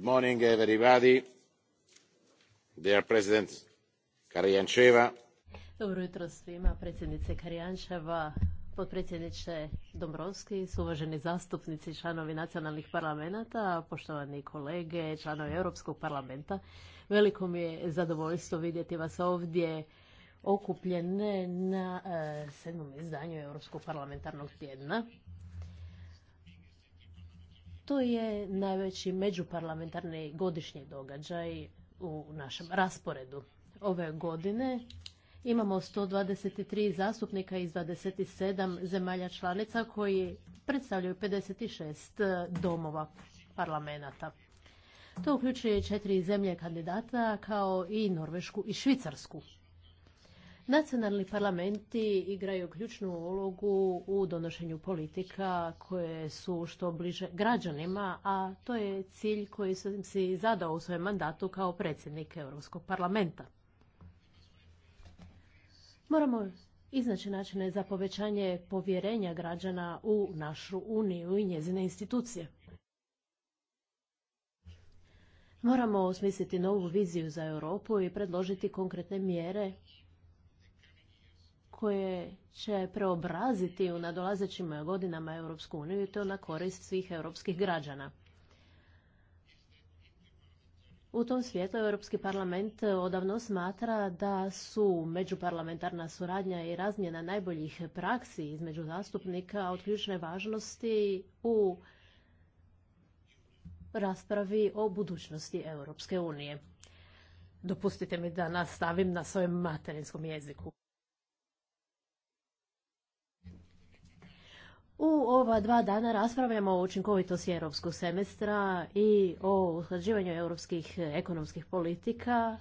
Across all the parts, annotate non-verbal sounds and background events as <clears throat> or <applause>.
Good morning, everybody. Dear President Dobro jutro svima, predsjednice Karijančeva, potpredsjedniče Dombrovski, uvaženi zastupnici, članovi nacionalnih parlamenata, poštovani kolege, članovi Europskog parlamenta. Veliko mi je zadovoljstvo vidjeti vas ovdje okupljene na eh, sedmom izdanju Europskog parlamentarnog tjedna. To je najveći međuparlamentarni godišnji događaj u našem rasporedu. Ove godine imamo 123 zastupnika iz 27 zemalja članica koji predstavljaju 56 domova parlamenta. To uključuje četiri zemlje kandidata kao i Norvešku i Švicarsku. Nacionalni parlamenti igraju ključnu ulogu u donošenju politika koje su što bliže građanima, a to je cilj koji sam si zadao u svojem mandatu kao predsjednik Europskog parlamenta. Moramo iznaći načine za povećanje povjerenja građana u našu uniju i njezine institucije. Moramo osmisliti novu viziju za Europu i predložiti konkretne mjere koje će preobraziti u nadolazećim godinama Europsku uniju i to na korist svih europskih građana. U tom svijetu Europski parlament odavno smatra da su međuparlamentarna suradnja i razmjena najboljih praksi između zastupnika od ključne važnosti u raspravi o budućnosti Europske unije. Dopustite mi da nastavim na svojem materinskom jeziku. U ova dva dana raspravljamo o učinkovitosti europskog semestra i o usklađivanju europskih ekonomskih politika,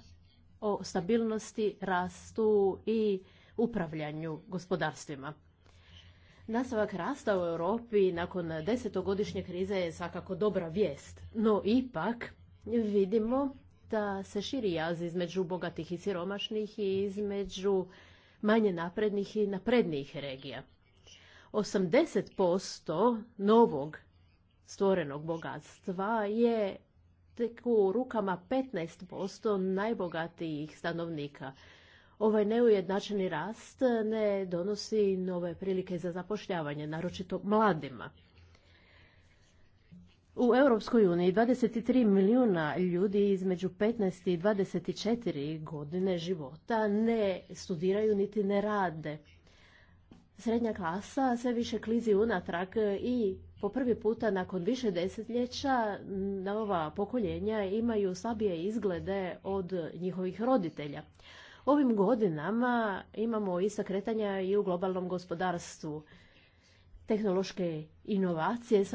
o stabilnosti, rastu i upravljanju gospodarstvima. Nastavak rasta u Europi nakon desetogodišnje krize je svakako dobra vijest, no ipak vidimo da se širi jaz između bogatih i siromašnih i između manje naprednih i naprednijih regija. 80% novog stvorenog bogatstva je tek u rukama 15% najbogatijih stanovnika. Ovaj neujednačeni rast ne donosi nove prilike za zapošljavanje, naročito mladima. U Europskoj uniji 23 milijuna ljudi između 15 i 24 godine života ne studiraju niti ne rade srednja klasa sve više klizi unatrag i po prvi puta nakon više desetljeća nova pokoljenja imaju slabije izglede od njihovih roditelja. Ovim godinama imamo ista kretanja i u globalnom gospodarstvu. Tehnološke inovacije,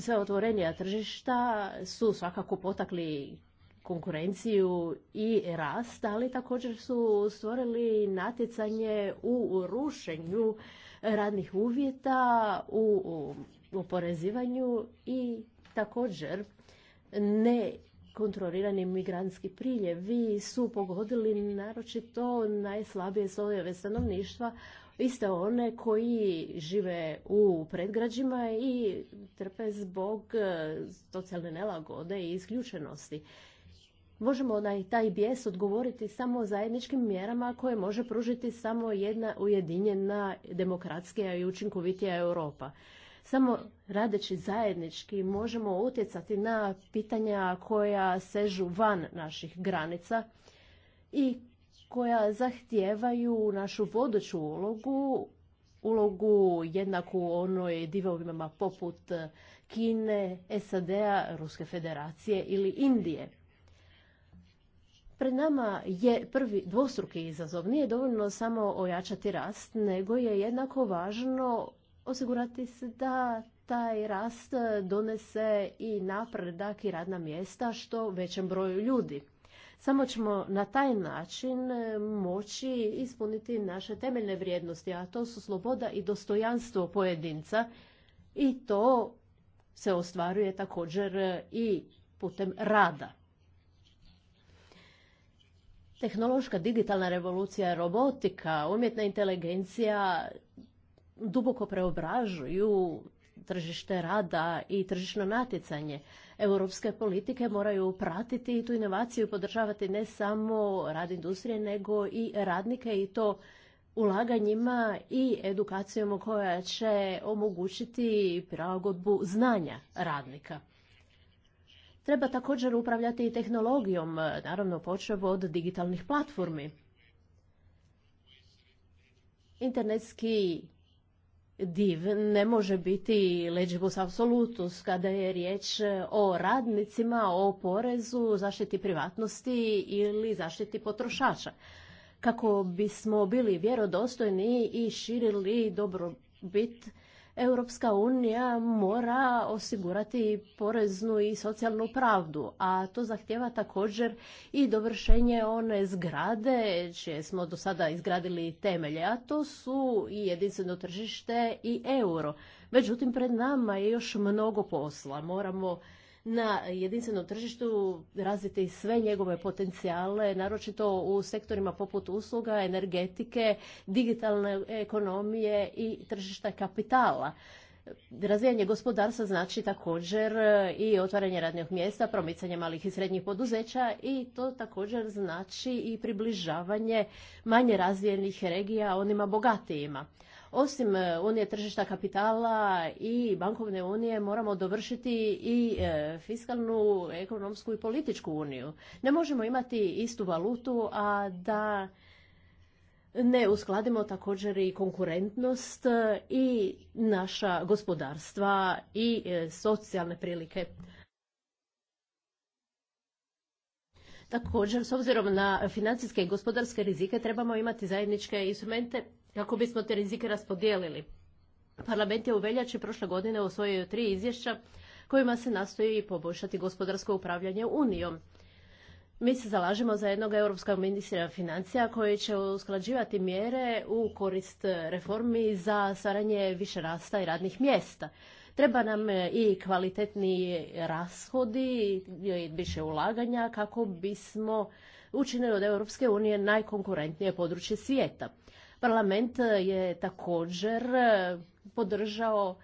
sve otvorenija tržišta su svakako potakli konkurenciju i rast, ali također su stvorili natjecanje u rušenju radnih uvjeta u oporezivanju i također ne kontrolirani migrantski priljevi su pogodili naročito najslabije slojeve stanovništva, iste one koji žive u predgrađima i trpe zbog eh, socijalne nelagode i isključenosti možemo na taj bijes odgovoriti samo zajedničkim mjerama koje može pružiti samo jedna ujedinjena demokratska i učinkovitija Europa. Samo radeći zajednički možemo utjecati na pitanja koja sežu van naših granica i koja zahtijevaju našu vodoću ulogu, ulogu jednaku onoj divovima poput Kine, SAD-a, Ruske federacije ili Indije. Pred nama je prvi dvostruki izazov. Nije dovoljno samo ojačati rast, nego je jednako važno osigurati se da taj rast donese i napredak i radna mjesta što većem broju ljudi. Samo ćemo na taj način moći ispuniti naše temeljne vrijednosti, a to su sloboda i dostojanstvo pojedinca i to se ostvaruje također i putem rada tehnološka digitalna revolucija, robotika, umjetna inteligencija duboko preobražuju tržište rada i tržišno natjecanje. Europske politike moraju pratiti i tu inovaciju podržavati ne samo rad industrije, nego i radnike i to ulaganjima i edukacijom koja će omogućiti prilagodbu znanja radnika. Treba također upravljati i tehnologijom, naravno počev od digitalnih platformi. Internetski div ne može biti legibus absolutus kada je riječ o radnicima, o porezu, zaštiti privatnosti ili zaštiti potrošača. Kako bismo bili vjerodostojni i širili dobrobit Europska unija mora osigurati poreznu i socijalnu pravdu, a to zahtjeva također i dovršenje one zgrade čije smo do sada izgradili temelje, a to su i jedinstveno tržište i euro. Međutim, pred nama je još mnogo posla. Moramo na jedinstvenom tržištu razviti sve njegove potencijale, naročito u sektorima poput usluga, energetike, digitalne ekonomije i tržišta kapitala. Razvijanje gospodarstva znači također i otvaranje radnih mjesta, promicanje malih i srednjih poduzeća i to također znači i približavanje manje razvijenih regija onima bogatijima. Osim e, unije tržišta kapitala i bankovne unije moramo dovršiti i e, fiskalnu, ekonomsku i političku uniju. Ne možemo imati istu valutu, a da ne uskladimo također i konkurentnost e, i naša gospodarstva i socijalne prilike. Također, s obzirom na financijske i gospodarske rizike, trebamo imati zajedničke instrumente kako bismo te rizike raspodijelili. Parlament je u veljači prošle godine osvojio tri izvješća kojima se nastoji poboljšati gospodarsko upravljanje Unijom. Mi se zalažemo za jednog europskog ministra financija koji će usklađivati mjere u korist reformi za stvaranje više rasta i radnih mjesta. Treba nam i kvalitetni rashodi i više ulaganja kako bismo učinili od Europske unije najkonkurentnije područje svijeta. Parlament je također e, podržao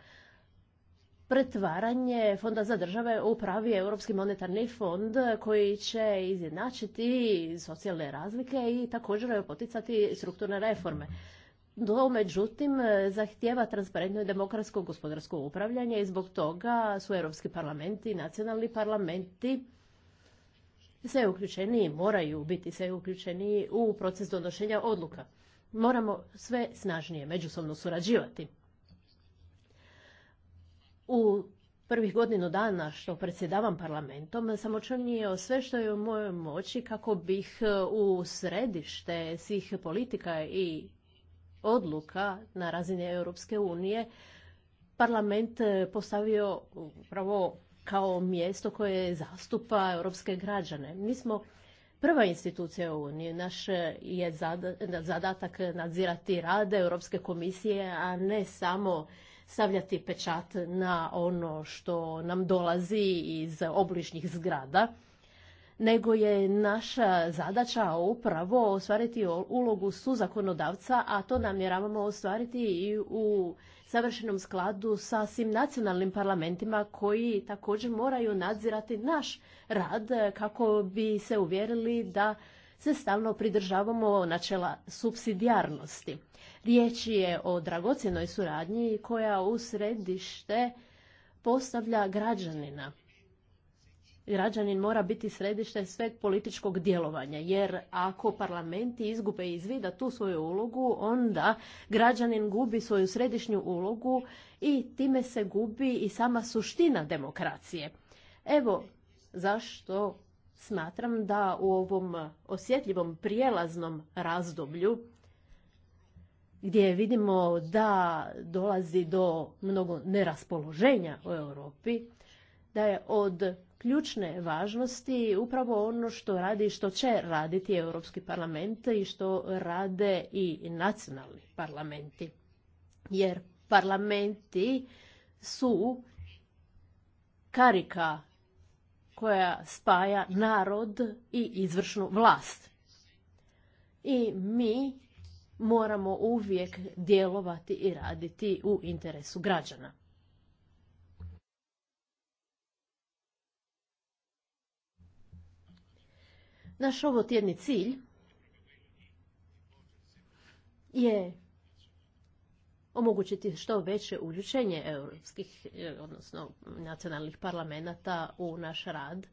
pretvaranje Fonda za države u pravi Europski monetarni fond koji će izjednačiti socijalne razlike i također poticati strukturne reforme. Do, međutim, zahtjeva transparentno i demokratsko gospodarsko upravljanje i zbog toga su europski parlamenti i nacionalni parlamenti sve uključeni moraju biti sve uključeni u proces donošenja odluka moramo sve snažnije međusobno surađivati. U prvih godinu dana što predsjedavam parlamentom sam očinio sve što je u mojoj moći kako bih e, u središte svih politika i odluka na razini Europske unije parlament e, postavio upravo kao mjesto koje zastupa europske građane. Mi smo prva institucija u Uniji. Naš je zadatak nadzirati rade Europske komisije, a ne samo stavljati pečat na ono što nam dolazi iz obližnjih zgrada, nego je naša zadaća upravo ostvariti ulogu suzakonodavca, a to namjeravamo ostvariti i u savršenom skladu sa svim nacionalnim parlamentima koji također moraju nadzirati naš rad kako bi se uvjerili da se stalno pridržavamo načela subsidijarnosti. Riječ je o dragocjenoj suradnji koja u središte postavlja građanina građanin mora biti središte sveg političkog djelovanja, jer ako parlamenti izgube iz vida tu svoju ulogu, onda građanin gubi svoju središnju ulogu i time se gubi i sama suština demokracije. Evo zašto smatram da u ovom osjetljivom prijelaznom razdoblju gdje vidimo da dolazi do mnogo neraspoloženja u Europi, da je od ključne važnosti upravo ono što radi i što će raditi Europski parlament i što rade i nacionalni parlamenti. Jer parlamenti su karika koja spaja narod i izvršnu vlast. I mi moramo uvijek djelovati i raditi u interesu građana. Naš ovo tjedni cilj je omogućiti što veće uključenje europskih, odnosno nacionalnih parlamenta u naš rad.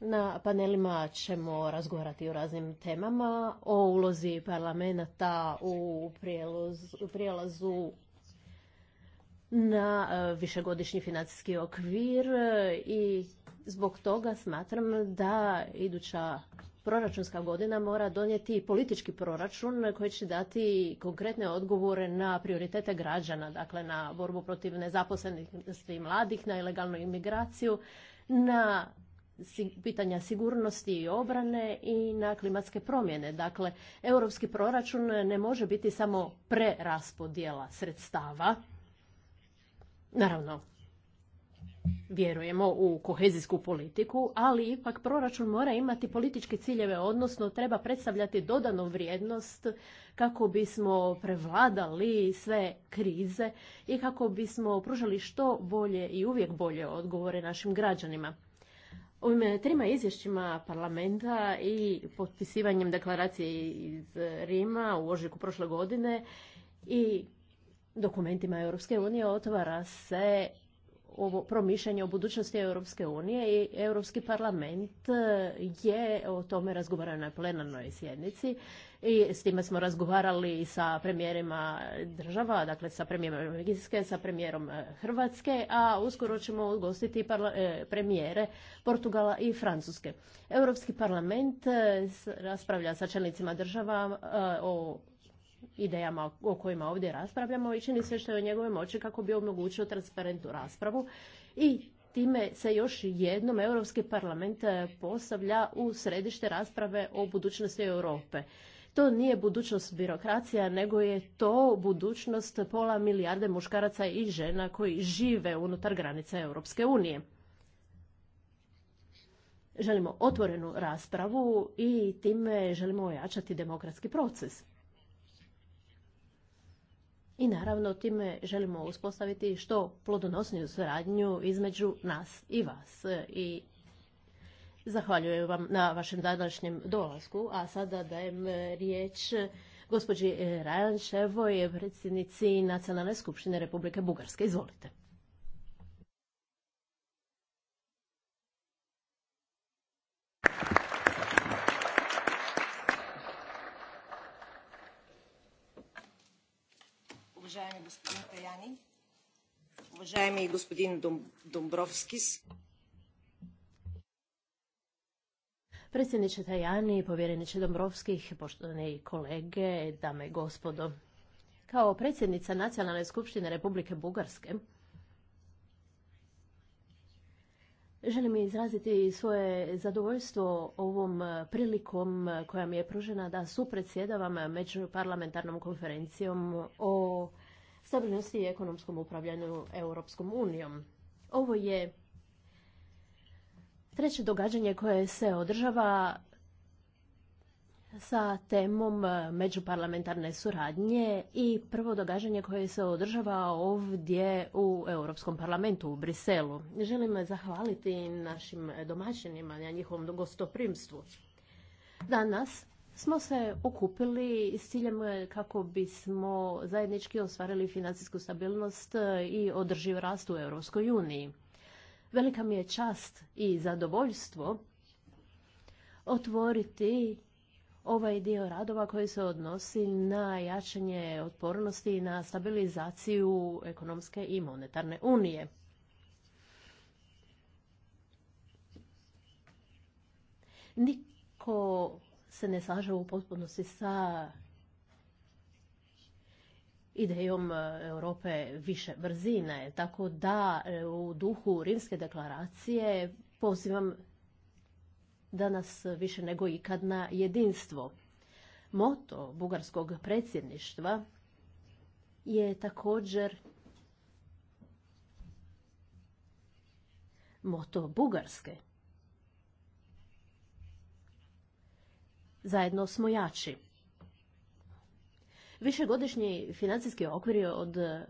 Na panelima ćemo razgovarati o raznim temama, o ulozi parlamenta u prijelazu na e, višegodišnji financijski okvir e, i zbog toga smatram da iduća proračunska godina mora donijeti politički proračun koji će dati konkretne odgovore na prioritete građana, dakle na borbu protiv nezaposlenosti mladih, na ilegalnu imigraciju, na pitanja sigurnosti i obrane i na klimatske promjene. Dakle, europski proračun ne može biti samo preraspodjela sredstava, Naravno, vjerujemo u kohezijsku politiku, ali ipak proračun mora imati političke ciljeve, odnosno treba predstavljati dodanu vrijednost kako bismo prevladali sve krize i kako bismo pružali što bolje i uvijek bolje odgovore našim građanima. Ovim trima izvješćima parlamenta i potpisivanjem deklaracije iz Rima u ožiku prošle godine i dokumentima Europske unije otvara se ovo promišljanje o budućnosti Europske unije i Europski parlament e, je o tome razgovarao na plenarnoj sjednici i s time smo razgovarali sa premijerima država, dakle sa premijerom Belgijske, sa premijerom e, Hrvatske, a uskoro ćemo ugostiti e, premijere Portugala i Francuske. Europski parlament raspravlja sa čelnicima država o idejama o kojima ovdje raspravljamo i čini sve što je u njegove moći kako bi omogućio transparentnu raspravu i time se još jednom Europski parlament e, postavlja u središte rasprave o budućnosti Europe. To nije budućnost birokracija, nego je to budućnost pola milijarde muškaraca i žena koji žive unutar granica Europske unije. Želimo otvorenu raspravu i time želimo ojačati demokratski proces. I naravno time želimo uspostaviti što plodonosniju suradnju između nas i vas. I zahvaljujem vam na vašem današnjem dolasku, a sada dajem riječ gospođi Ševoj, predsjednici Nacionalne skupštine Republike Bugarske. Izvolite. уважаеми Predsjedniče Tajani, povjereniče Dombrovskih, i kolege, dame i gospodo. Kao predsjednica Nacionalne skupštine Republike Bugarske, Želim izraziti svoje zadovoljstvo ovom prilikom koja mi je pružena da supredsjedavam međuparlamentarnom konferencijom o stabilnosti i ekonomskom upravljanju Europskom unijom. Ovo je treće događanje koje se održava sa temom međuparlamentarne suradnje i prvo događanje koje se održava ovdje u Europskom parlamentu u Briselu. Želim zahvaliti našim domaćinima na njihovom gostoprimstvu. Danas smo se okupili s ciljem kako bismo zajednički ostvarili financijsku stabilnost i održiv rast u Europskoj uniji. Velika mi je čast i zadovoljstvo otvoriti ovaj dio radova koji se odnosi na jačanje otpornosti i na stabilizaciju ekonomske i monetarne unije. Niko se ne slaže u potpunosti sa idejom e, Europe više brzine. Tako da e, u duhu Rimske deklaracije pozivam danas više nego ikad na jedinstvo. Moto bugarskog predsjedništva je također moto Bugarske. zajedno smo jači. Višegodišnji financijski okvir je od eh,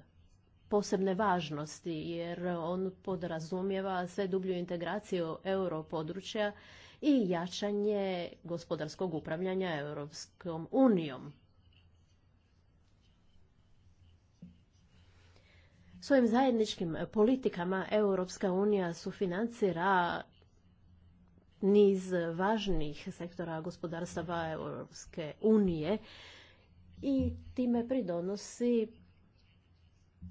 posebne važnosti jer on podrazumijeva sve dublju integraciju europodručja i jačanje gospodarskog upravljanja Europskom unijom. Svojim zajedničkim politikama Europska unija sufinancira niz važnih sektora gospodarstava Europske unije i time pridonosi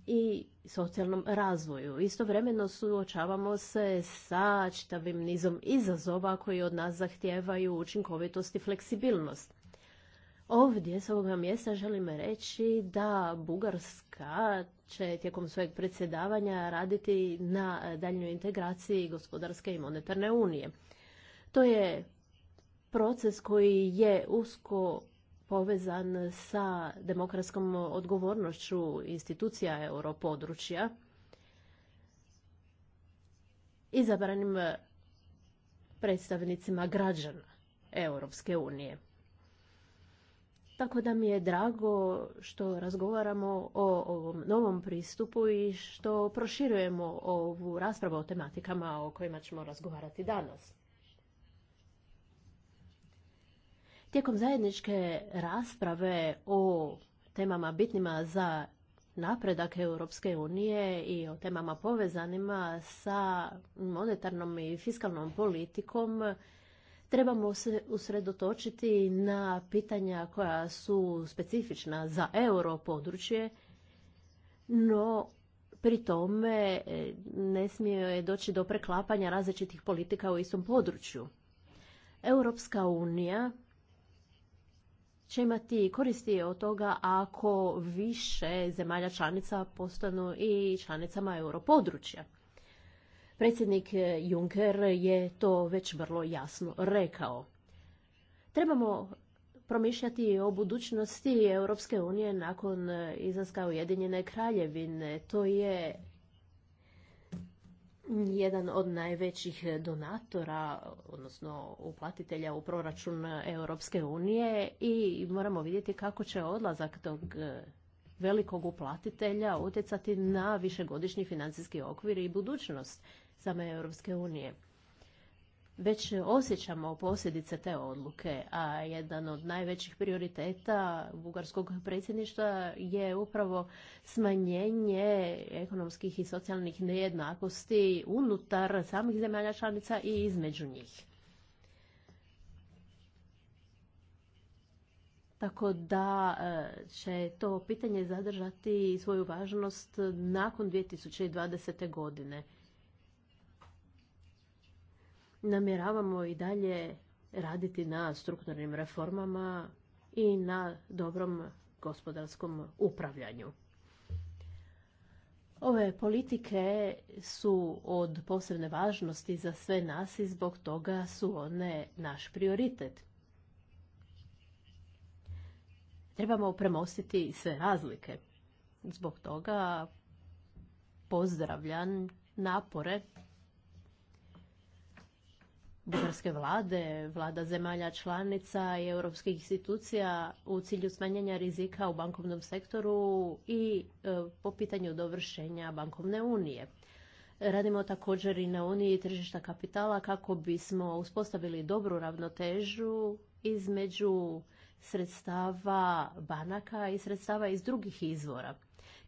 i socijalnom razvoju. Istovremeno suočavamo se sa čitavim nizom izazova koji od nas zahtijevaju učinkovitost i fleksibilnost. Ovdje s ovoga mjesta želim reći da Bugarska će tijekom svojeg predsjedavanja raditi na daljnjoj integraciji gospodarske i monetarne unije. To je proces koji je usko povezan sa demokratskom odgovornošću institucija europodručja izabranim predstavnicima građana Europske unije. Tako da mi je drago što razgovaramo o ovom novom pristupu i što proširujemo ovu raspravu o tematikama o kojima ćemo razgovarati danas. Tijekom zajedničke rasprave o temama bitnima za napredak Europske unije i o temama povezanima sa monetarnom i fiskalnom politikom trebamo se usredotočiti na pitanja koja su specifična za euro područje, no pri tome e, ne smije doći do preklapanja različitih politika u istom području. Europska unija će imati koristi od toga ako više zemalja članica postanu i članicama europodručja. Predsjednik Juncker je to već vrlo jasno rekao. Trebamo promišljati o budućnosti Europske unije nakon izlaska Ujedinjene kraljevine. To je jedan od najvećih donatora, odnosno uplatitelja u proračun Europske unije i moramo vidjeti kako će odlazak tog e, velikog uplatitelja utjecati na višegodišnji financijski okvir i budućnost same Europske unije već osjećamo posljedice te odluke, a jedan od najvećih prioriteta bugarskog predsjedništva je upravo smanjenje ekonomskih i socijalnih nejednakosti unutar samih zemalja članica i između njih. Tako da e, će to pitanje zadržati svoju važnost nakon 2020. godine namjeravamo i dalje raditi na strukturnim reformama i na dobrom gospodarskom upravljanju. Ove politike su od posebne važnosti za sve nas i zbog toga su one naš prioritet. Trebamo premostiti sve razlike. Zbog toga pozdravljam napore bugarske vlade, vlada zemalja članica i europskih institucija u cilju smanjenja rizika u bankovnom sektoru i e, po pitanju dovršenja bankovne unije. Radimo također i na uniji tržišta kapitala kako bismo uspostavili dobru ravnotežu između sredstava banaka i sredstava iz drugih izvora.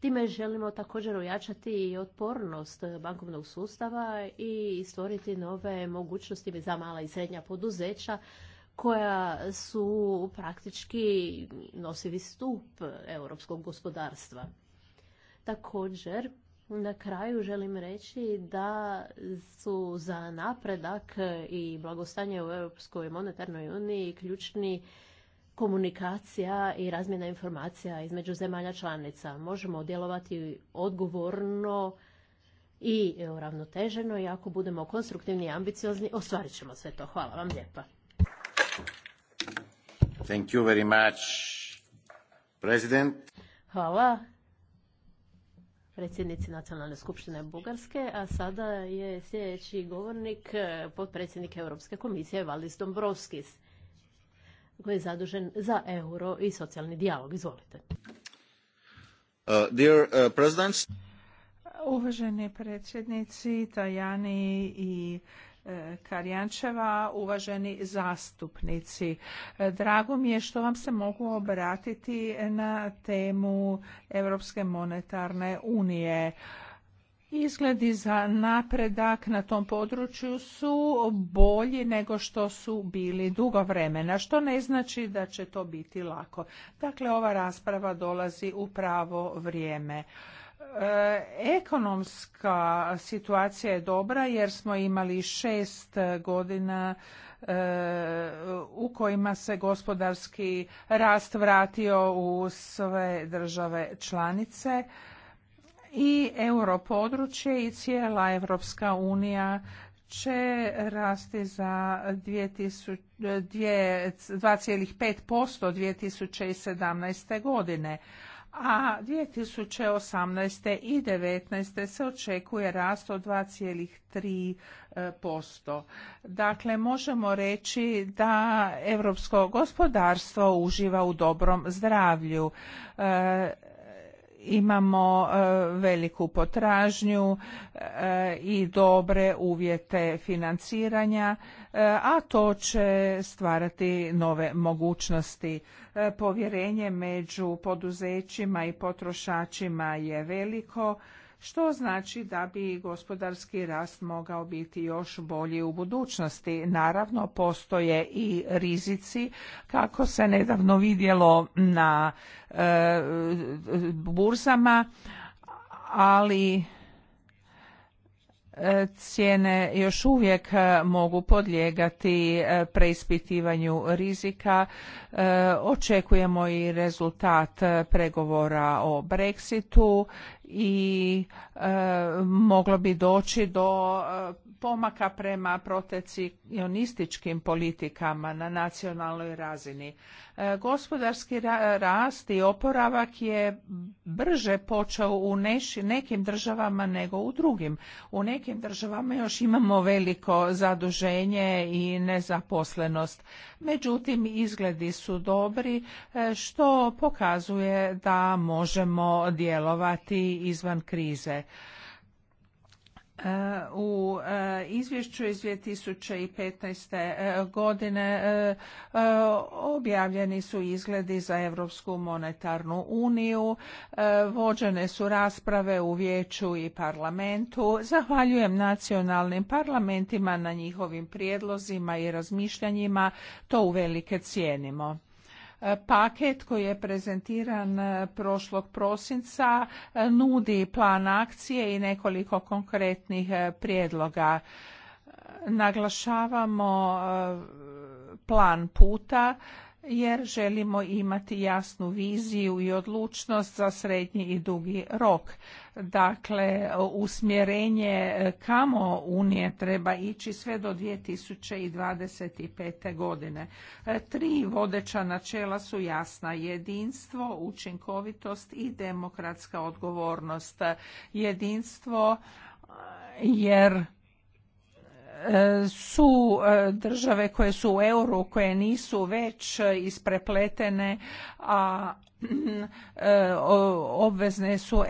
Time želimo također ojačati i otpornost bankovnog sustava i stvoriti nove mogućnosti za mala i srednja poduzeća koja su praktički nosivi stup europskog gospodarstva. Također, na kraju želim reći da su za napredak i blagostanje u Europskoj monetarnoj uniji ključni komunikacija i razmjena informacija između zemalja članica. Možemo djelovati odgovorno i uravnoteženo i ako budemo konstruktivni i ambiciozni, ostvarit ćemo sve to. Hvala vam lijepa. Thank you very much, President. Hvala predsjednici Nacionalne skupštine Bugarske, a sada je sljedeći govornik eh, potpredsjednik Europske komisije Valis Dombrovskis koji je zadužen za euro i socijalni dijalog. Izvolite. Uh, uh, uvaženi predsjednici Tajani i e, Karjančeva, uvaženi zastupnici. E, drago mi je što vam se mogu obratiti na temu Europske monetarne unije. Izgledi za napredak na tom području su bolji nego što su bili dugo vremena, što ne znači da će to biti lako. Dakle, ova rasprava dolazi u pravo vrijeme. E, ekonomska situacija je dobra jer smo imali šest godina e, u kojima se gospodarski rast vratio u sve države članice i europodručje i cijela Europska unija će rasti za 2,5% 2017. godine, a 2018. i 2019. se očekuje rast od 2,3%. Dakle, možemo reći da europsko gospodarstvo uživa u dobrom zdravlju. E, imamo e, veliku potražnju e, i dobre uvjete financiranja, e, a to će stvarati nove mogućnosti. Povjerenje među poduzećima i potrošačima je veliko, što znači da bi gospodarski rast mogao biti još bolji u budućnosti. Naravno, postoje i rizici, kako se nedavno vidjelo na e, burzama, ali E, cijene još uvijek e, mogu podlijegati e, preispitivanju rizika. Očekujemo i rezultat pregovora o Brexitu i moglo bi doći do pomaka prema protecionističkim politikama na nacionalnoj razini. E, gospodarski rast i oporavak je brže počeo u nekim državama nego u drugim. U nekim državama još imamo veliko zaduženje i nezaposlenost. Međutim, izgledi su dobri e, što pokazuje da možemo djelovati izvan krize. U e, izvješću iz 2015. E, godine e, objavljeni su izgledi za Europsku monetarnu uniju, vođene su rasprave u vijeću i parlamentu. Zahvaljujem nacionalnim parlamentima na njihovim prijedlozima i razmišljanjima, to uvelike cijenimo. Paket koji je prezentiran e, prošlog prosinca e, nudi plan akcije i nekoliko konkretnih e, prijedloga. Naglašavamo plan puta jer želimo imati jasnu viziju i odlučnost za srednji i dugi rok. Dakle, usmjerenje e, kamo Unije treba ići sve do 2025. godine. E, tri vodeća načela su jasna. Jedinstvo, učinkovitost i demokratska odgovornost. Jedinstvo e, jer su e, države koje su u euru, koje nisu već isprepletene, a e, obvezne su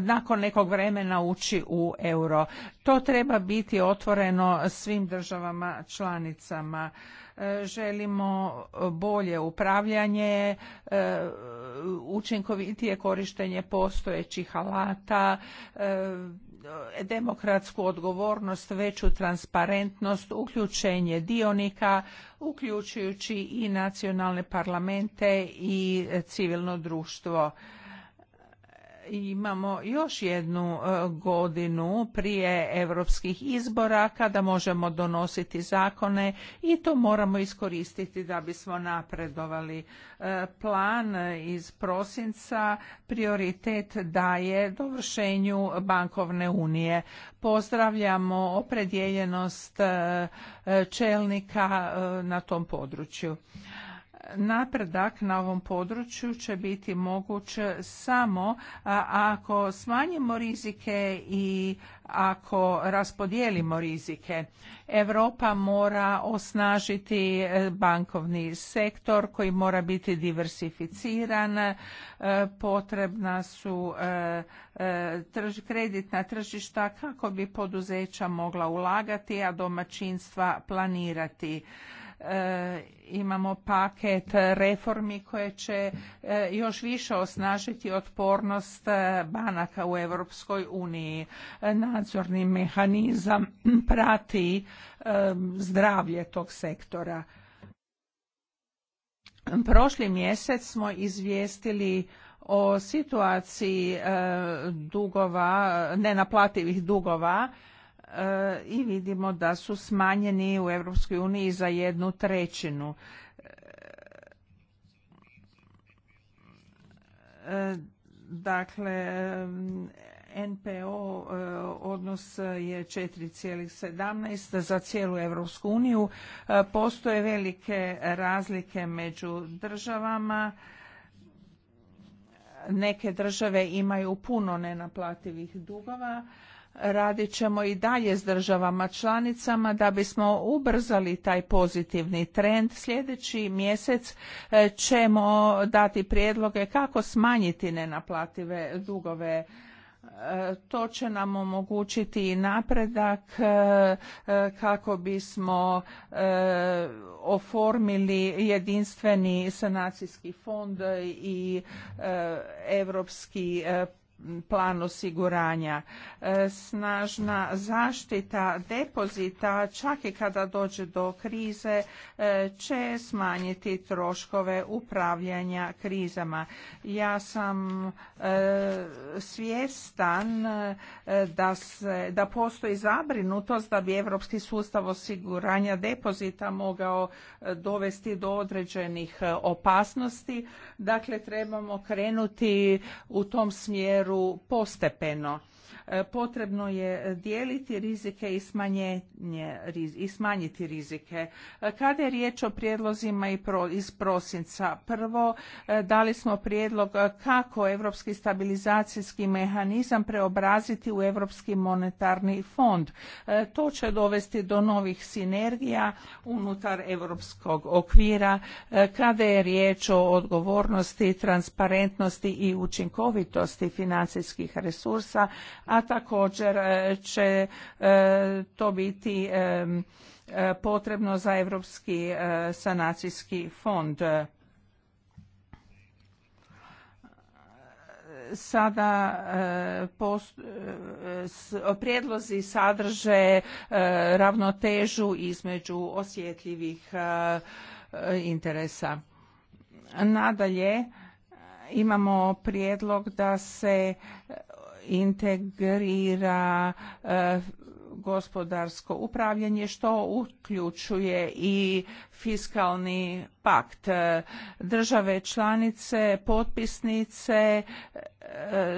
nakon nekog vremena ući u euro. To treba biti otvoreno svim državama članicama. E, želimo bolje upravljanje, učinkovitije korištenje postojećih alata, demokratsku odgovornost, veću transparentnost, uključenje dionika, uključujući i nacionalne parlamente i civilno društvo imamo još jednu e, godinu prije europskih izbora kada možemo donositi zakone i to moramo iskoristiti da bismo napredovali. E, plan iz prosinca prioritet daje dovršenju bankovne unije. Pozdravljamo opredjeljenost e, čelnika na tom području napredak na ovom području će biti moguć samo ako smanjimo rizike i ako raspodijelimo rizike. Europa mora osnažiti e, bankovni sektor koji mora biti diversificiran, e, potrebna su e, kreditna tržišta kako bi poduzeća mogla ulagati, a domaćinstva planirati E, imamo paket reformi koje će e, još više osnažiti otpornost e, banaka u Europskoj uniji. Nadzorni mehanizam prati zdravlje tog sektora. Prošli mjesec smo izvijestili o situaciji dugova, nenaplativih dugova i vidimo da su smanjeni u Europskoj uniji za jednu trećinu. Dakle, NPO odnos je 4,17 za cijelu Europsku uniju. Postoje velike razlike među državama. Neke države imaju puno nenaplativih dugova radit ćemo i dalje s državama članicama da bismo ubrzali taj pozitivni trend. Sljedeći mjesec e, ćemo dati prijedloge kako smanjiti nenaplative dugove e, to će nam omogućiti i napredak e, kako bismo oformili jedinstveni sanacijski fond i europski plan osiguranja, e, snažna zaštita depozita čak i kada dođe do krize e, će smanjiti troškove upravljanja krizama. Ja sam e, svjestan da, se, da postoji zabrinutost da bi europski sustav osiguranja depozita mogao dovesti do određenih opasnosti. Dakle, trebamo krenuti u tom smjeru postepeno E, potrebno je dijeliti rizike i, smanjenje, smanjiti rizike. E, kada je riječ o prijedlozima iz prosinca, prvo e, dali smo prijedlog kako europski stabilizacijski mehanizam preobraziti u europski monetarni fond. To će dovesti do novih sinergija unutar europskog okvira kada je riječ o odgovornosti, transparentnosti i učinkovitosti financijskih resursa, a također e, će e, to biti e, potrebno za Europski sanacijski fond. sada prijedlozi sadrže ravnotežu između osjetljivih interesa. Nadalje, imamo prijedlog da se integrira eh, gospodarsko upravljanje što uključuje i fiskalni pakt. Države članice, potpisnice e,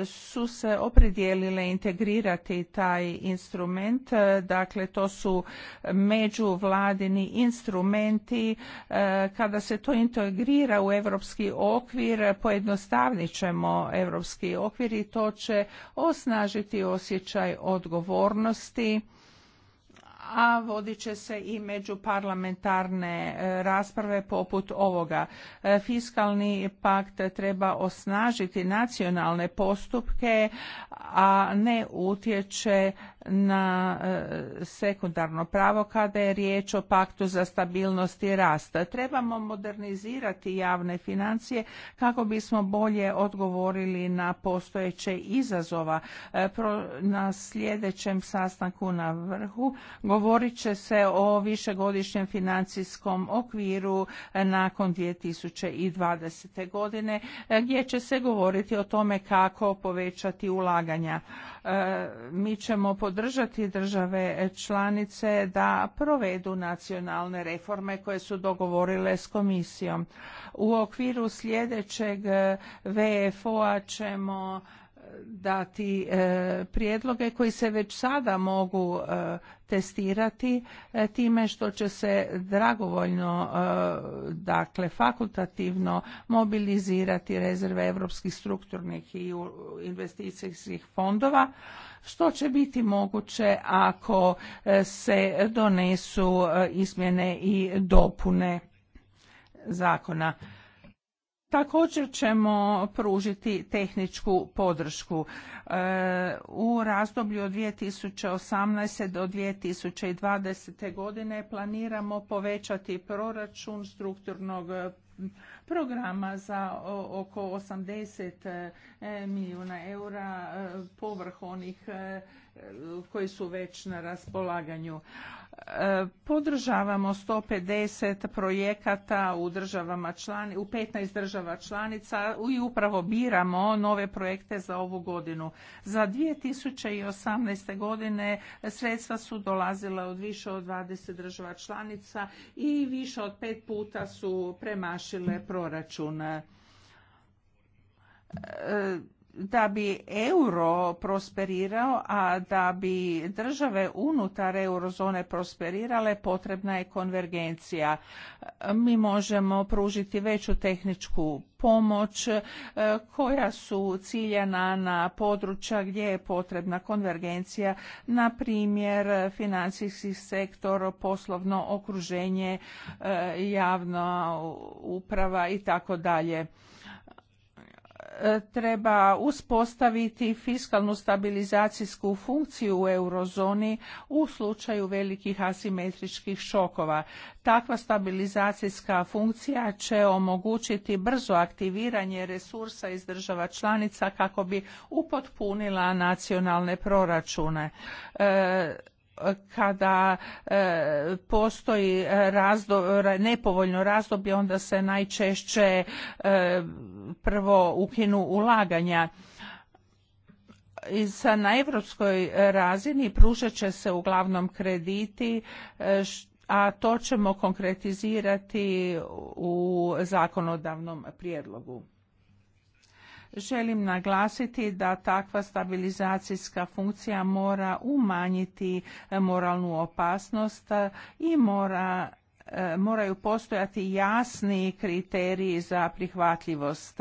su se opredijelile integrirati taj instrument. E, dakle, to su međuvladini instrumenti. E, kada se to integrira u europski okvir, pojednostavnit ćemo europski okvir i to će osnažiti osjećaj odgovornosti a vodit će se i međuparlamentarne e, rasprave poput ovoga. E, fiskalni pakt treba osnažiti nacionalne postupke, a ne utječe na e, sekundarno pravo kada je riječ o paktu za stabilnost i rast. Trebamo modernizirati javne financije kako bismo bolje odgovorili na postojeće izazova. E, na sljedećem sastanku na vrhu govorit će se o višegodišnjem financijskom okviru e, nakon 2020. godine gdje će se govoriti o tome kako povećati ulaganja. Mi ćemo pod podržati države članice da provedu nacionalne reforme koje su dogovorile s komisijom. U okviru sljedećeg eh, VFO-a ćemo eh, dati eh, prijedloge koji se već sada mogu testirati time što će se dragovoljno dakle fakultativno mobilizirati rezerve europskih strukturnih i investicijskih fondova što će biti moguće ako e, se donesu e, izmjene i dopune zakona. Također ćemo pružiti tehničku podršku. E, u razdoblju od 2018. do 2020. godine planiramo povećati proračun strukturnog programa za oko 80 e, milijuna eura e, povrh onih e, koji su već na raspolaganju. Podržavamo 150 projekata u, državama u 15 država članica i upravo biramo nove projekte za ovu godinu. Za 2018. godine sredstva su dolazila od više od 20 država članica i više od pet puta su premašile proračun da bi euro prosperirao, a da bi države unutar eurozone prosperirale, potrebna je konvergencija. Mi možemo pružiti veću tehničku pomoć e, koja su ciljana na područja gdje je potrebna konvergencija, na primjer financijski sektor, poslovno okruženje, e, javna uprava i tako dalje. E, treba uspostaviti fiskalnu stabilizacijsku funkciju u eurozoni u slučaju velikih asimetričkih šokova. Takva stabilizacijska funkcija će omogućiti brzo aktiviranje resursa iz država članica kako bi upotpunila nacionalne proračune. E, kada e, postoji razdo, nepovoljno razdoblje onda se najčešće e, prvo ukinu ulaganja i sa na europskoj razini pružat će se uglavnom krediti e, a to ćemo konkretizirati u zakonodavnom prijedlogu Želim naglasiti da takva stabilizacijska funkcija mora umanjiti e, moralnu opasnost e, i mora e, moraju postojati jasni kriteriji za prihvatljivost.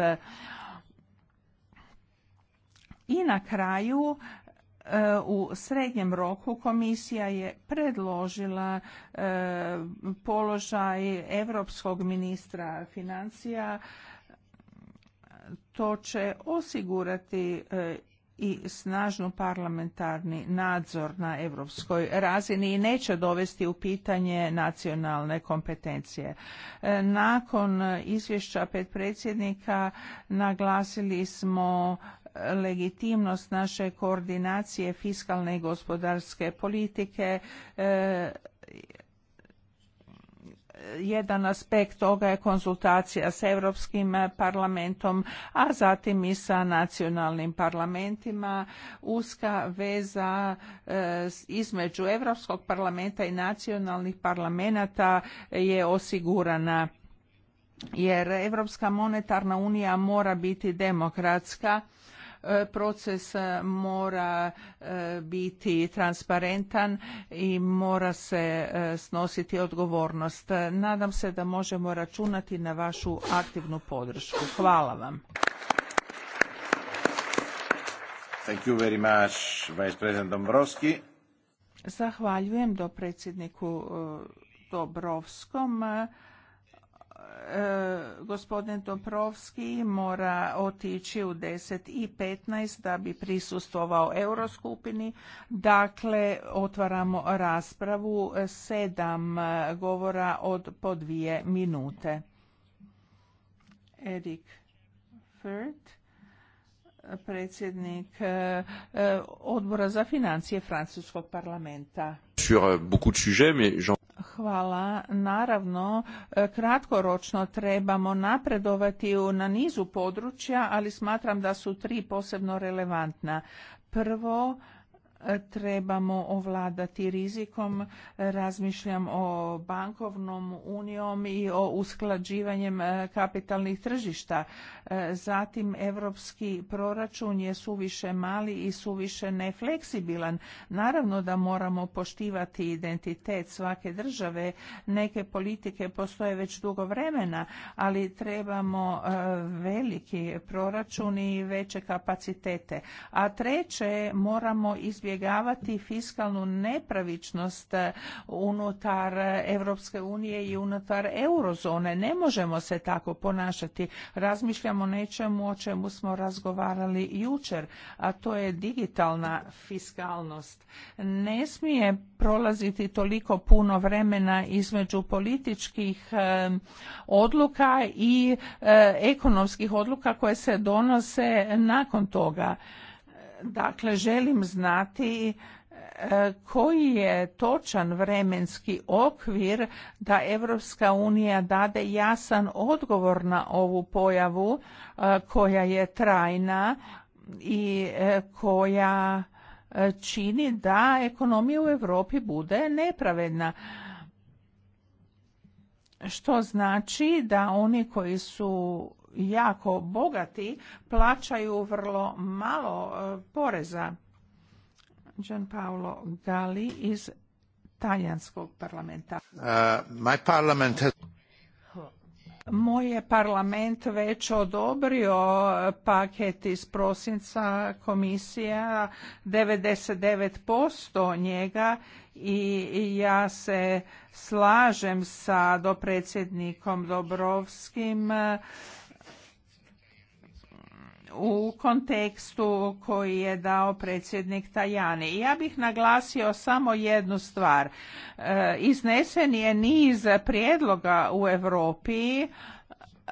I na kraju u srednjem roku komisija je predložila položaj europskog ministra financija to će osigurati e, i snažnu parlamentarni nadzor na europskoj razini i neće dovesti u pitanje nacionalne kompetencije. E, nakon izvješća pet predsjednika naglasili smo legitimnost naše koordinacije fiskalne i gospodarske politike e, jedan aspekt toga je konzultacija s Europskim parlamentom, a zatim i sa nacionalnim parlamentima. Uska veza e, između Europskog parlamenta i nacionalnih parlamenta je osigurana jer Europska monetarna unija mora biti demokratska Proces e, mora e, biti transparentan i mora se e, snositi odgovornost. Nadam se da možemo računati na vašu aktivnu podršku. Hvala vam. Thank you very much, Vice President Zahvaljujem dopredsjedniku Dobrovskom. E, gospodin Toprovski mora otići u 10 i 15 da bi prisustvovao euroskupini. Dakle, otvaramo raspravu sedam govora od po dvije minute. Erik Furt, predsjednik e, e, odbora za financije Francuskog parlamenta. Sur beaucoup de sujets, mais Hvala. Naravno, e, kratkoročno trebamo napredovati na nizu područja, ali smatram da su tri posebno relevantna. Prvo, trebamo ovladati rizikom. Razmišljam o bankovnom unijom i o usklađivanjem e, kapitalnih tržišta. E, zatim, europski proračun je suviše mali i suviše nefleksibilan. Naravno da moramo poštivati identitet svake države. Neke politike postoje već dugo vremena, ali trebamo e, veliki proračun i veće kapacitete. A treće, moramo izbjeći izbjegavati fiskalnu nepravičnost unutar Europske unije i unutar eurozone. Ne možemo se tako ponašati. Razmišljamo nečemu o čemu smo razgovarali jučer, a to je digitalna fiskalnost. Ne smije prolaziti toliko puno vremena između političkih odluka i ekonomskih odluka koje se donose nakon toga Dakle, želim znati e, koji je točan vremenski okvir da Europska unija dade jasan odgovor na ovu pojavu e, koja je trajna i e, koja čini da ekonomija u Europi bude nepravedna. Što znači da oni koji su jako bogati plaćaju vrlo malo e, poreza. Gian Gali iz talijanskog parlamenta. Uh, Moje Moj je parlament već odobrio paket iz prosinca komisija 99% njega i ja se slažem sa dopredsjednikom Dobrovskim u kontekstu koji je dao predsjednik Tajani. Ja bih naglasio samo jednu stvar. E, iznesen je niz prijedloga u Europi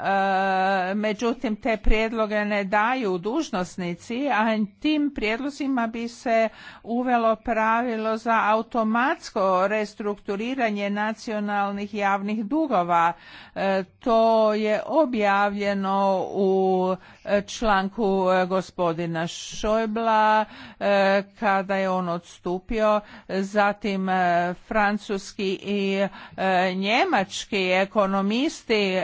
E, međutim te prijedloge ne daju dužnosnici, a tim prijedlozima bi se uvelo pravilo za automatsko restrukturiranje nacionalnih javnih dugova. E, to je objavljeno u članku e, gospodina Šojbla kada je on odstupio, zatim francuski i njemački ekonomisti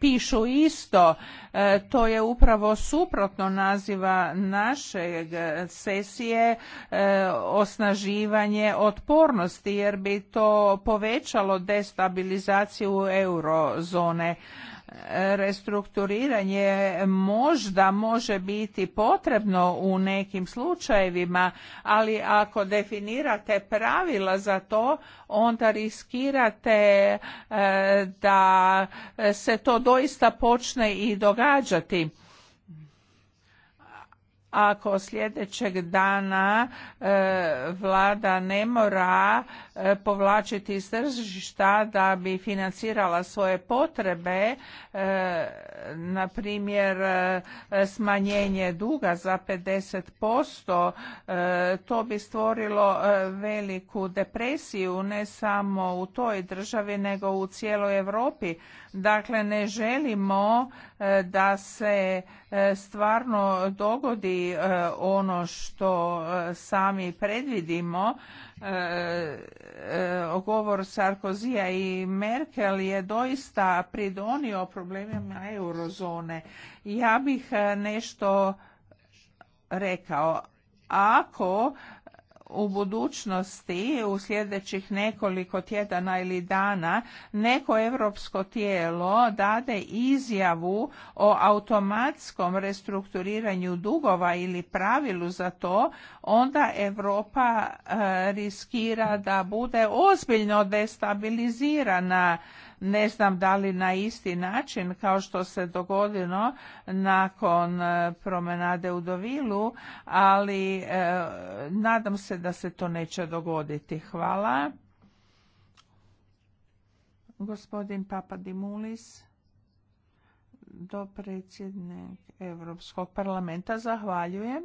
pišu isto. E, to je upravo suprotno naziva naše sesije e, osnaživanje otpornosti jer bi to povećalo destabilizaciju eurozone restrukturiranje možda može biti potrebno u nekim slučajevima, ali ako definirate pravila za to, onda riskirate e, da se to doista počne i događati ako sljedećeg dana e, vlada ne mora e, povlačiti iz tržišta da bi financirala svoje potrebe, e, na primjer smanjenje duga za 50%, to bi stvorilo veliku depresiju ne samo u toj državi nego u cijeloj Europi. Dakle, ne želimo e, da se e, stvarno dogodi e, ono što sami predvidimo. Govor Sarkozija i Merkel je doista pridonio problemima eurozone. Ja bih nešto rekao. Ako u budućnosti u sljedećih nekoliko tjedana ili dana neko europsko tijelo dade izjavu o automatskom restrukturiranju dugova ili pravilu za to onda Europa e, riskira da bude ozbiljno destabilizirana ne znam da li na isti način kao što se dogodilo nakon e, promenade u Dovilu, ali e, nadam se da se to neće dogoditi. Hvala. Gospodin Papadimulis, dopredsjednik Europskog parlamenta, zahvaljujem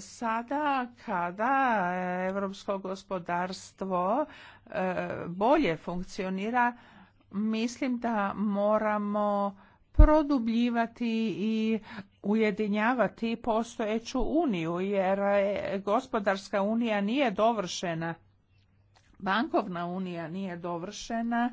sada kada europsko gospodarstvo e, bolje funkcionira, mislim da moramo produbljivati i ujedinjavati postojeću uniju, jer e, gospodarska unija nije dovršena, bankovna unija nije dovršena,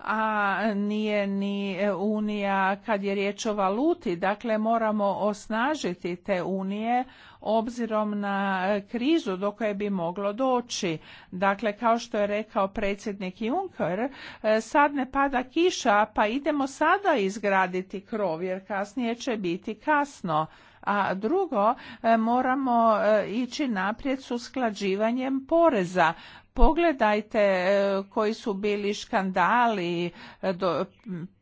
a nije ni unija kad je riječ o valuti. Dakle, moramo osnažiti te unije obzirom na krizu do koje bi moglo doći. Dakle, kao što je rekao predsjednik Juncker, e, sad ne pada kiša, pa idemo sada izgraditi krov, jer kasnije će biti kasno. A drugo, e, moramo e, ići naprijed s usklađivanjem poreza. Pogledajte e, koji su bili škandali, e, do,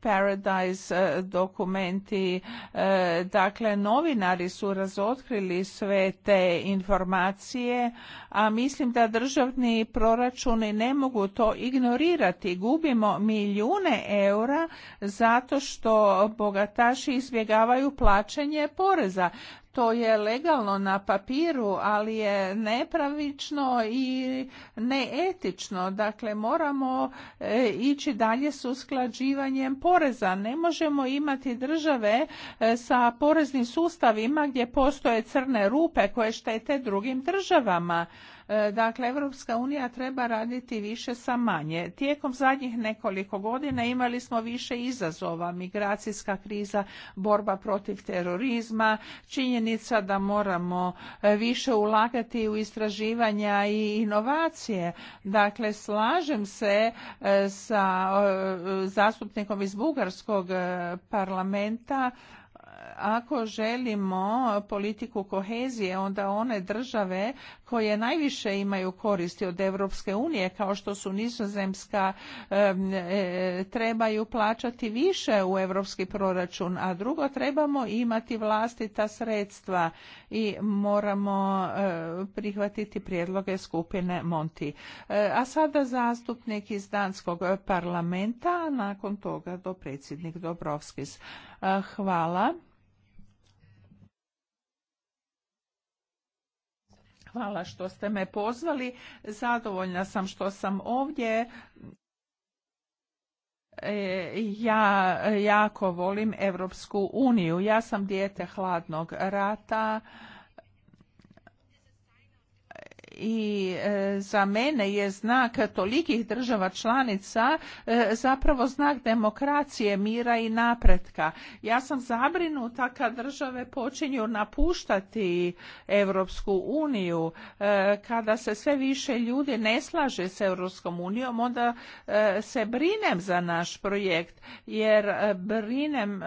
paradise e, dokumenti, dakle novinari su razotkrili sve te informacije, a mislim da državni proračuni ne mogu to ignorirati. Gubimo milijune eura zato što bogataši izbjegavaju plaćanje poreza to je legalno na papiru, ali je nepravično i neetično. Dakle, moramo e, ići dalje s usklađivanjem poreza. Ne možemo imati države e, sa poreznim sustavima gdje postoje crne rupe koje štete drugim državama. E, dakle, Europska unija treba raditi više sa manje. Tijekom zadnjih nekoliko godina imali smo više izazova, migracijska kriza, borba protiv terorizma, činjenica da moramo e, više ulagati u istraživanja i inovacije. Dakle, slažem se e, sa zastupnikom iz Bugarskog parlamenta ako želimo politiku kohezije, onda one države koje najviše imaju koristi od Europske unije, kao što su Nizozemska, e, trebaju plaćati više u europski proračun, a drugo trebamo imati vlastita sredstva i moramo e, prihvatiti prijedloge skupine Monti. E, a sada zastupnik iz Danskog parlamenta, nakon toga do predsjednik Dobrovskis. Hvala. Hvala što ste me pozvali. Zadovoljna sam što sam ovdje. E, ja jako volim Europsku uniju. Ja sam dijete hladnog rata i e, za mene je znak tolikih država članica e, zapravo znak demokracije, mira i napretka. Ja sam zabrinuta kad države počinju napuštati Europsku uniju, e, kada se sve više ljudi ne slaže s Europskom unijom, onda se brinem za naš projekt, jer brinem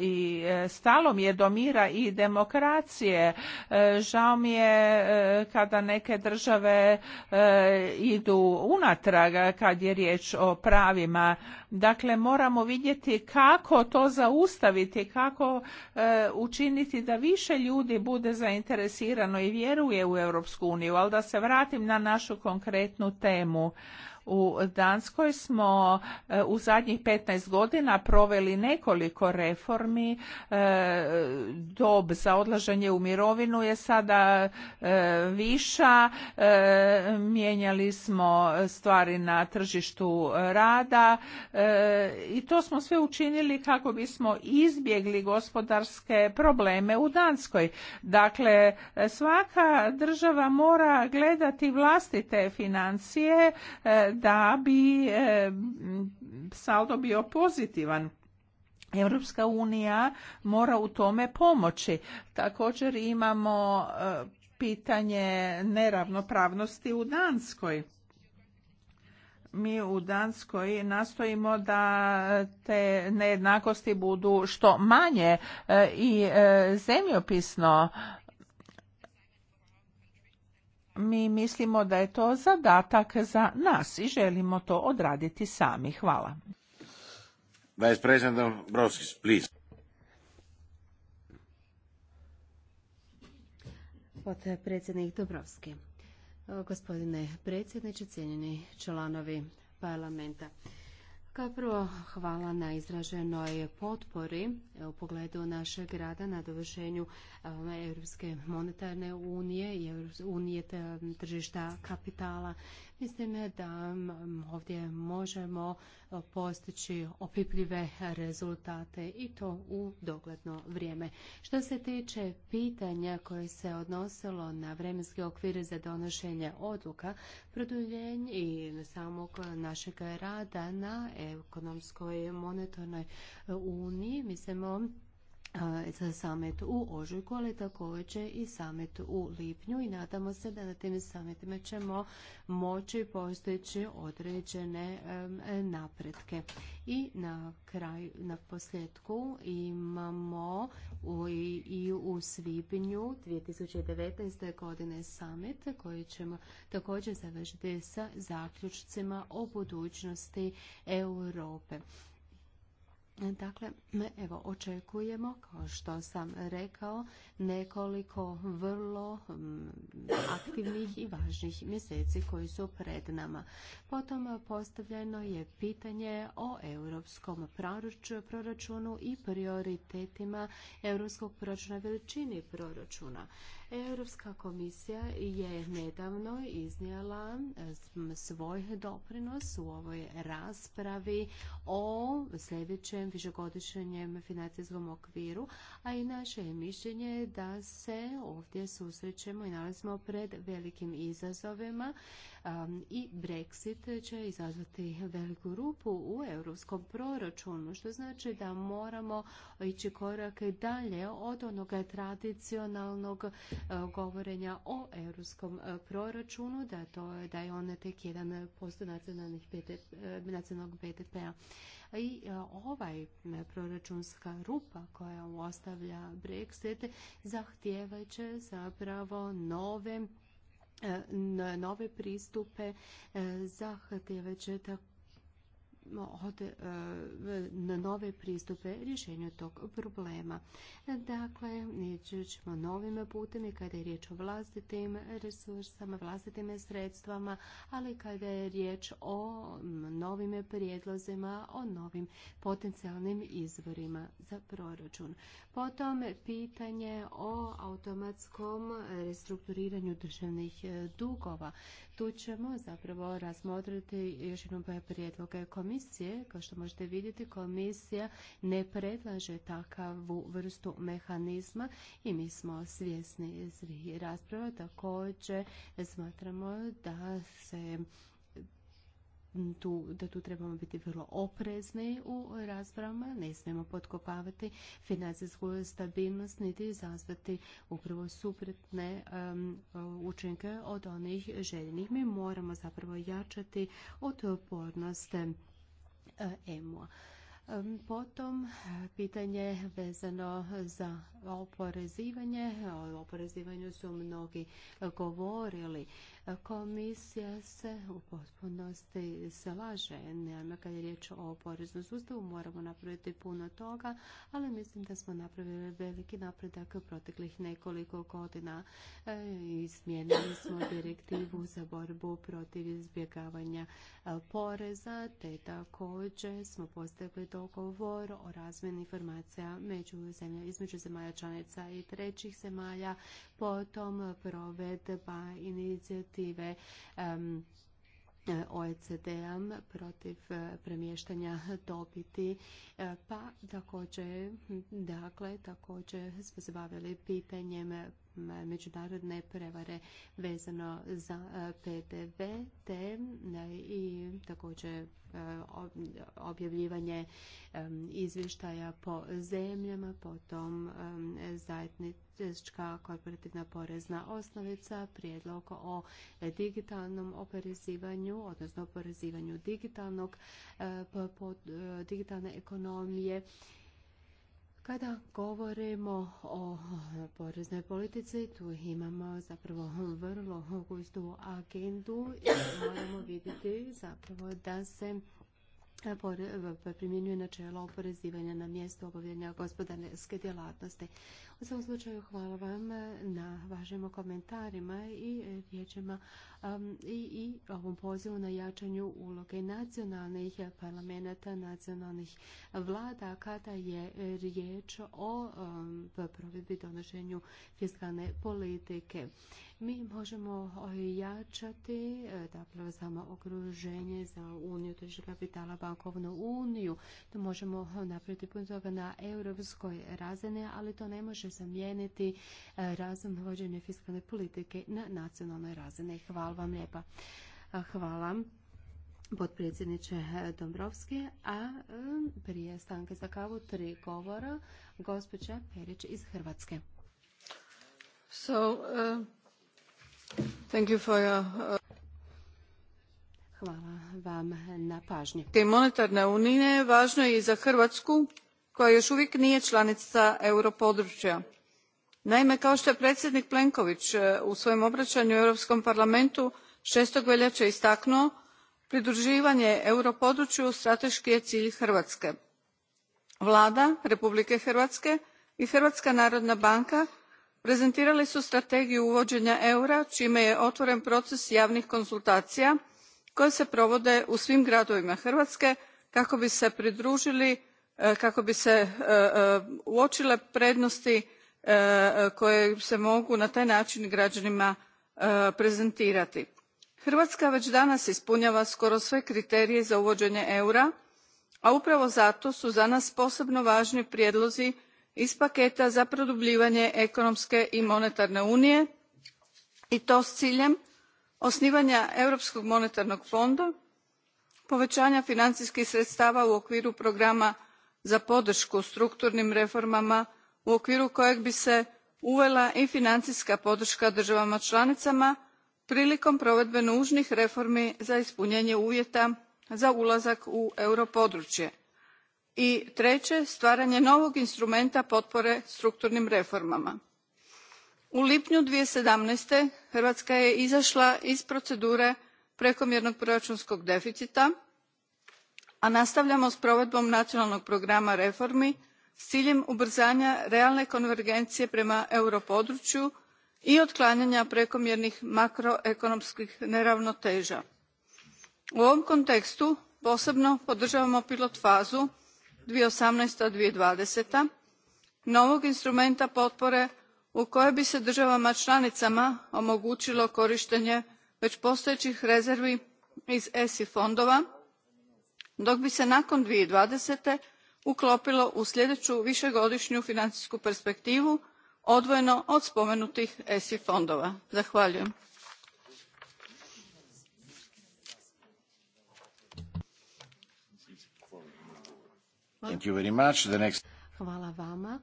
i stalom je do mira i demokracije. Žao mi je kada neke države e, idu unatrag kad je riječ o pravima. Dakle, moramo vidjeti kako to zaustaviti, kako e, učiniti da više ljudi bude zainteresirano i vjeruje u Europsku uniju, ali da se vratim na našu konkretnu temu. U Danskoj smo e, u zadnjih 15 godina proveli nekoliko reformi. E, dob za odlaženje u mirovinu je sada e, viša. Mijenjali smo stvari na tržištu rada i to smo sve učinili kako bismo izbjegli gospodarske probleme u Danskoj. Dakle, svaka država mora gledati vlastite financije da bi e, saldo bio pozitivan. Europska unija mora u tome pomoći. Također imamo e, pitanje neravnopravnosti u Danskoj. Mi u Danskoj nastojimo da te nejednakosti budu što manje e, i zemljopisno mi mislimo da je to zadatak za nas i želimo to odraditi sami. Hvala. Vice President Dombrovskis, please. Potpredsjednik Dobrovski. Gospodine predsjedniče, cijenjeni članovi parlamenta prvo, hvala na izraženoj potpori e, u pogledu našeg rada na dovršenju e, Europske monetarne unije i unije tržišta kapitala. Mislim da ovdje možemo e, postići opipljive rezultate i to u dogledno vrijeme. Što se tiče pitanja koje se odnosilo na vremenske okvire za donošenje odluka, produljenje i samog našeg rada na ekonomskoj monetarnoj e, uniji. Mislimo za samet u ožujku, ali također i samet u lipnju i nadamo se da na tim sametima ćemo moći postići određene napretke. I na kraju, na posljedku imamo i u svibnju 2019. godine samet koji ćemo također završiti sa zaključcima o budućnosti Europe. Dakle, evo, očekujemo, kao što sam rekao, nekoliko vrlo aktivnih i važnih mjeseci koji su pred nama. Potom postavljeno je pitanje o europskom proračunu i prioritetima europskog proračuna, veličini proračuna. Europska komisija je nedavno iznijela eh, svoj doprinos u ovoj raspravi o sljedećem višegodišnjem financijskom okviru, a i naše je mišljenje da se ovdje susrećemo i nalazimo pred velikim izazovima i Brexit će izazvati veliku rupu u europskom proračunu, što znači da moramo ići korak dalje od onoga tradicionalnog e, govorenja o europskom e, proračunu, da, to, da je on tek jedan nacionalnih e, nacionalnog BDP-a. I ovaj proračunska rupa koja ostavlja Brexit će zapravo nove nove pristupe, eh, zahtjeve je E, na nove pristupe rješenju tog problema. Dakle, ići ćemo novim putem i kada je riječ o vlastitim resursama, vlastitim sredstvama, ali kada je riječ o novim prijedlozima, o novim potencijalnim izvorima za proračun. Potom pitanje o automatskom restrukturiranju državnih dugova. Tu ćemo zapravo razmotriti još jednom pa prijedloge komisije. Kao što možete vidjeti, komisija ne predlaže takavu vrstu mehanizma i mi smo svjesni iz rasprava. Također smatramo da se tu, da tu trebamo biti vrlo oprezni u raspravama, ne smijemo potkopavati financijsku stabilnost niti izazvati upravo suprotne učinke od onih željenih. Mi moramo zapravo jačati otpornost EMU-a. Potom pitanje vezano za oporezivanje. O oporezivanju su mnogi govorili. Komisija se u potpunosti slaže. Nema kad je riječ o poreznom sustavu, moramo napraviti puno toga, ali mislim da smo napravili veliki napredak u proteklih nekoliko godina. Smijenili e, smo direktivu za borbu protiv izbjegavanja e, poreza, te također smo postavili dogovor o razmjeni informacija među zemlja, između zemalja članica i trećih zemalja, potom provedba inicijativa um, oecd am protiv e, premještanja dobiti, e, pa također, dakle, također smo se bavili pitanjem međunarodne prevare vezano za e, PDV te e, i također e, objavljivanje izvještaja po zemljama, potom zajednička korporativna porezna osnovica, prijedlog o digitalnom oporezivanju, odnosno oporezivanju digitalnog, digitalne ekonomije, kada govorimo o poreznoj politici, tu imamo zapravo vrlo gustu agendu i moramo vidjeti zapravo da se primjenjuje načelo oporezivanja na mjestu obavljanja gospodarske djelatnosti. U svom slučaju hvala vam na vašim komentarima i riječima um, i, ovom pozivu na jačanju uloge nacionalnih parlamenta, nacionalnih vlada kada je riječ o um, provedbi donošenju fiskalne politike. Mi možemo jačati dakle, samo okruženje za uniju tržišta kapitala, bankovnu uniju. To možemo napraviti puno toga na europskoj razini, ali to ne može zamijeniti e, razum vođenja fiskalne politike na nacionalnoj razini. Hvala vam lijepa. Hvala potpredsjedniče e, Dombrovski, a e, prije stanke za kavu tri govora gospođa Perić iz Hrvatske. So, thank you for your, Hvala vam na pažnji. Te monetarne unije važno je i za Hrvatsku koja još uvijek nije članica europodručja. naime kao što je predsjednik plenković e, u svojem obraćanju europskom parlamentu. six veljače istaknuo pridruživanje europodručju strateški je cilj hrvatske. vlada republike hrvatske i hrvatska narodna banka prezentirali su strategiju uvođenja eura čime je otvoren proces javnih konzultacija koje se provode u svim gradovima hrvatske kako bi se pridružili E, kako bi se e, e, uočile prednosti koje se mogu na taj način građanima prezentirati. hrvatska već danas ispunjava skoro sve kriterije za uvođenje eura a upravo zato su za nas posebno važni prijedlozi iz paketa za produbljivanje ekonomske i monetarne unije i to s ciljem osnivanja europskog monetarnog fonda povećanja financijskih sredstava u okviru programa za podršku strukturnim reformama u okviru kojeg bi se uvela i financijska podrška državama članicama prilikom provedbe nužnih reformi za ispunjenje uvjeta za ulazak u europodručje i treće stvaranje novog instrumenta potpore strukturnim reformama. u lipnju. two thousand and seventeen hrvatska je izašla iz procedure prekomjernog proračunskog deficita a nastavljamo s provedbom nacionalnog programa reformi s ciljem ubrzanja realne konvergencije prema europodručju i otklanjanja prekomjernih makroekonomskih neravnoteža. u ovom kontekstu posebno podržavamo pilot fazu. two thousand and eighteen. two and twenty novog instrumenta potpore u kojoj bi se državama članicama omogućilo korištenje već postojećih rezervi iz esi fondova dok bi se nakon. two thousand and uklopilo u sljedeću višegodišnju financijsku perspektivu odvojeno od spomenutih esi fondova. zahvaljujem. Hvala vama.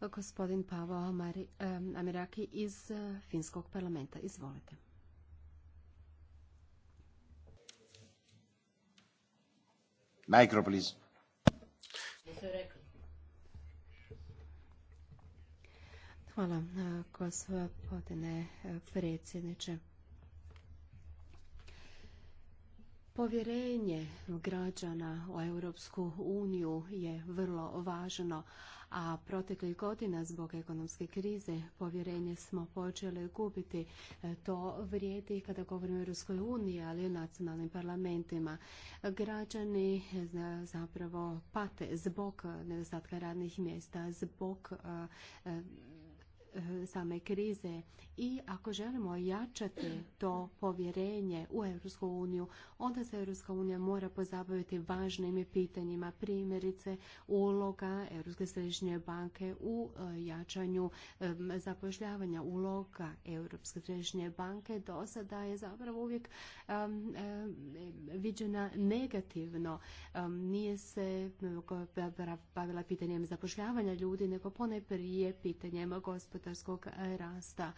Gospodin Pavo Amiraki iz eh, Finskog parlamenta. Izvolite. Micro, please. Hvala, gospodine predsjedniče. Povjerenje građana u Europsku uniju je vrlo važno, a proteklih godina zbog ekonomske krize povjerenje smo počeli gubiti. E, to vrijedi kada govorimo o Europskoj uniji, ali i o nacionalnim parlamentima. Građani e, zapravo pate zbog nedostatka radnih mjesta, zbog e, same krize i ako želimo jačati to povjerenje u Europsku uniju, onda se Europska unija mora pozabaviti važnim pitanjima, primjerice uloga Europske središnje banke u e, jačanju e, zapošljavanja uloga Europske središnje banke do sada je zapravo uvijek viđena negativno. nije se bavila pitanjem zapošljavanja ljudi, nego pone prije pitanjem gospodinu gospodarskog rasta.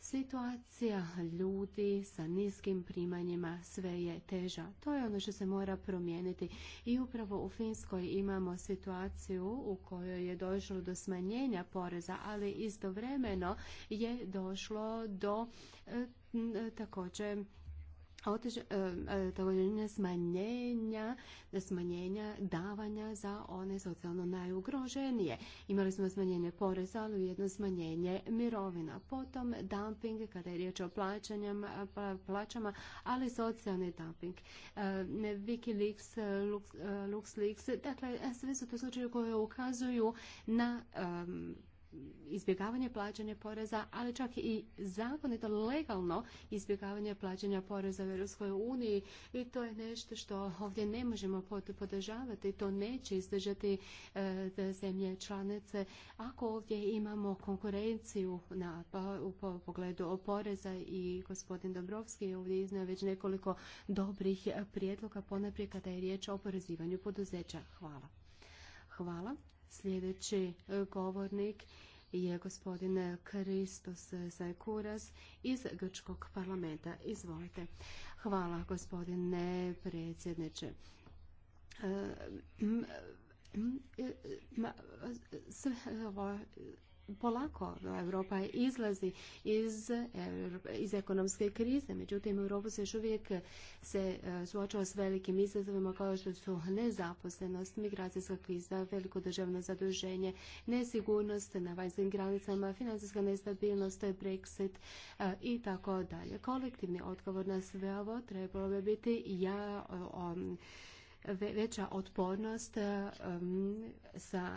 Situacija ljudi sa niskim primanjima sve je teža. To je ono što se mora promijeniti. I upravo u Finskoj imamo situaciju u kojoj je došlo do smanjenja poreza, ali istovremeno je došlo do e, također otež, e, e, također smanjenja, smanjenja davanja za one socijalno najugroženije. Imali smo smanjenje poreza, ali jedno smanjenje mirovina. Potom dumping, kada je riječ o pa, plaćama, ali socijalni dumping. E, Wikileaks, LuxLeaks, dakle sve su to slučaje koje ukazuju na izbjegavanje plaćanja poreza, ali čak i zakonito, legalno izbjegavanje plaćanja poreza u Europskoj uniji i to je nešto što ovdje ne možemo podržavati, to neće izdržati e, zemlje članice. Ako ovdje imamo konkurenciju na, pa, u pogledu poreza i gospodin Dobrovski je ovdje iznao već nekoliko dobrih prijedloga ponajprije kada je riječ o porezivanju poduzeća. Hvala. Hvala. Sljedeći e, govornik je gospodin Kristos Zajkuras iz Grčkog parlamenta. Izvolite. Hvala gospodine predsjedniče. E, e, polako Europa izlazi iz, ekonomske krize, međutim Europa se još uvijek se e, suočava s velikim izazovima kao što su nezaposlenost, migracijska kriza, veliko državno zaduženje, nesigurnost na vanjskim granicama, financijska nestabilnost, Brexit e, i tako dalje. Kolektivni odgovor na sve ovo trebalo bi biti ja, veća otpornost e, sa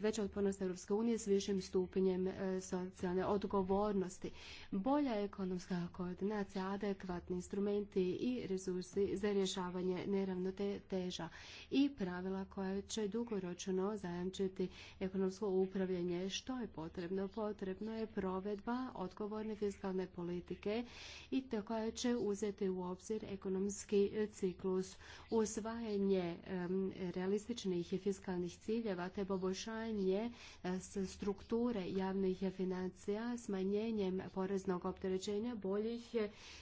veća otpornost Europske unije s višim stupnjem e, socijalne odgovornosti. Bolja ekonomska koordinacija, adekvatni instrumenti i resursi za rješavanje neravnoteža i pravila koja će dugoročno zajamčiti ekonomsko upravljanje. Što je potrebno? Potrebno je provedba odgovorne fiskalne politike i koja će uzeti u obzir ekonomski ciklus usvajanje realističnih i fiskalnih ciljeva te poboljšanje e, strukture javnih financija smanjenjem poreznog opterećenja boljih,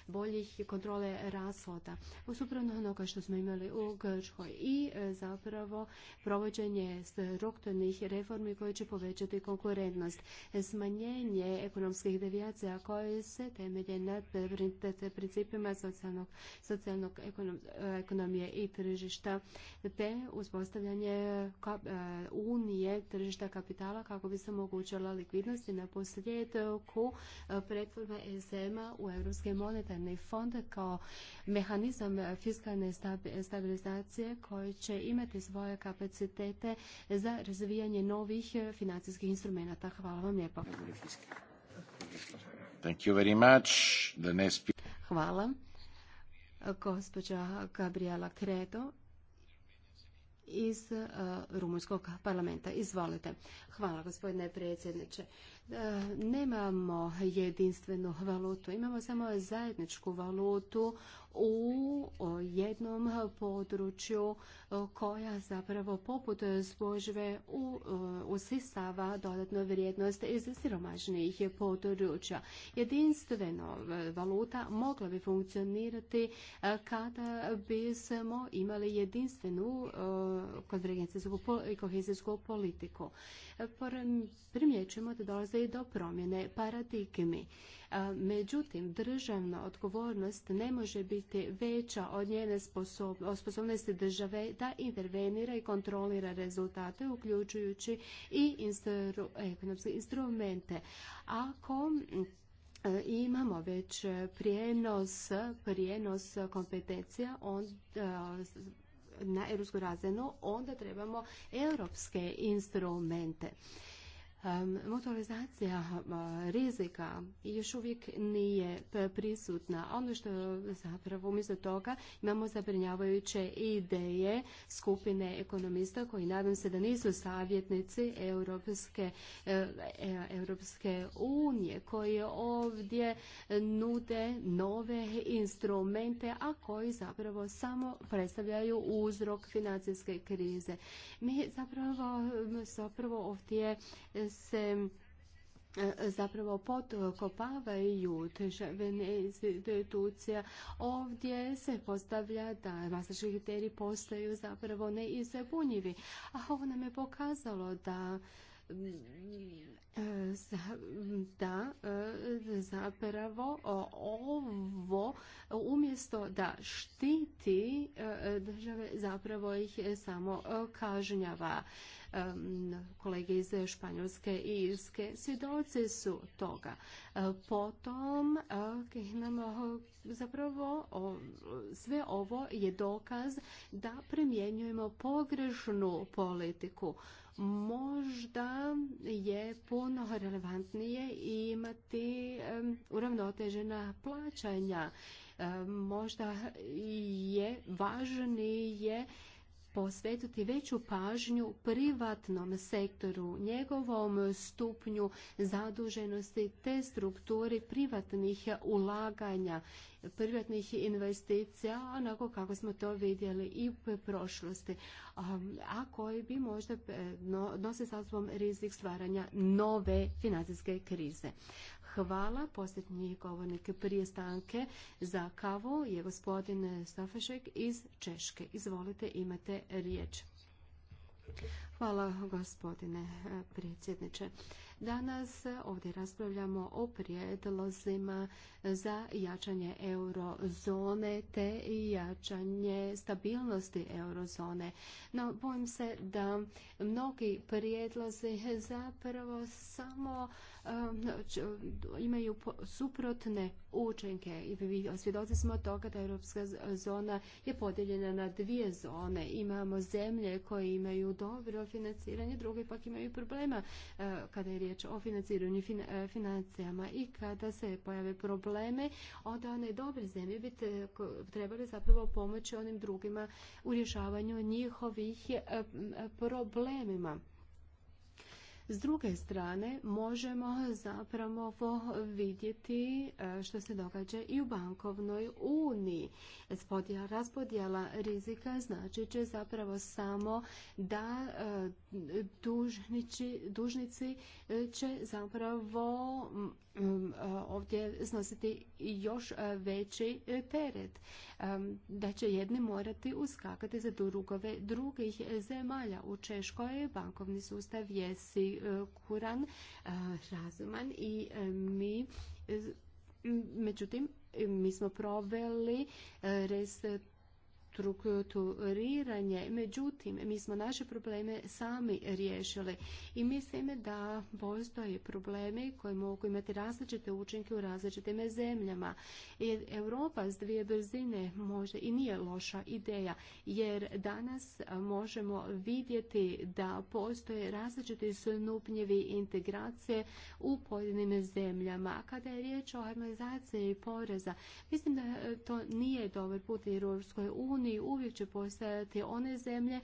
boljih kontrole rashoda. usupravno onoga što smo imali u Grčkoj i e, zapravo provođenje strukturnih reformi koje će povećati konkurentnost. Smanjenje ekonomskih devijacija koje se temelje na principima socijalnog, socijalnog e, ekonomije i tržišta tržišta te uspostavljanje e, unije tržišta kapitala kako bi se omogućila likvidnost i na posljedku e, pretvorbe sm a u europske monetarne fond kao mehanizam fiskalne stabilizacije koji će imati svoje kapacitete za razvijanje novih financijskih instrumenata. Hvala vam lijepo. Hvala. Gospođa Gabriela Credo iz eh, Rumunjskog parlamenta. Izvolite. Hvala gospodine predsjedniče. E, nemamo jedinstvenu valutu, imamo samo zajedničku valutu u jednom području e, koja zapravo poput zbožve e, usisava dodatnu vrijednost iz siromašnijih područja. Jedinstvena valuta mogla bi funkcionirati kada bismo imali jedinstvenu konvergencijsku i kohezijsku politiku. Primjećujemo da dolaze i do promjene paradigmi. E, međutim, državna odgovornost ne može biti veća od njene sposobnosti države da intervenira i kontrolira rezultate, uključujući i ekonomske instrumente. Ako e, imamo već prijenos, prijenos kompetencija, on, e, na europsku razinu, onda trebamo europske instrumente motorizacija rizika još uvijek nije prisutna. Ono što zapravo umjesto toga imamo zabrinjavajuće ideje skupine ekonomista koji nadam se da nisu savjetnici Europske, e, e, Europske unije koji ovdje nude nove instrumente, a koji zapravo samo predstavljaju uzrok financijske krize. Mi zapravo, zapravo ovdje e, se e, zapravo potkopavaju državne institucija. Ovdje se postavlja da masački kriteriji postaju zapravo neizabunjivi. A ovo nam je pokazalo da mm, da e, zapravo ovo umjesto da štiti e, države zapravo ih samo kažnjava kolege iz Španjolske i Irske svjedoci su toga. E, potom e, e, zapravo sve ovo je dokaz da primjenjujemo pogrešnu politiku. Možda je puno relevantnije imati uravnotežena plaćanja. Možda je važnije posvetiti veću pažnju privatnom sektoru, njegovom stupnju zaduženosti te strukturi privatnih ulaganja, privatnih investicija, onako kako smo to vidjeli i u prošlosti, a koji bi možda e, nose sa sobom rizik stvaranja nove financijske krize. Hvala. Posljednji govornik prije stanke za kavu je gospodin Stafešek iz Češke. Izvolite, imate riječ. Hvala gospodine e, predsjedniče. Danas ovdje raspravljamo o prijedlozima za jačanje eurozone te jačanje stabilnosti eurozone. No, bojim se da mnogi prijedlozi zapravo samo Ehm, imaju suprotne učenke. i svjedoci smo toga da europska zona je podijeljena na dvije zone. Imamo zemlje koje imaju dobro financiranje, druge pak imaju problema eh, kada je riječ o financiranju eh, financijama i kada se pojave probleme, onda one dobre zemlje bi trebali zapravo pomoći onim drugima u rješavanju njihovih eh, problemima s druge strane, možemo zapravo vidjeti e, što se događa i u bankovnoj uniji. raspodjela rizika znači će zapravo samo da e, dužnici, e, će zapravo ovdje snositi još veći teret. Da će jedni morati uskakati za drugove drugih zemalja. U Češkoj bankovni sustav jesi kuran, e, razuman i e, mi e, međutim mi smo proveli rest restrukturiranje. Međutim, mi smo naše probleme sami riješili i mislim da postoje problemi koji mogu imati različite učinke u različitim zemljama. Jer Europa s dvije brzine može i nije loša ideja, jer danas možemo vidjeti da postoje različiti snupnjevi integracije u pojedinim zemljama. Kada je riječ o harmonizaciji poreza, mislim da to nije dobar put jer Europskoj uniji Uniji uvijek će postojati one zemlje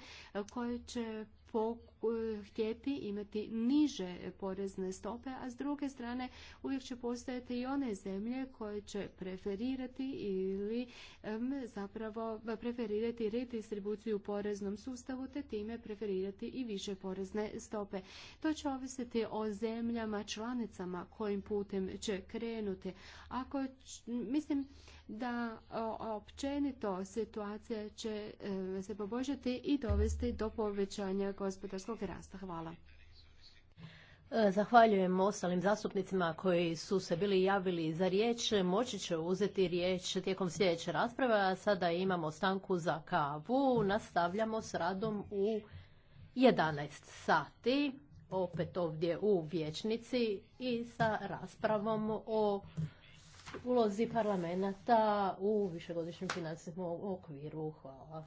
koje će po htjeti imati niže porezne stope, a s druge strane uvijek će postojati i one zemlje koje će preferirati ili zapravo preferirati redistribuciju u poreznom sustavu te time preferirati i više porezne stope. To će ovisiti o zemljama članicama kojim putem će krenuti. Ako, mislim, da općenito situacija će se poboljšati i dovesti do povećanja gospodarskog Hvala. E, zahvaljujem ostalim zastupnicima koji su se bili javili za riječ. Moći će uzeti riječ tijekom sljedeće rasprave, a sada imamo stanku za kavu. Nastavljamo s radom u 11 sati, opet ovdje u vječnici i sa raspravom o ulozi parlamenta u višegodišnjem financijskom okviru. Hvala.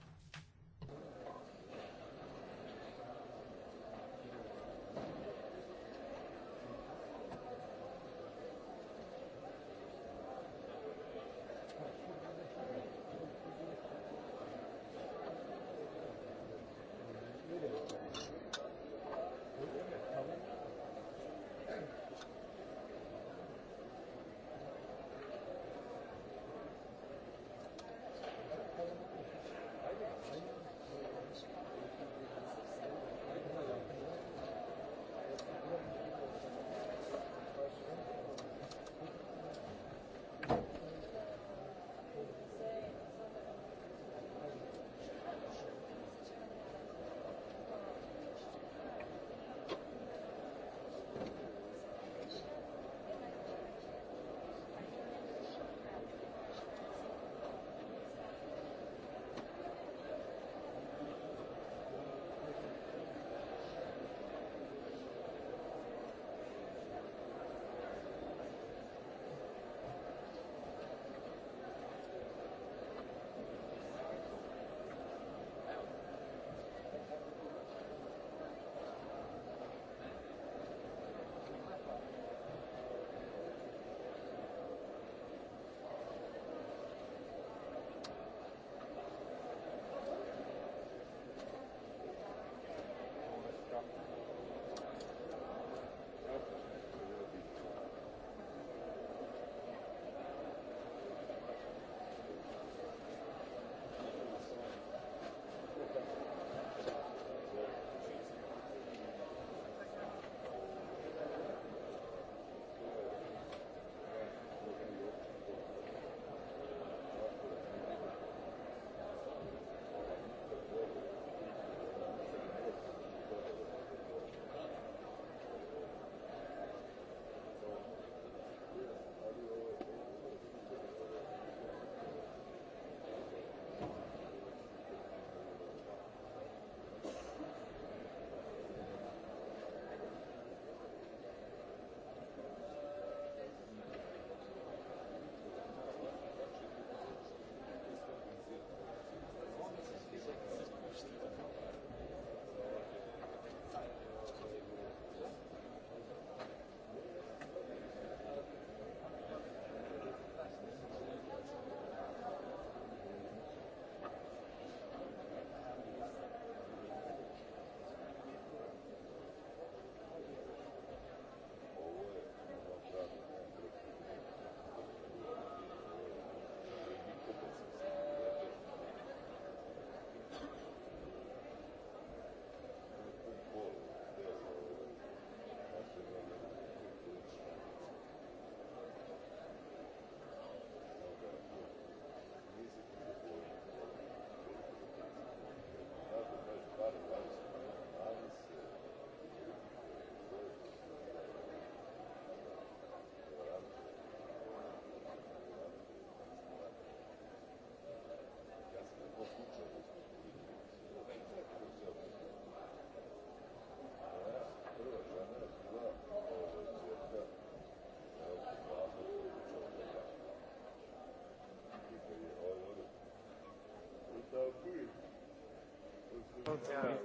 Okay,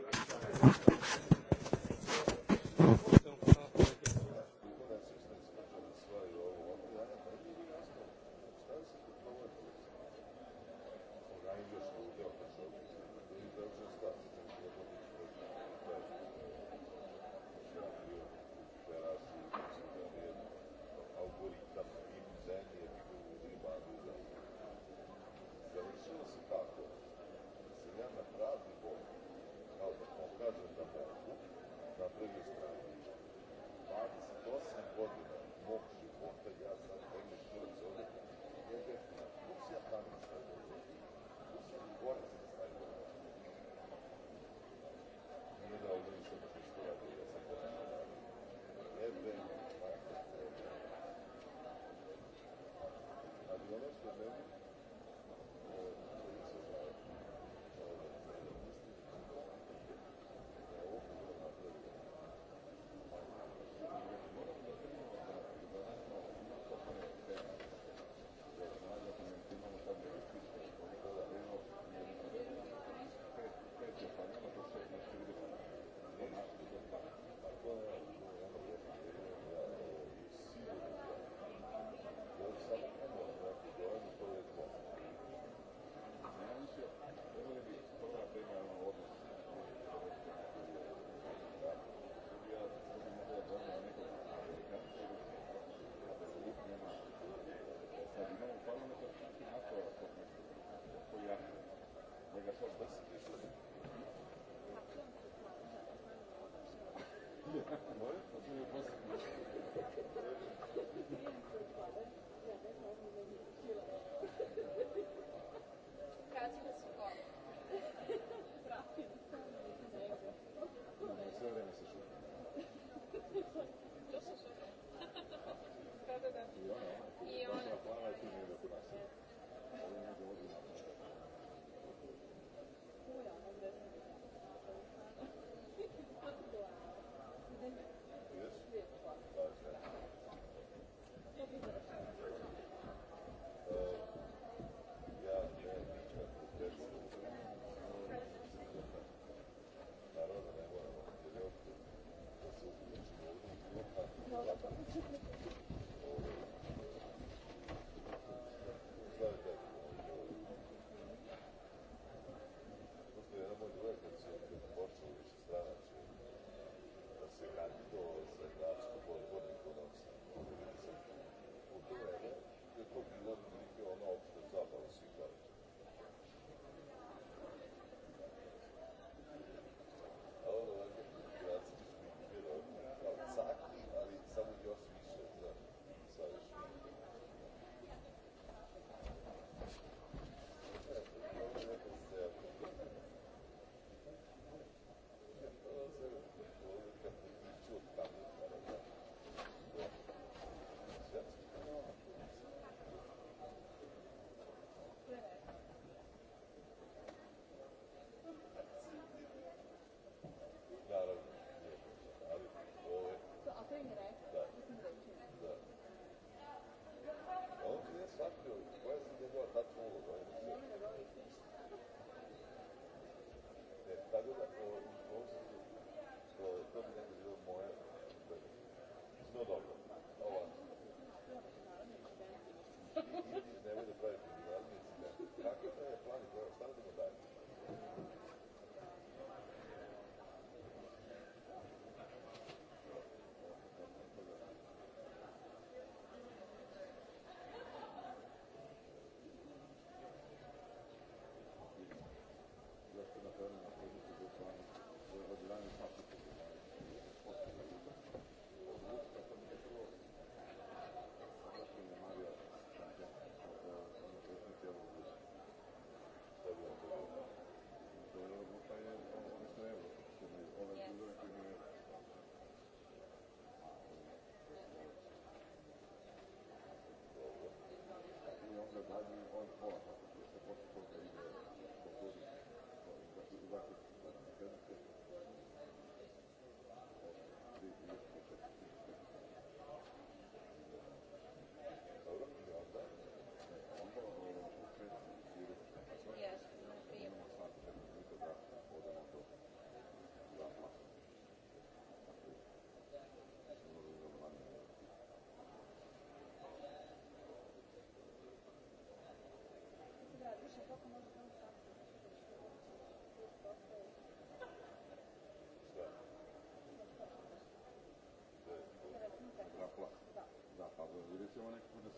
bol, otišao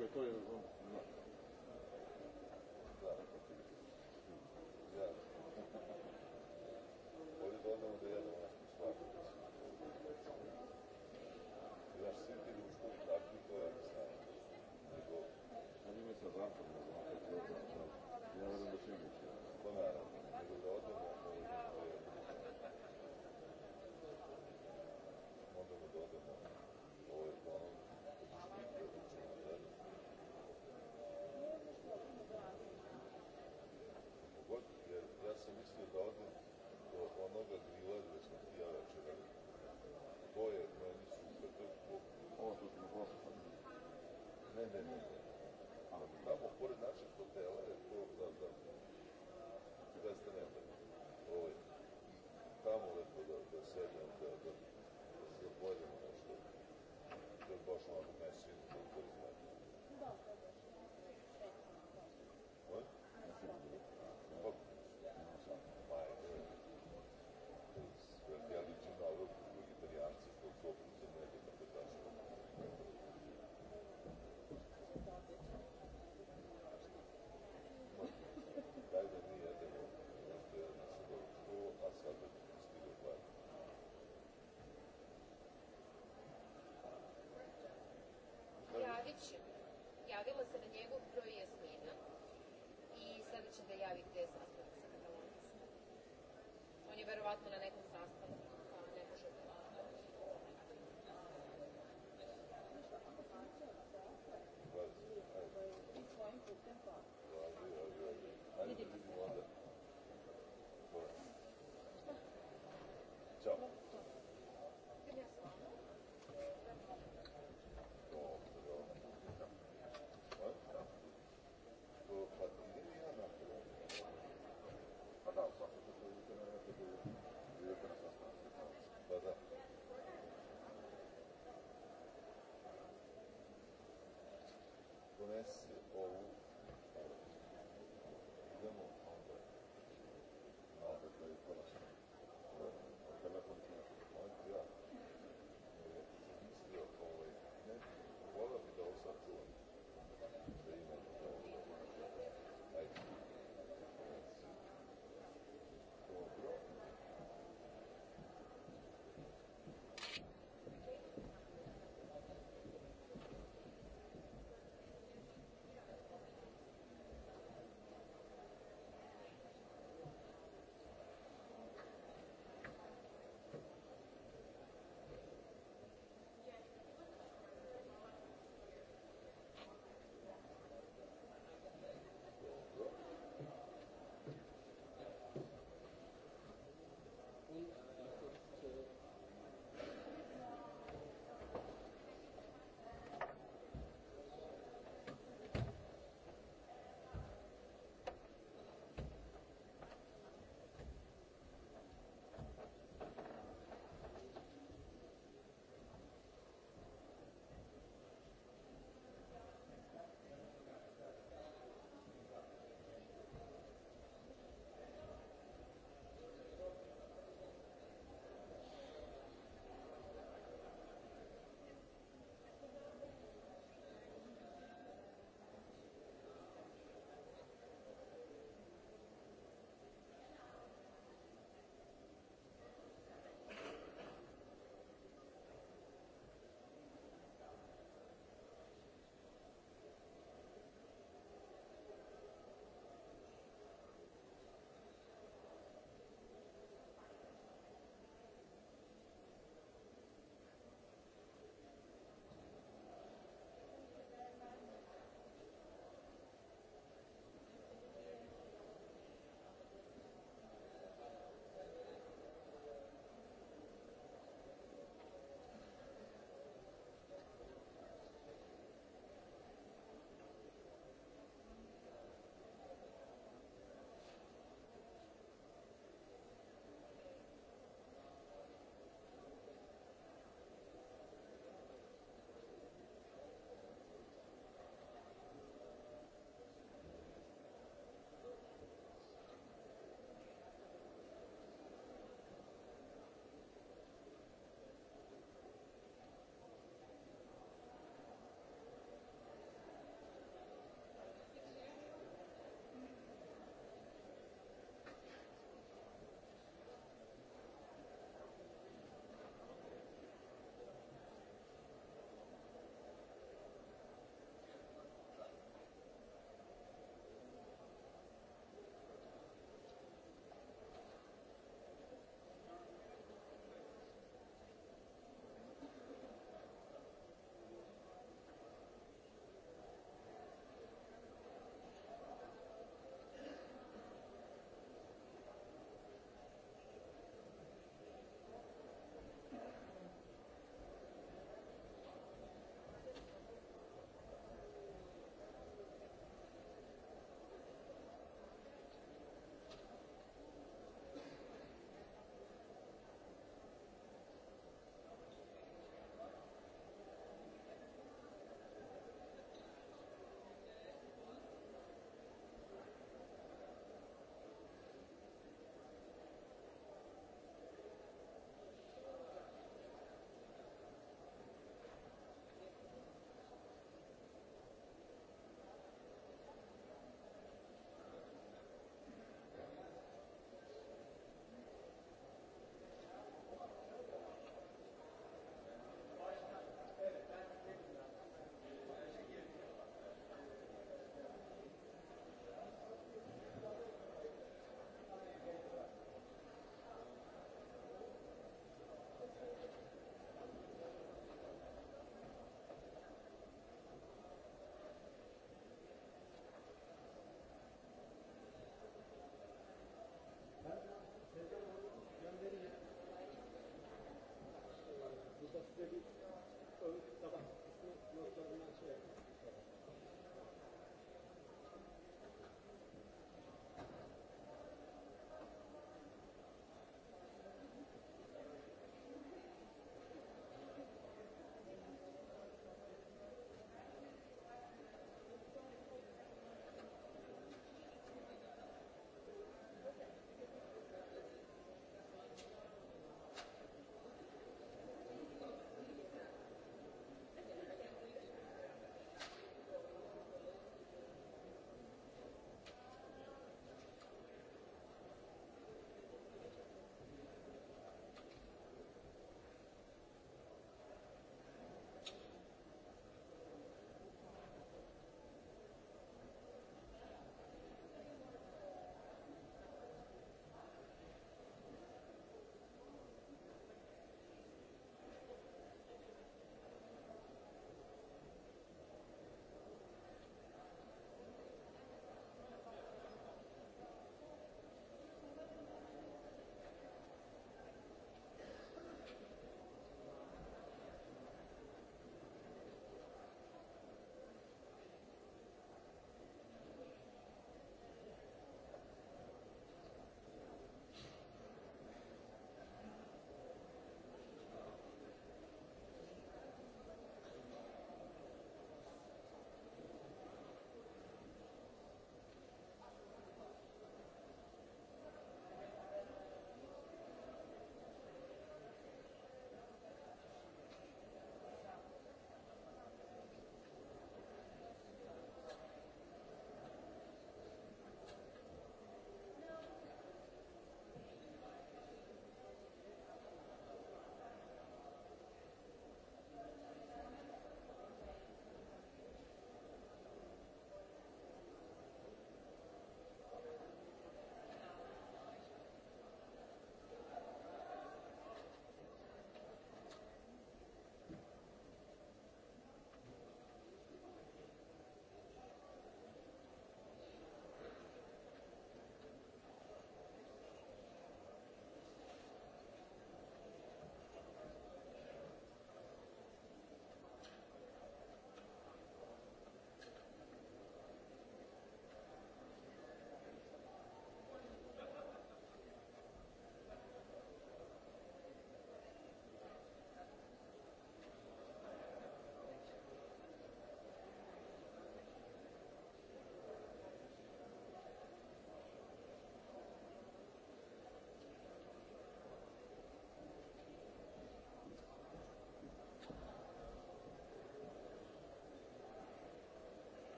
Ako je to Thank ono, you. verovatno na nekom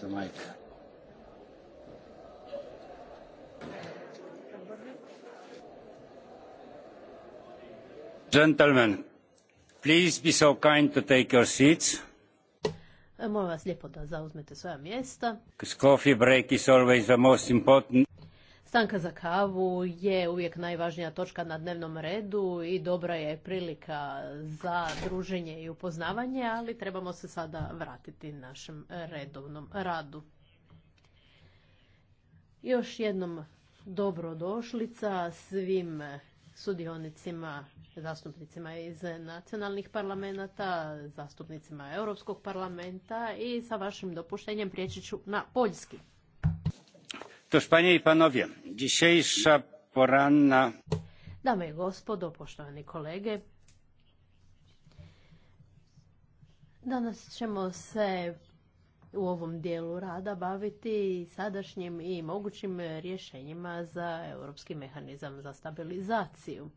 the majka. Gentlemen, please be so kind to take your seats. E, molim vas lijepo da zauzmete svoja mjesta. Because Coffee break is always the most important. Stanka za kavu je uvijek najvažnija točka na dnevnom redu i dobra je prilika za druženje i upoznavanje, ali trebamo se sada vratiti našem redovnom radu. Još jednom dobrodošlica svim sudionicima, zastupnicima iz nacionalnih parlamenta, zastupnicima Europskog parlamenta i sa vašim dopuštenjem prijeći ću na poljski. Toż, panie i poranna... Dame i gospodo, poštovani kolege, danas ćemo se u ovom dijelu rada baviti sadašnjim i mogućim rješenjima za europski mehanizam za stabilizaciju.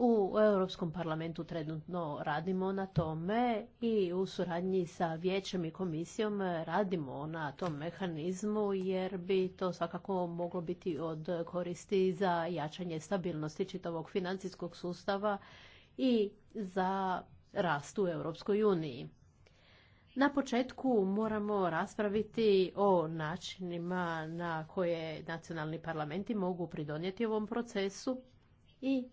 U Europskom parlamentu trenutno radimo na tome i u suradnji sa vijećem i komisijom radimo na tom mehanizmu jer bi to svakako moglo biti od koristi za jačanje stabilnosti čitavog financijskog sustava i za rast u Europskoj uniji. Na početku moramo raspraviti o načinima na koje nacionalni parlamenti mogu pridonijeti ovom procesu i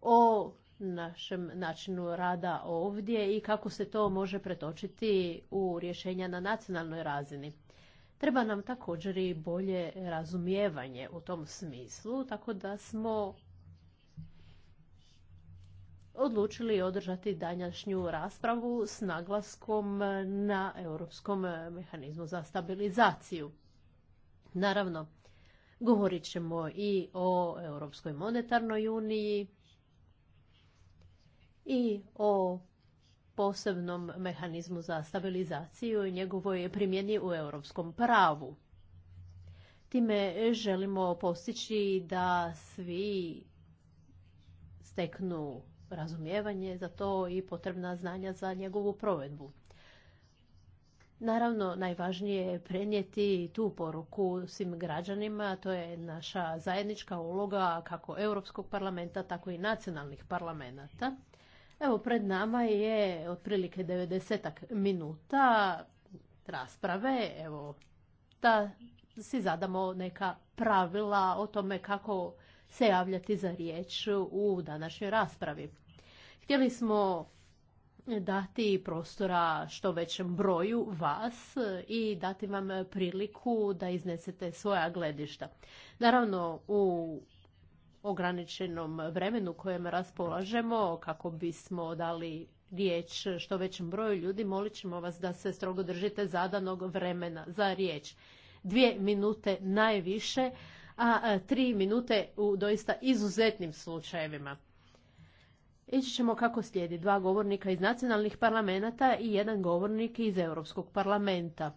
o našem načinu rada ovdje i kako se to može pretočiti u rješenja na nacionalnoj razini. Treba nam također i bolje razumijevanje u tom smislu, tako da smo odlučili održati danjašnju raspravu s naglaskom na europskom mehanizmu za stabilizaciju. Naravno, govorit ćemo i o Europskoj monetarnoj uniji, i o posebnom mehanizmu za stabilizaciju i njegovoj primjeni u europskom pravu. Time želimo postići da svi steknu razumijevanje za to i potrebna znanja za njegovu provedbu. Naravno, najvažnije je prenijeti tu poruku svim građanima, to je naša zajednička uloga kako Europskog parlamenta, tako i nacionalnih parlamenta. Evo, pred nama je otprilike 90 minuta rasprave. Evo, da si zadamo neka pravila o tome kako se javljati za riječ u današnjoj raspravi. Htjeli smo dati prostora što većem broju vas i dati vam priliku da iznesete svoja gledišta. Naravno, u ograničenom vremenu kojem raspolažemo kako bismo dali riječ što većem broju ljudi, molit ćemo vas da se strogo držite zadanog vremena za riječ. Dvije minute najviše, a tri minute u doista izuzetnim slučajevima. Ići ćemo kako slijedi dva govornika iz nacionalnih parlamenta i jedan govornik iz Europskog parlamenta.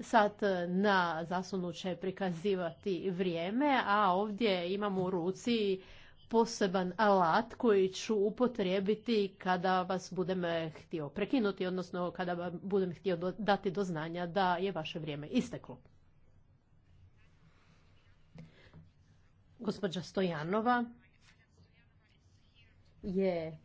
Sad e, na zaslonu će prikazivati vrijeme, a ovdje imamo u ruci poseban alat koji ću upotrijebiti kada vas budem e, htio prekinuti, odnosno kada vam budem htio dati do znanja da je vaše vrijeme isteklo. Gospođa Stojanova je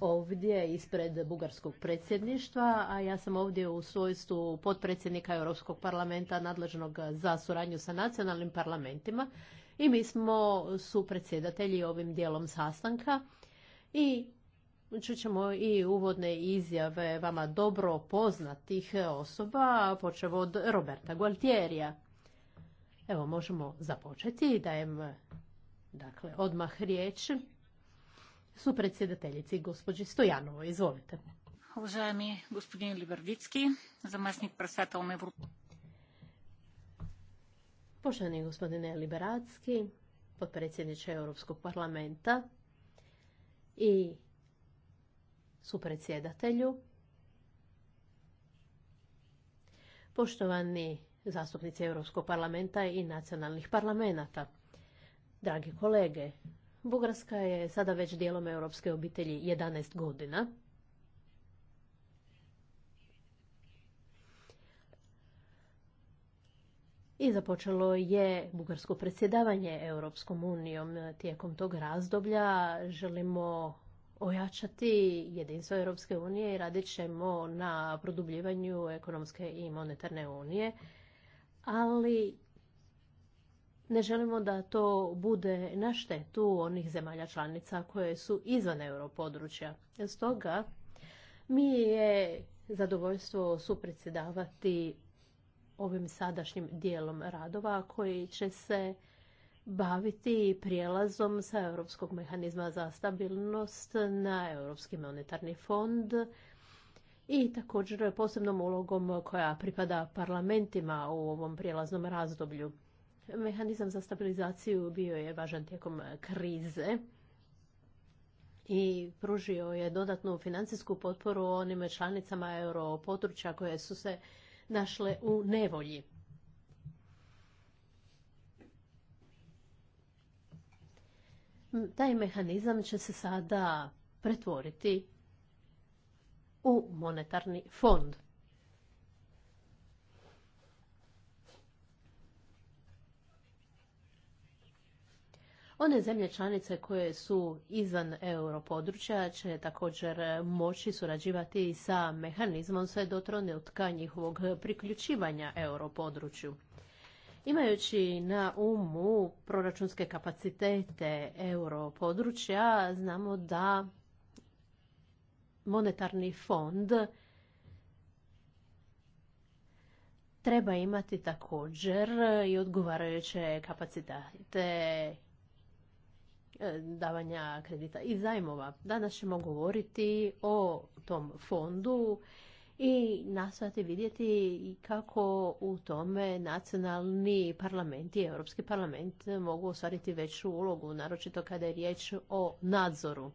ovdje ispred bugarskog predsjedništva, a ja sam ovdje u svojstvu potpredsjednika Europskog parlamenta nadležnog za suradnju sa nacionalnim parlamentima i mi smo su predsjedatelji ovim dijelom sastanka i čućemo i uvodne izjave vama dobro poznatih osoba, počev od Roberta Gualtierija. Evo, možemo započeti, dajem dakle, odmah riječ su predsjedateljici gospođi Stojanovo. Izvolite. Уважаеми господин Либердицки, заместник председател на Европа. Poštovani gospodine Liberacki, potpredsjedniče Europskog parlamenta i supredsjedatelju, poštovani zastupnici Europskog parlamenta i nacionalnih parlamenta, dragi kolege, Bugarska je sada već dijelom europske obitelji 11 godina. I započelo je bugarsko predsjedavanje Europskom unijom tijekom tog razdoblja. Želimo ojačati jedinstvo Europske unije i radit ćemo na produbljivanju ekonomske i monetarne unije. Ali ne želimo da to bude na štetu onih zemalja članica koje su izvan europodručja. Stoga mi je zadovoljstvo supredsjedavati ovim sadašnjim dijelom radova koji će se baviti prijelazom sa Europskog mehanizma za stabilnost na Europski monetarni fond i također posebnom ulogom koja pripada parlamentima u ovom prijelaznom razdoblju. Mehanizam za stabilizaciju bio je važan tijekom krize i pružio je dodatnu financijsku potporu onim članicama europodručja koje su se našle u nevolji. Taj mehanizam će se sada pretvoriti u monetarni fond. One zemlje članice koje su izvan europodručja će također moći surađivati sa mehanizmom sve do trenutka njihovog priključivanja europodručju. Imajući na umu proračunske kapacitete europodručja, znamo da monetarni fond treba imati također i odgovarajuće kapacitete E, davanja kredita i zajmova. Danas ćemo govoriti o tom fondu i nastojati vidjeti kako u tome nacionalni parlament i Europski parlament mogu ostvariti veću ulogu, naročito kada je riječ o nadzoru.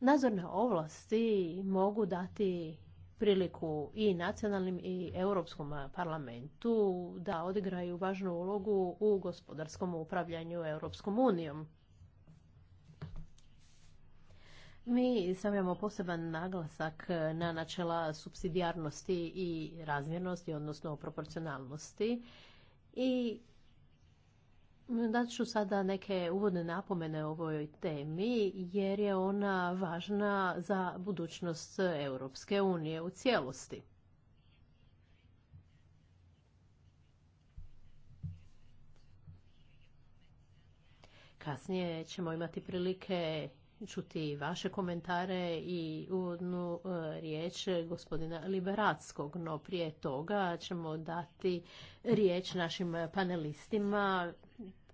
Nadzorne ovlasti mogu dati priliku i nacionalnim i europskom parlamentu da odigraju važnu ulogu u gospodarskom upravljanju Europskom unijom. Mi stavljamo poseban naglasak na načela subsidijarnosti i razmjernosti, odnosno proporcionalnosti i Dat ću sada neke uvodne napomene o ovoj temi, jer je ona važna za budućnost Europske unije u cijelosti. Kasnije ćemo imati prilike čuti vaše komentare i uvodnu e, riječ gospodina Liberackog, no prije toga ćemo dati riječ našim panelistima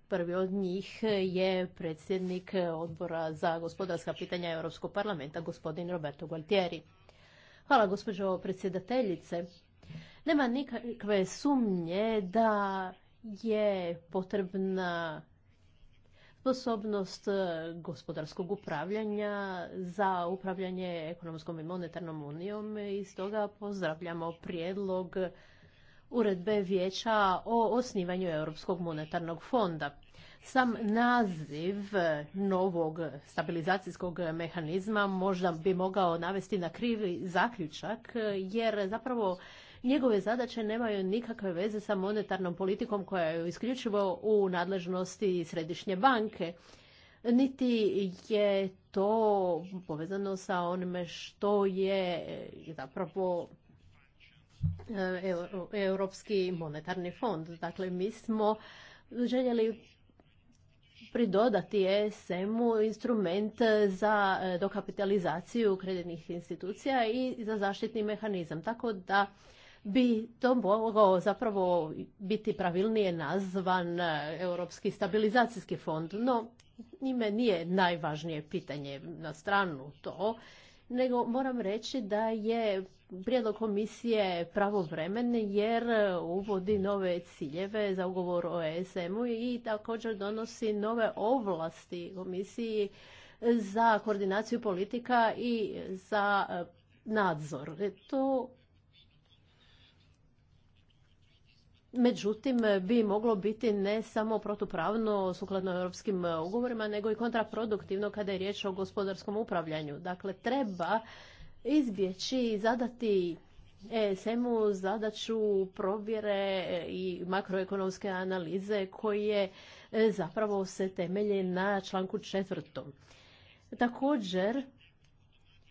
Prvi od njih je predsjednik odbora za gospodarska pitanja Europskog parlamenta, gospodin Roberto Gualtieri. Hvala, gospođo predsjedateljice. Nema nikakve sumnje da je potrebna sposobnost gospodarskog upravljanja za upravljanje ekonomskom i monetarnom unijom i stoga pozdravljamo prijedlog uredbe vijeća o osnivanju Europskog monetarnog fonda. Sam naziv novog stabilizacijskog mehanizma možda bi mogao navesti na krivi zaključak, jer zapravo njegove zadaće nemaju nikakve veze sa monetarnom politikom koja je isključivo u nadležnosti Središnje banke niti je to povezano sa onime što je zapravo E, Europski monetarni fond. Dakle, mi smo željeli pridodati ESM-u instrument za e, dokapitalizaciju kreditnih institucija i za zaštitni mehanizam. Tako da bi to mogao zapravo biti pravilnije nazvan e, Europski stabilizacijski fond, no njime nije najvažnije pitanje na stranu to nego moram reći da je prijedlog komisije pravovremen jer uvodi nove ciljeve za ugovor o ESM-u i također donosi nove ovlasti komisiji za koordinaciju politika i za nadzor. To međutim bi moglo biti ne samo protupravno sukladno europskim ugovorima, nego i kontraproduktivno kada je riječ o gospodarskom upravljanju. Dakle, treba izbjeći i zadati ESM-u zadaću provjere i makroekonomske analize koje e, zapravo se temelje na članku četvrtom. Također,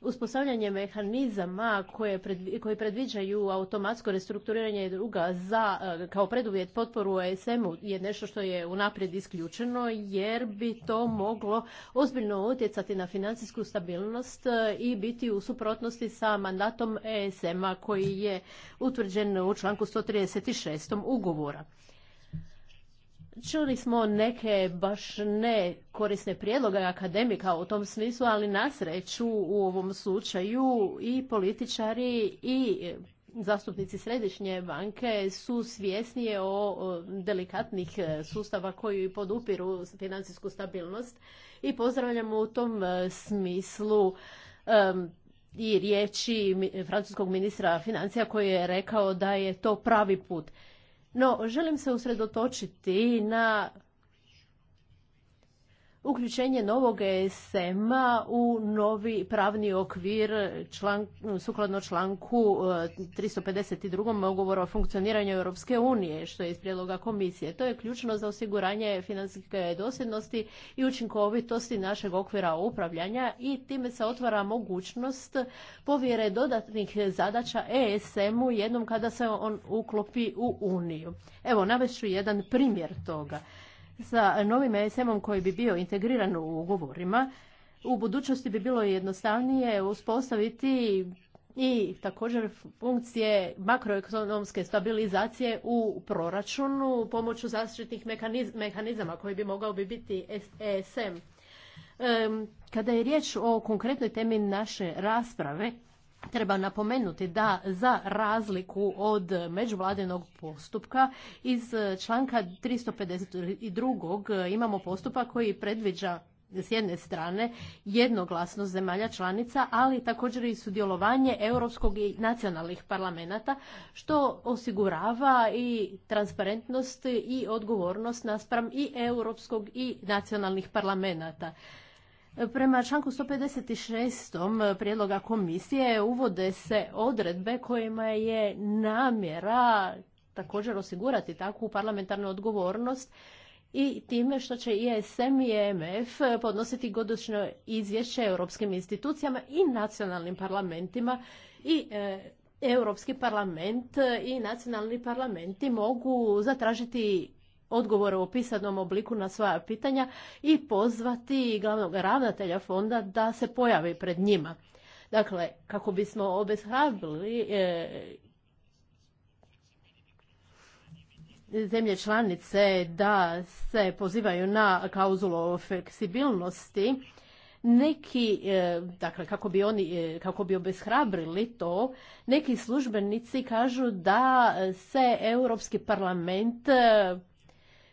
uspostavljanje mehanizama koje koji predviđaju automatsko restrukturiranje druga za e, kao preduvjet potporu ESM-u je nešto što je unaprijed isključeno jer bi to moglo ozbiljno utjecati na financijsku stabilnost e, i biti u suprotnosti sa mandatom ESM-a koji je utvrđen u članku 136. ugovora. Čuli smo neke baš ne korisne prijedloge akademika u tom smislu, ali na sreću u ovom slučaju i političari i zastupnici središnje banke su svjesnije o delikatnih sustava koji podupiru financijsku stabilnost i pozdravljamo u tom e, smislu i riječi francuskog ministra financija koji je rekao da je to pravi put. No, želim se usredotočiti na uključenje novog ESM-a u novi pravni okvir član, sukladno članku 352. E, ugovora o funkcioniranju Europske unije, što je iz prijedloga komisije. To je ključno za osiguranje financijske dosljednosti i učinkovitosti našeg okvira upravljanja i time se otvara mogućnost povjere dodatnih zadaća ESM-u jednom kada se on uklopi u Uniju. Evo, navest ću jedan primjer toga sa novim ESM-om koji bi bio integriran u ugovorima, u budućnosti bi bilo jednostavnije uspostaviti i također funkcije makroekonomske stabilizacije u proračunu pomoću zaštitnih mehanizama koji bi mogao biti ESM. Kada je riječ o konkretnoj temi naše rasprave, Treba napomenuti da za razliku od međuvladinog postupka iz članka 352. imamo postupak koji predviđa s jedne strane jednoglasnost zemalja članica, ali također i sudjelovanje europskog i nacionalnih parlamenta, što osigurava i transparentnost i odgovornost naspram i europskog i nacionalnih parlamenta. Prema članku 156. prijedloga komisije uvode se odredbe kojima je namjera također osigurati takvu parlamentarnu odgovornost i time što će ISM i EMF podnositi godišnje izvješće europskim institucijama i nacionalnim parlamentima i e, Europski parlament i nacionalni parlamenti mogu zatražiti odgovore u pisanom obliku na svoja pitanja i pozvati glavnog ravnatelja fonda da se pojavi pred njima. Dakle, kako bismo obeshrabrili e, zemlje članice da se pozivaju na klauzulu o fleksibilnosti, neki, e, dakle kako bi oni, e, kako bi obeshrabrili to, neki službenici kažu da se Europski parlament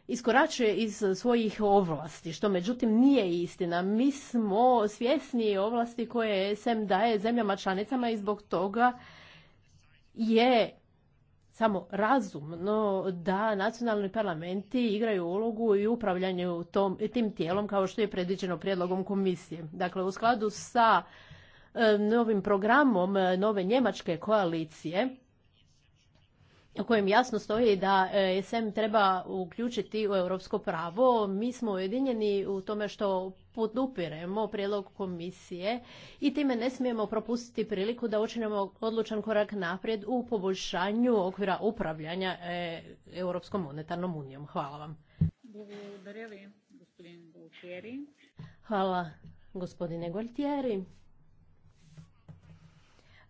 iskoračuje iz svojih ovlasti, što međutim nije istina. Mi smo svjesni ovlasti koje SM daje zemljama članicama i zbog toga je samo razumno da nacionalni parlamenti igraju ulogu i upravljanju tom, tim tijelom kao što je predviđeno prijedlogom komisije. Dakle, u skladu sa e, novim programom e, nove njemačke koalicije, u kojem jasno stoji da e, SM treba uključiti u europsko pravo. Mi smo ujedinjeni u tome što podupiremo prijedlog komisije i time ne smijemo propustiti priliku da učinimo odlučan korak naprijed u poboljšanju okvira upravljanja e, Europskom monetarnom unijom. Hvala vam. Hvala gospodine Gualtieri.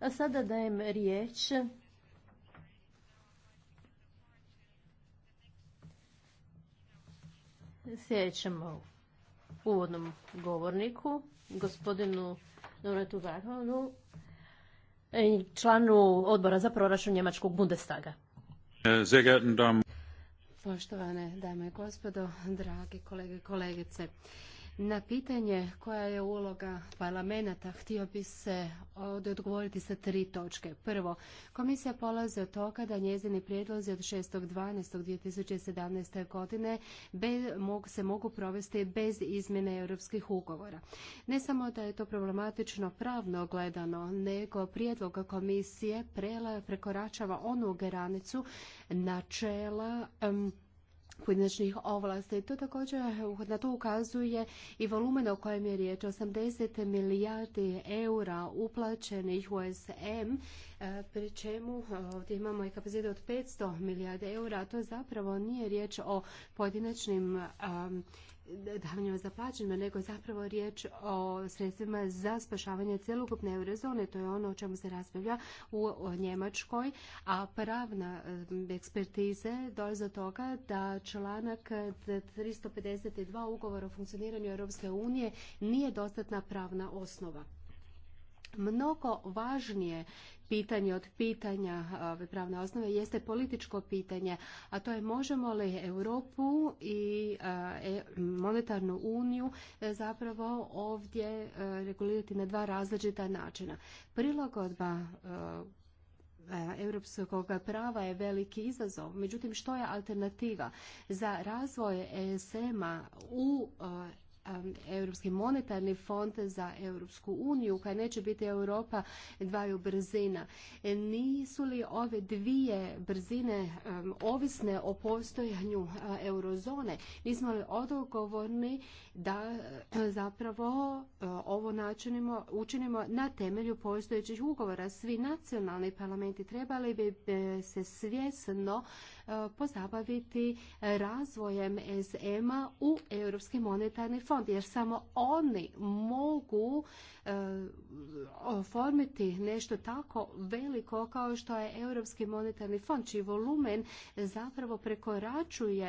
A sada dajem riječ u uvodnom govorniku, gospodinu Noretu i e, članu odbora za proračun Njemačkog Bundestaga. E, Poštovane dame i gospodo, dragi kolege i kolegice, na pitanje koja je uloga parlamenta htio bi se odgovoriti sa tri točke. Prvo, komisija polaze od toga da njezini prijedlozi od 6.12.2017. godine bez, se mogu provesti bez izmjene europskih ugovora. Ne samo da je to problematično pravno gledano, nego prijedlog komisije prekoračava onu granicu načela pojedinačnih ovlasti. To također na to ukazuje i volumen o kojem je riječ. 80 milijardi eura uplaćenih u SM, e, pri čemu e, ovdje imamo i kapacitet od 500 milijardi eura. To zapravo nije riječ o pojedinačnim davanjima za plaćanje, nego zapravo riječ o sredstvima za spašavanje celokupne eurozone. To je ono o čemu se raspravlja u Njemačkoj, a pravna eh, ekspertize dolaze do toga da članak 352 ugovora o funkcioniranju Europske unije nije dostatna pravna osnova. Mnogo važnije pitanje od pitanja ove pravne osnove jeste političko pitanje, a to je možemo li Europu i e, e, monetarnu uniju e, zapravo ovdje regulirati na dva različita načina. Prilagodba europskog prava je veliki izazov. Međutim, što je alternativa za razvoj ESM-a u Um, Europski monetarni fond za Europsku uniju koja neće biti Europa dvaju brzina. Nisu li ove dvije brzine um, ovisne o postojanju uh, eurozone? Nismo li odgovorni da uh, zapravo uh, ovo načinimo, učinimo na temelju postojećih ugovora? Svi nacionalni parlamenti trebali bi se svjesno E, pozabaviti razvojem SM-a u Europski monetarni fond, jer samo oni mogu e, oformiti nešto tako veliko kao što je Europski monetarni fond, čiji volumen zapravo prekoračuje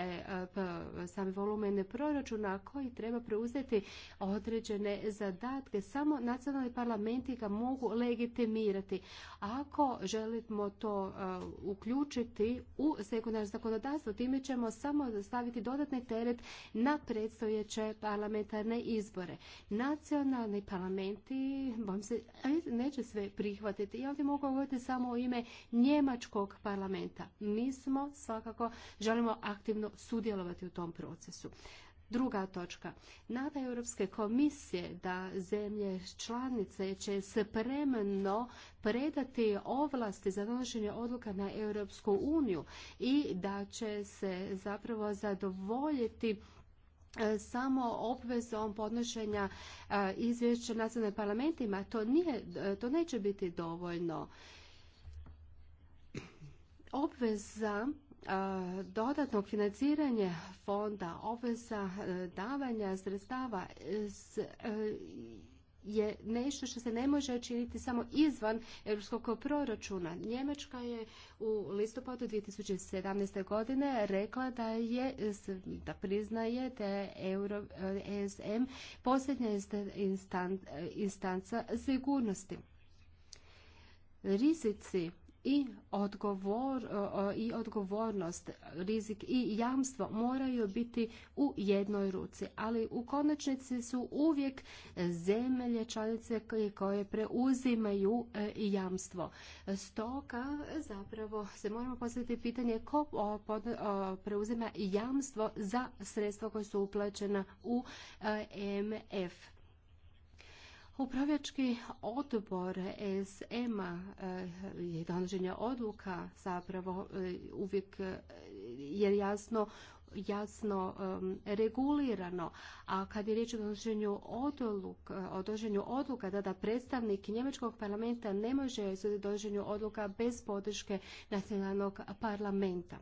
e, sami volumen proračuna koji treba preuzeti određene zadatke. Samo nacionalni parlamenti ga mogu legitimirati. Ako želimo to uključiti u u naš zakonodavstvo. Time ćemo samo staviti dodatni teret na predstojeće parlamentarne izbore. Nacionalni parlamenti bom se, neće sve prihvatiti. i ovdje mogu govoriti samo o ime njemačkog parlamenta. Mi smo svakako, želimo aktivno sudjelovati u tom procesu. Druga točka. Nada Europske komisije da zemlje članice će spremno predati ovlasti za donošenje odluka na Europsku uniju i da će se zapravo zadovoljiti e, samo obvezom podnošenja e, izvješća nacionalnim parlamentima. To, nije, e, to neće biti dovoljno. Obveza dodatnog financiranja fonda, obveza e, davanja sredstava e, je nešto što se ne može činiti samo izvan europskog proračuna. Njemačka je u listopadu 2017. godine rekla da je da priznaje da je ESM e posljednja instanca sigurnosti. Rizici i, odgovor, e, e, i odgovornost, rizik i jamstvo moraju biti u jednoj ruci, ali u konačnici su uvijek zemlje članice koje preuzimaju e, jamstvo. Stoga zapravo se moramo postaviti pitanje ko preuzima jamstvo za sredstva koja su uplaćena u MF. Upravljački odbor ESM-a eh, je donoženja odluka zapravo eh, uvijek eh, je jasno jasno regulirano. A kad je riječ o donošenju odluka, o donošenju odluka, da, predstavnik njemačkog parlamenta ne može u donošenju odluka bez podrške nacionalnog parlamenta.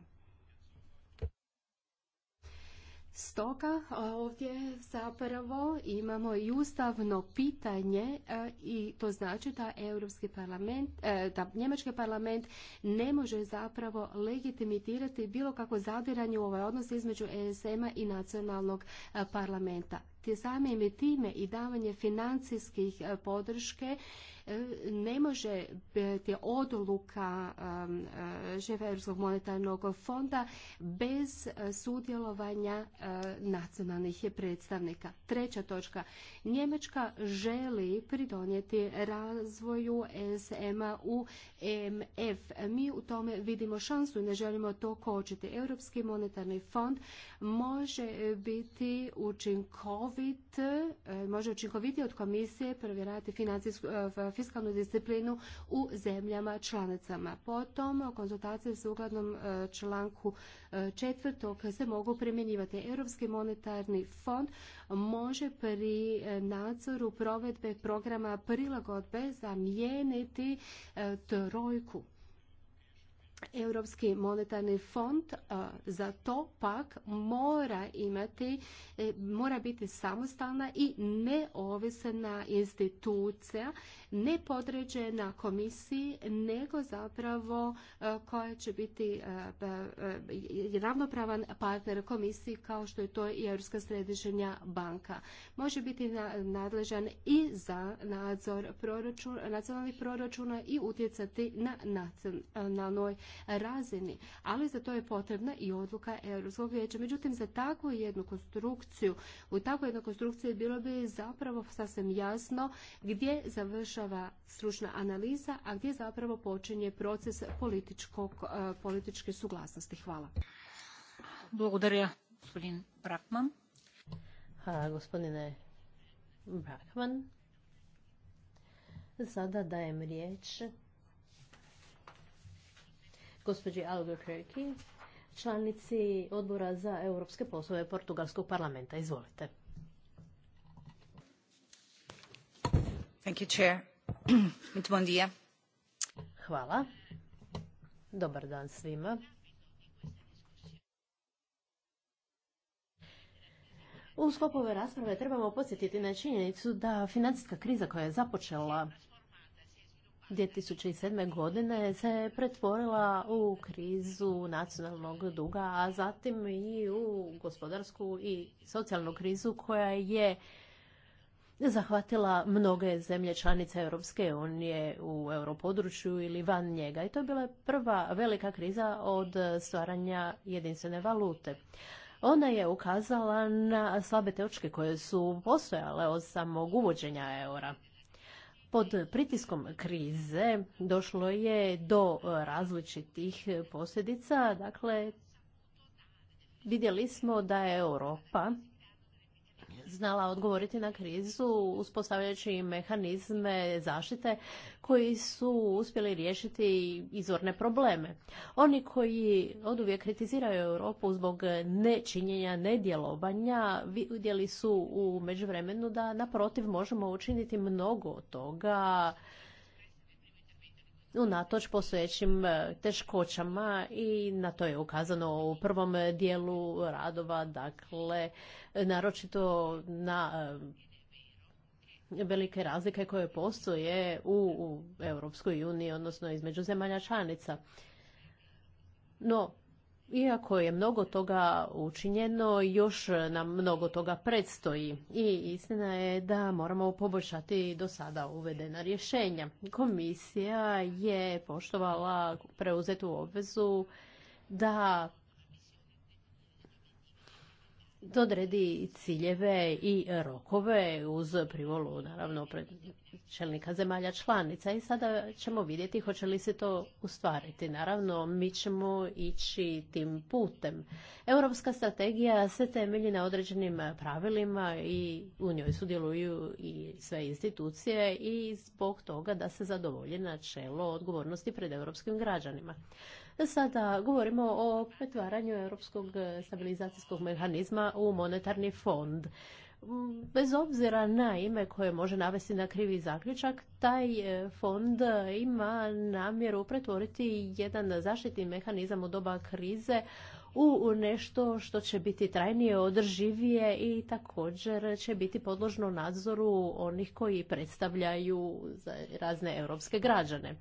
Stoga ovdje zapravo imamo i ustavno pitanje i to znači da Europski parlament, e, da Njemački parlament ne može zapravo legitimitirati bilo kako zadiranje u ovaj odnos između ESM-a i nacionalnog e, parlamenta. Te Samim time i davanje financijskih e, podrške ne može biti odluka um, uh, Europskog monetarnog fonda bez sudjelovanja uh, nacionalnih predstavnika. Treća točka. Njemačka želi pridonijeti razvoju SMA u MF. Mi u tome vidimo šansu i ne želimo to kočiti. Europski monetarni fond može biti učinkovit, uh, može učinkovitije od komisije provjerati financijsku fiskalnu disciplinu u zemljama članicama. Potom konzultacije s uglavnom e, članku e, četvrtog se mogu primjenjivati. Europski monetarni fond može pri e, nadzoru provedbe programa prilagodbe zamijeniti trojku Europski monetarni fond za to pak mora imati, e, mora biti samostalna i neovisna institucija, ne podređena komisiji, nego zapravo koja će biti pa, ravnopravan partner komisiji kao što je to i Europska središnja banka. Može biti nadležan i za nadzor nacionalnih proračuna i utjecati na nacionalnoj razini, ali za to je potrebna i odluka Europskog vijeća. Međutim, za takvu jednu konstrukciju, u takvoj jednoj konstrukciji bilo bi zapravo sasvim jasno gdje završava stručna analiza, a gdje zapravo počinje proces političkog, e, političke suglasnosti. Hvala. Благодаря, господин Бракман. gospodine Brakman. Sada dajem riječ gospođi Albuquerque, članici odbora za europske poslove Portugalskog parlamenta. Izvolite. Thank you, chair. <clears throat> Hvala. Dobar dan svima. U sklopu rasprave trebamo podsjetiti na činjenicu da financijska kriza koja je započela 2007. godine se pretvorila u krizu nacionalnog duga, a zatim i u gospodarsku i socijalnu krizu koja je zahvatila mnoge zemlje članice Europske unije u europodručju ili van njega. I to je bila prva velika kriza od stvaranja jedinstvene valute. Ona je ukazala na slabe točke koje su postojale od samog uvođenja eura pod pritiskom krize došlo je do različitih posljedica. Dakle, vidjeli smo da je Europa znala odgovoriti na krizu uspostavljajući mehanizme zaštite koji su uspjeli riješiti izvorne probleme. Oni koji oduvijek kritiziraju Europu zbog nečinjenja, nedjelovanja, vidjeli su u međuvremenu da naprotiv možemo učiniti mnogo toga unatoč postojećim e, teškoćama i na to je ukazano u prvom dijelu radova, dakle, naročito na e, velike razlike koje postoje u Europskoj uniji, odnosno između zemalja članica. No, iako je mnogo toga učinjeno, još nam mnogo toga predstoji i istina je da moramo poboljšati do sada uvedena rješenja. Komisija je poštovala preuzetu obvezu da odredi ciljeve i rokove uz privolu naravno čelnika zemalja članica i sada ćemo vidjeti hoće li se to ustvariti. Naravno, mi ćemo ići tim putem. Europska strategija se temelji na određenim pravilima i u njoj sudjeluju i sve institucije i zbog toga da se zadovolje načelo odgovornosti pred europskim građanima. Sada govorimo o pretvaranju Europskog stabilizacijskog mehanizma u monetarni fond. Bez obzira na ime koje može navesti na krivi zaključak, taj e, fond ima namjeru pretvoriti jedan zaštitni mehanizam u doba krize u nešto što će biti trajnije, održivije i također će biti podložno nadzoru onih koji predstavljaju razne europske građane.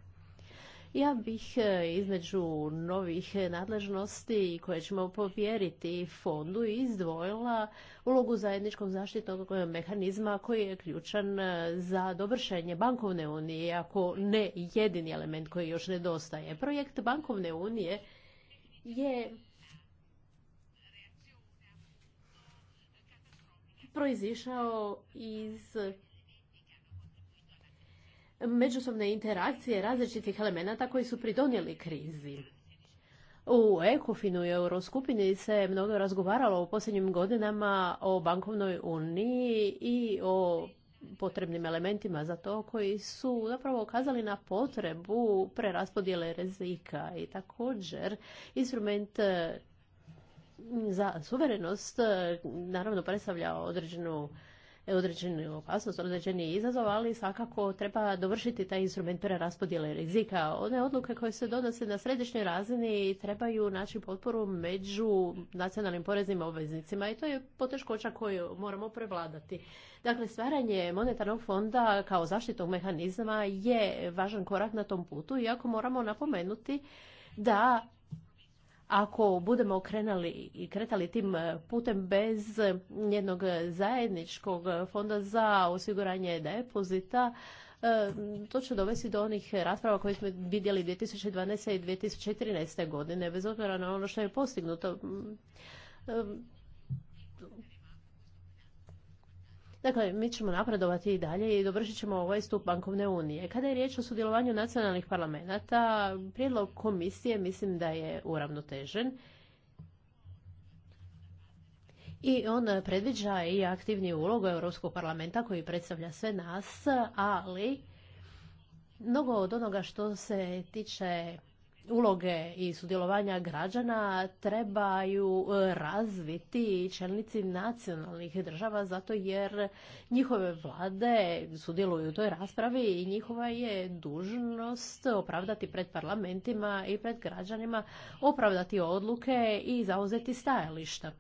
Ja bih e, između novih nadležnosti koje ćemo povjeriti fondu izdvojila ulogu zajedničkog zaštitnog mehanizma koji je ključan e, za dovršenje bankovne unije, ako ne jedini element koji još nedostaje. Projekt bankovne unije je proizišao iz međusobne interakcije različitih elemenata koji su pridonijeli krizi. U Ekofinu i Euroskupini se mnogo razgovaralo u posljednjim godinama o bankovnoj uniji i o potrebnim elementima za to koji su zapravo ukazali na potrebu preraspodjele rizika i također instrument e, za suverenost naravno predstavlja određenu određenu opasnost, određeni izazov, ali svakako treba dovršiti taj instrument raspodjele rizika. One odluke koje se donose na središnjoj razini trebaju naći potporu među nacionalnim poreznim obveznicima i to je poteškoća koju moramo prevladati. Dakle, stvaranje monetarnog fonda kao zaštitnog mehanizma je važan korak na tom putu, iako moramo napomenuti da ako budemo krenali i kretali tim e, putem bez e, jednog zajedničkog fonda za osiguranje depozita, e, to će dovesti do onih rasprava koje smo vidjeli 2012. i 2013. godine, bez obzira na ono što je postignuto. Mm, Dakle, mi ćemo napredovati i dalje i dovršit ćemo ovaj stup bankovne unije. Kada je riječ o sudjelovanju nacionalnih parlamenta, prijedlog komisije mislim da je uravnotežen i on predviđa i aktivni ulog Europskog parlamenta koji predstavlja sve nas, ali mnogo od onoga što se tiče uloge i sudjelovanja građana trebaju e, razviti čelnici nacionalnih država zato jer njihove vlade sudjeluju u toj raspravi i njihova je dužnost opravdati pred parlamentima i pred građanima, opravdati odluke i zauzeti stajališta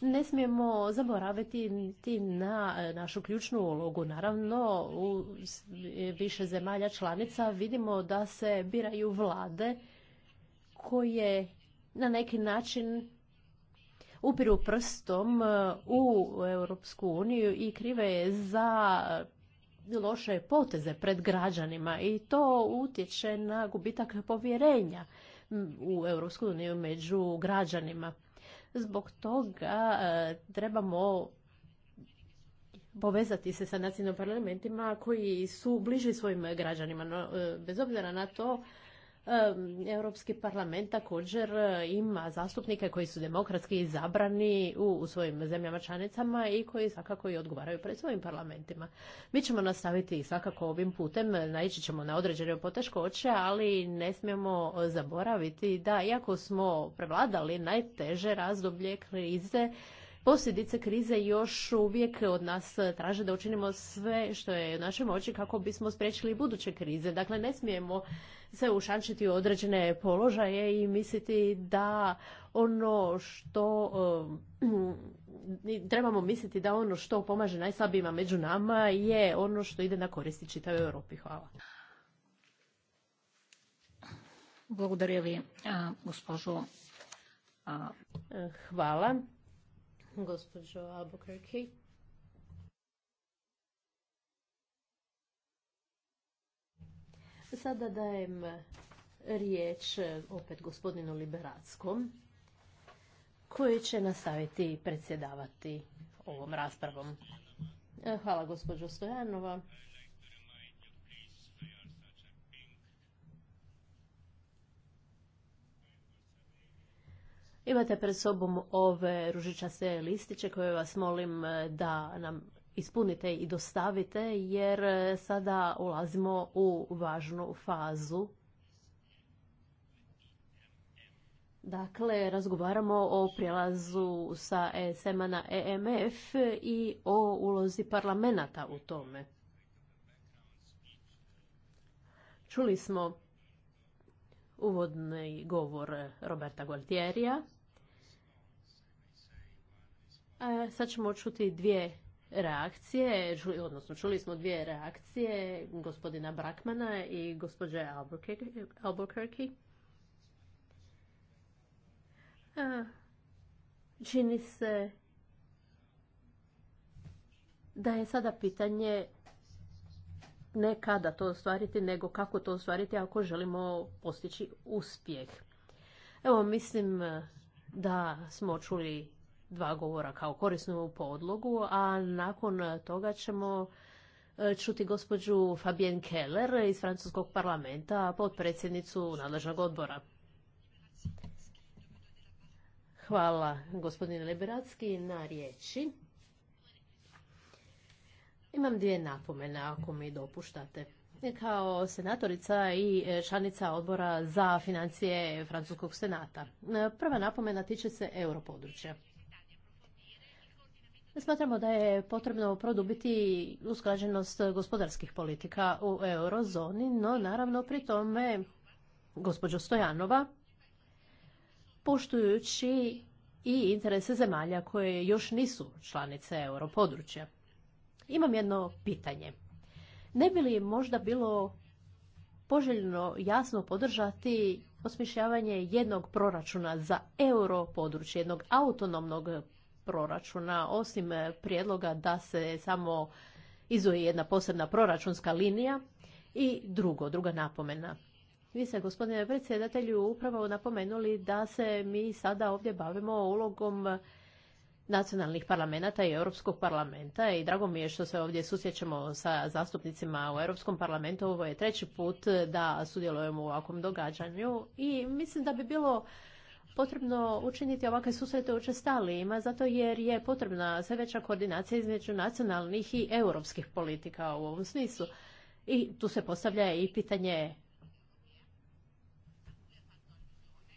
ne smijemo zaboraviti niti na e, našu ključnu ulogu. Naravno, u e, više zemalja članica vidimo da se biraju vlade koje na neki način upiru prstom e, u Europsku uniju i krive je za loše poteze pred građanima i to utječe na gubitak povjerenja u Europsku uniju među građanima. Zbog toga e, trebamo povezati se sa nacionalnim parlamentima koji su bliži svojim građanima. No, e, bez obzira na to, Europski parlament također e, ima zastupnike koji su demokratski izabrani u svojim zemljama članicama i koji svakako i odgovaraju pred svojim parlamentima. Mi ćemo nastaviti svakako ovim putem, naići ćemo na određene poteškoće, ali ne smijemo zaboraviti da iako smo prevladali najteže razdoblje krize, Posljedice krize još uvijek od nas traže da učinimo sve što je u našoj moći kako bismo spriječili buduće krize. Dakle, ne smijemo se ušančiti u određene položaje i misliti da ono što e, trebamo misliti da ono što pomaže najslabijima među nama je ono što ide na koristi čitavoj Europi. Hvala. Благодаря ви, госпожо. Хвала, госпожо Албукерки. Sada dajem riječ opet gospodinu Liberackom koji će nastaviti predsjedavati ovom raspravom. E, hvala gospođo Stojanova. Imate pred sobom ove ružičaste listiće koje vas molim e, da nam ispunite i dostavite jer e, sada ulazimo u važnu fazu. Dakle, razgovaramo o prijelazu sa ESM-a na EMF i o ulozi parlamenta u tome. Čuli smo uvodni govor Roberta Gualtierija. E, sad ćemo čuti dvije reakcije, odnosno čuli smo dvije reakcije gospodina Brakmana i gospođe Albuquerque. čini se da je sada pitanje ne kada to ostvariti, nego kako to ostvariti ako želimo postići uspjeh. Evo, mislim da smo čuli dva govora kao korisnu podlogu, a nakon toga ćemo e, čuti gospođu Fabienne Keller iz Francuskog parlamenta, potpredsjednicu nadležnog odbora. Hvala gospodine Liberacki na riječi. Imam dvije napomene ako mi dopuštate. Kao senatorica i članica odbora za financije Francuskog senata. Prva napomena tiče se europodručja. Smatramo da je potrebno produbiti usklađenost gospodarskih politika u eurozoni, no naravno pri tome gospođo Stojanova, poštujući i interese zemalja koje još nisu članice europodručja. Imam jedno pitanje. Ne bi li možda bilo poželjno jasno podržati osmišljavanje jednog proračuna za europodručje, jednog autonomnog proračuna, osim e, prijedloga da se samo izuje jedna posebna proračunska linija i drugo, druga napomena. Vi ste, gospodine predsjedatelju, upravo napomenuli da se mi sada ovdje bavimo ulogom nacionalnih parlamenta i Europskog parlamenta i drago mi je što se ovdje susjećemo sa zastupnicima u Europskom parlamentu. Ovo je treći put da sudjelujemo u ovakvom događanju i mislim da bi bilo potrebno učiniti ovakve susrete učestalijima zato jer je potrebna sve veća koordinacija između nacionalnih i europskih politika u ovom smislu. I tu se postavlja i pitanje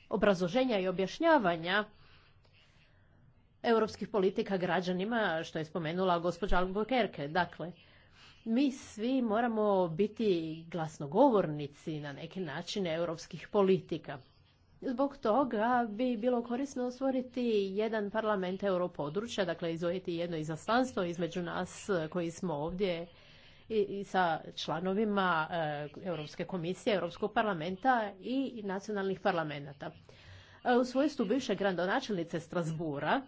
obrazoženja i objašnjavanja europskih politika građanima, što je spomenula gospođa Albuquerque. Dakle, mi svi moramo biti glasnogovornici na neki način europskih politika. Zbog toga bi bilo korisno osvoriti jedan parlament europodručja, dakle izvojiti jedno izaslanstvo između nas koji smo ovdje i, sa članovima eh, Europske komisije, Europskog parlamenta i nacionalnih parlamenta. Eh, u svojstvu bivše gradonačelnice Strasbura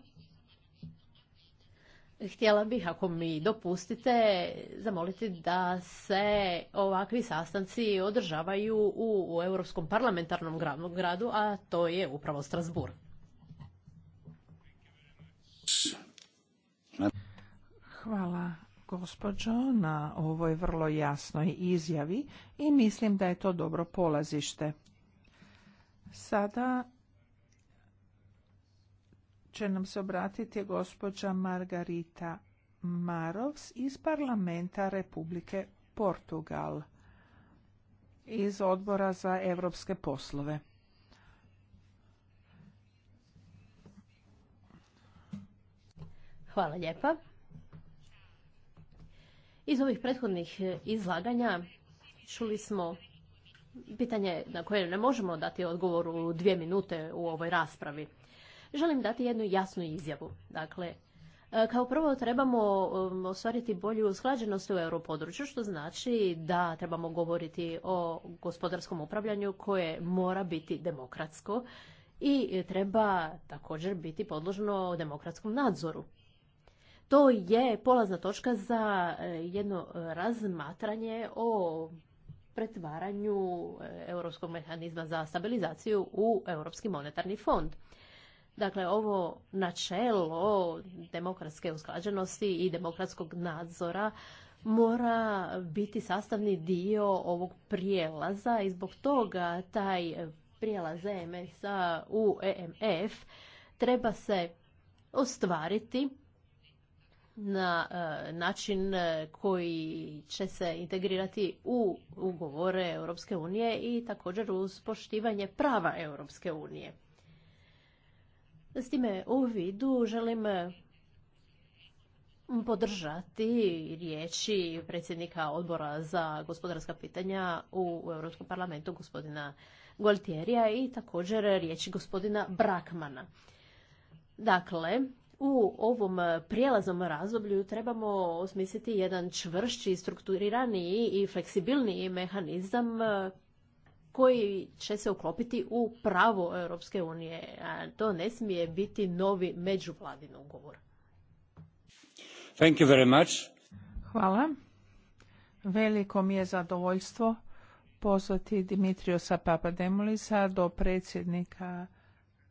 Htjela bih, ako mi dopustite, zamoliti da se ovakvi sastanci održavaju u, Europskom parlamentarnom gradu, a to je upravo Strasbourg. Hvala gospođo na ovoj vrlo jasnoj izjavi i mislim da je to dobro polazište. Sada će nam se obratiti gospođa Margarita Marovs iz parlamenta Republike Portugal iz odbora za europske poslove. Hvala lijepa. Iz ovih prethodnih izlaganja čuli smo pitanje na koje ne možemo dati odgovor u dvije minute u ovoj raspravi želim dati jednu jasnu izjavu. Dakle, e, kao prvo trebamo um, ostvariti bolju usklađenost u europodručju, što znači da trebamo govoriti o gospodarskom upravljanju koje mora biti demokratsko i treba također biti podložno demokratskom nadzoru. To je polazna točka za e, jedno razmatranje o pretvaranju e, Europskog mehanizma za stabilizaciju u Europski monetarni fond. Dakle, ovo načelo demokratske usklađenosti i demokratskog nadzora mora biti sastavni dio ovog prijelaza i zbog toga taj prijelaz EMS-a u EMF treba se ostvariti na e, način e, koji će se integrirati u ugovore Europske unije i također uz poštivanje prava Europske unije. S time u vidu želim eh, podržati riječi predsjednika odbora za gospodarska pitanja u Europskom parlamentu gospodina Gualtierija i također riječi gospodina Brakmana. Dakle, u ovom prijelaznom razdoblju trebamo osmisliti jedan čvršći, strukturiraniji i fleksibilniji mehanizam koji će se uklopiti u pravo Europske unije. to ne smije biti novi međuvladin ugovor. Thank you very much. Hvala. Veliko mi je zadovoljstvo pozvati Dimitriosa Papademolisa do predsjednika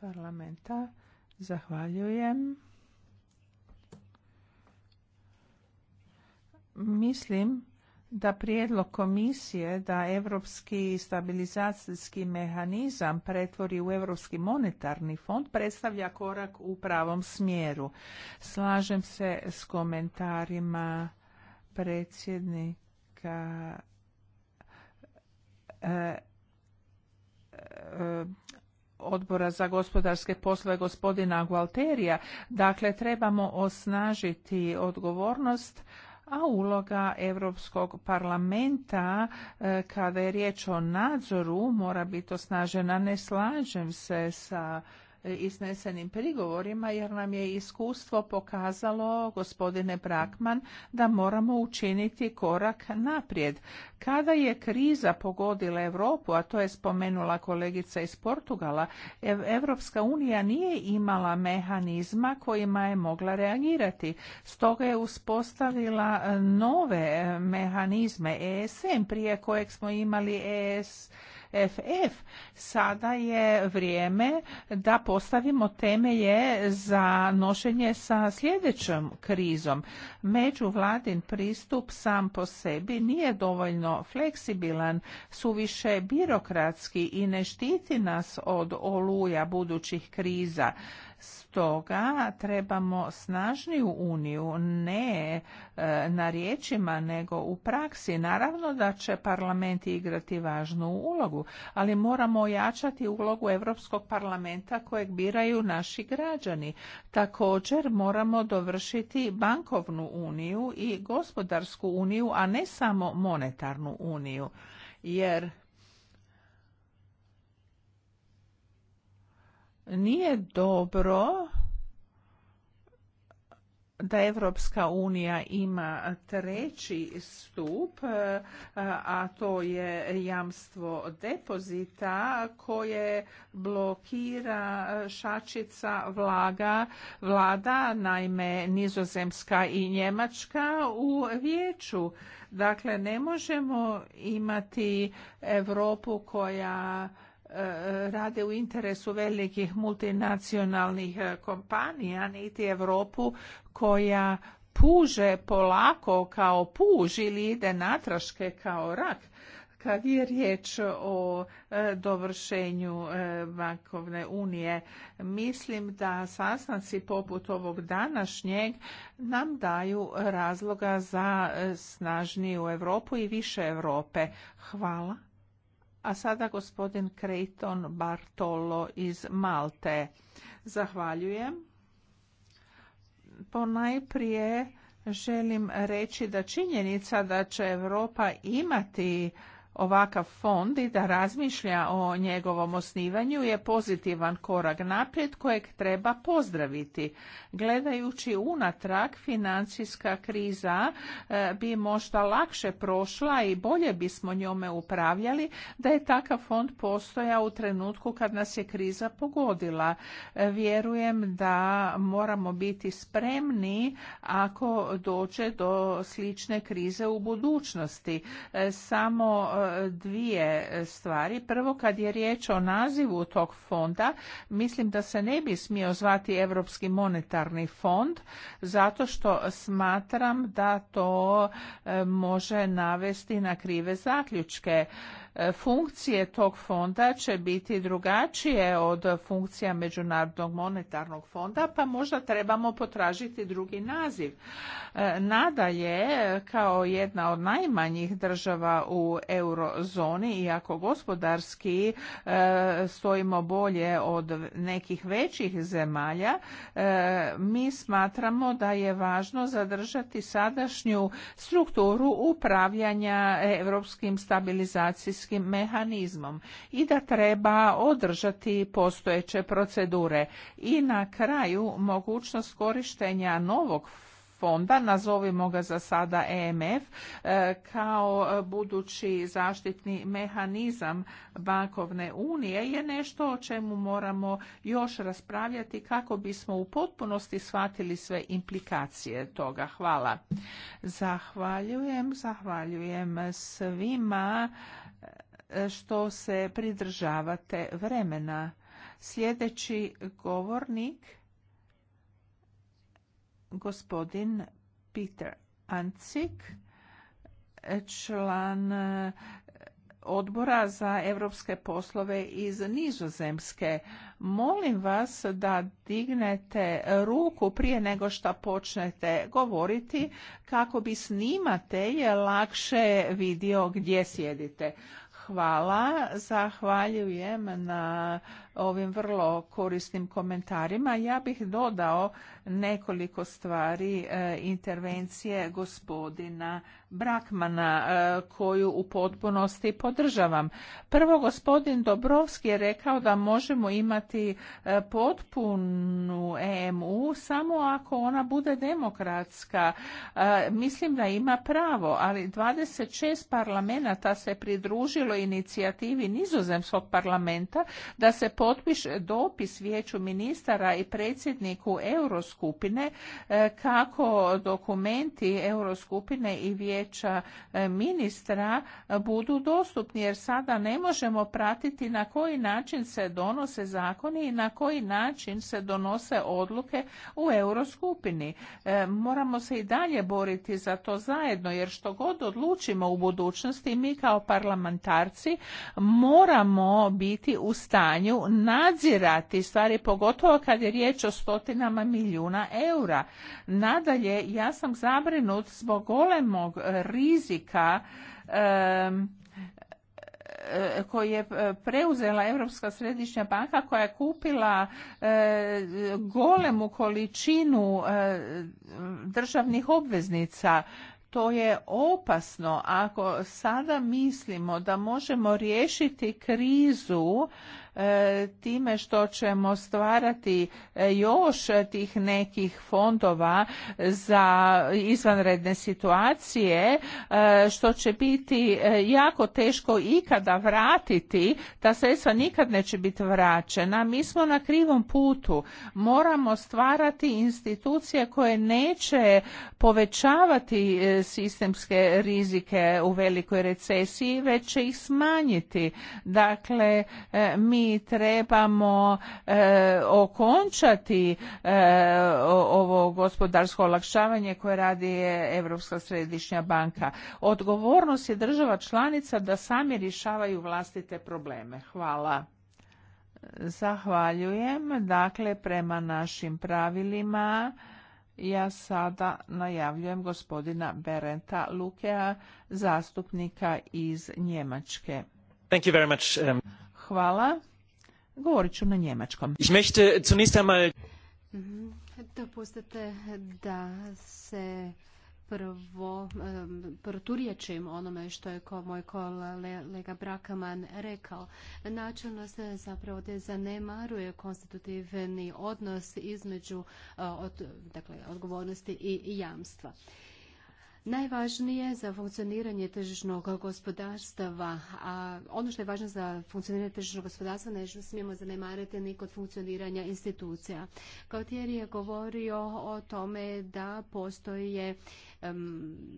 parlamenta. Zahvaljujem. Mislim da prijedlog komisije da europski stabilizacijski mehanizam pretvori u europski monetarni fond predstavlja korak u pravom smjeru. Slažem se s komentarima predsjednika e, e, odbora za gospodarske poslove gospodina Gualterija. Dakle, trebamo osnažiti odgovornost, a uloga Europskog parlamenta e, kada je riječ o nadzoru mora biti osnažena. Ne slažem se sa iznesenim prigovorima jer nam je iskustvo pokazalo, gospodine Brakman, da moramo učiniti korak naprijed. Kada je kriza pogodila Europu, a to je spomenula kolegica iz Portugala, Europska unija nije imala mehanizma kojima je mogla reagirati. Stoga je uspostavila eh, nove eh, mehanizme ESM prije kojeg smo imali ES FF. Sada je vrijeme da postavimo temelje za nošenje sa sljedećom krizom. Međuvladin pristup sam po sebi nije dovoljno fleksibilan, suviše birokratski i ne štiti nas od oluja budućih kriza toga trebamo snažniju uniju, ne e, na riječima, nego u praksi. Naravno da će parlamenti igrati važnu ulogu, ali moramo ojačati ulogu Europskog parlamenta kojeg biraju naši građani. Također moramo dovršiti bankovnu uniju i gospodarsku uniju, a ne samo monetarnu uniju. Jer nije dobro da Evropska unija ima treći stup, a to je jamstvo depozita koje blokira šačica vlaga, vlada, naime Nizozemska i Njemačka u vijeću. Dakle, ne možemo imati Europu koja rade u interesu velikih multinacionalnih e, kompanija, niti Europu koja puže polako kao puž ili ide natraške kao rak. Kad je riječ o e, dovršenju e, bankovne unije, mislim da sastanci poput ovog današnjeg nam daju razloga za snažniju Europu i više Europe. Hvala. A sada gospodin Creighton Bartolo iz Malte. Zahvaljujem. Ponajprije želim reći da činjenica da će Europa imati ovakav fond i da razmišlja o njegovom osnivanju je pozitivan korak naprijed kojeg treba pozdraviti. Gledajući unatrag, financijska kriza e, bi možda lakše prošla i bolje bismo njome upravljali da je takav fond postoja u trenutku kad nas je kriza pogodila. E, vjerujem da moramo biti spremni ako dođe do slične krize u budućnosti. E, samo dvije stvari. Prvo, kad je riječ o nazivu tog fonda, mislim da se ne bi smio zvati Europski monetarni fond, zato što smatram da to e, može navesti na krive zaključke E, funkcije tog fonda će biti drugačije od funkcija Međunarodnog monetarnog fonda, pa možda trebamo potražiti drugi naziv. E, nadalje, kao jedna od najmanjih država u eurozoni, iako gospodarski e, stojimo bolje od nekih većih zemalja, mi smatramo da je važno zadržati sadašnju strukturu upravljanja europskim stabilizacijskim mehanizmom i da treba održati postojeće procedure. I na kraju mogućnost korištenja novog fonda, nazovimo ga za sada EMF, e, kao e, budući zaštitni mehanizam bankovne unije je nešto o čemu moramo još raspravljati kako bismo u potpunosti shvatili sve implikacije toga. Hvala. Zahvaljujem, zahvaljujem svima što se pridržavate vremena. Sljedeći govornik, gospodin Peter Ancik, član e, odbora za europske poslove iz Nizozemske. Molim vas da dignete ruku prije nego što počnete govoriti kako bi snimatelj lakše vidio gdje sjedite. Hvala, zahvaljujem na ovim vrlo korisnim komentarima. Ja bih dodao nekoliko stvari e, intervencije gospodina Brakmana e, koju u potpunosti podržavam. Prvo gospodin Dobrovski je rekao da možemo imati e, potpunu EMU samo ako ona bude demokratska. Mislim da ima pravo, ali 26 parlamenta se pridružilo inicijativi nizozemskog parlamenta da se potpiše dopis vijeću ministara i predsjedniku Euroskupine e, kako dokumenti Euroskupine i vijeća e, ministra e, budu dostupni jer sada ne možemo pratiti na koji način se donose zakoni i na koji način se donose odluke u Euroskupini. Moramo se i dalje boriti za to zajedno jer što god odlučimo u budućnosti mi kao parlamentarci moramo biti u stanju nadzirati stvari, pogotovo kad je riječ o stotinama milijuna eura. Nadalje, ja sam zabrinut zbog golemog rizika e, koji je preuzela Europska središnja banka koja je kupila e, golemu količinu e, državnih obveznica to je opasno ako sada mislimo da možemo riješiti krizu E, time što ćemo stvarati e, još tih nekih fondova za izvanredne situacije e, što će biti jako teško ikada vratiti ta sredstva nikad neće biti vraćena mi smo na krivom putu moramo stvarati institucije koje neće povećavati sistemske rizike u velikoj recesiji već će ih smanjiti dakle mi trebamo e, okončati e, ovo gospodarsko olakšavanje koje radi Europska središnja banka. Odgovornost je država članica da sami rješavaju vlastite probleme. Hvala. Zahvaljujem. Dakle, prema našim pravilima ja sada najavljujem gospodina Berenta Lukea, zastupnika iz Njemačke. Thank you very much. Um, Hvala. Govorit ću na njemačkom. Ich möchte zunächst einmal... Mhm. Dopustite da se prvo proturječim onome što je ko, moj kolega Brakaman rekao. Načelno se zapravo te zanemaruje konstitutivni odnos između e, od, dakle, odgovornosti i jamstva najvažnije za funkcioniranje tržišnog gospodarstva, a ono što je važno za funkcioniranje tržišnog gospodarstva ne smijemo zanemariti ni kod funkcioniranja institucija. Kao je govorio o tome da postoje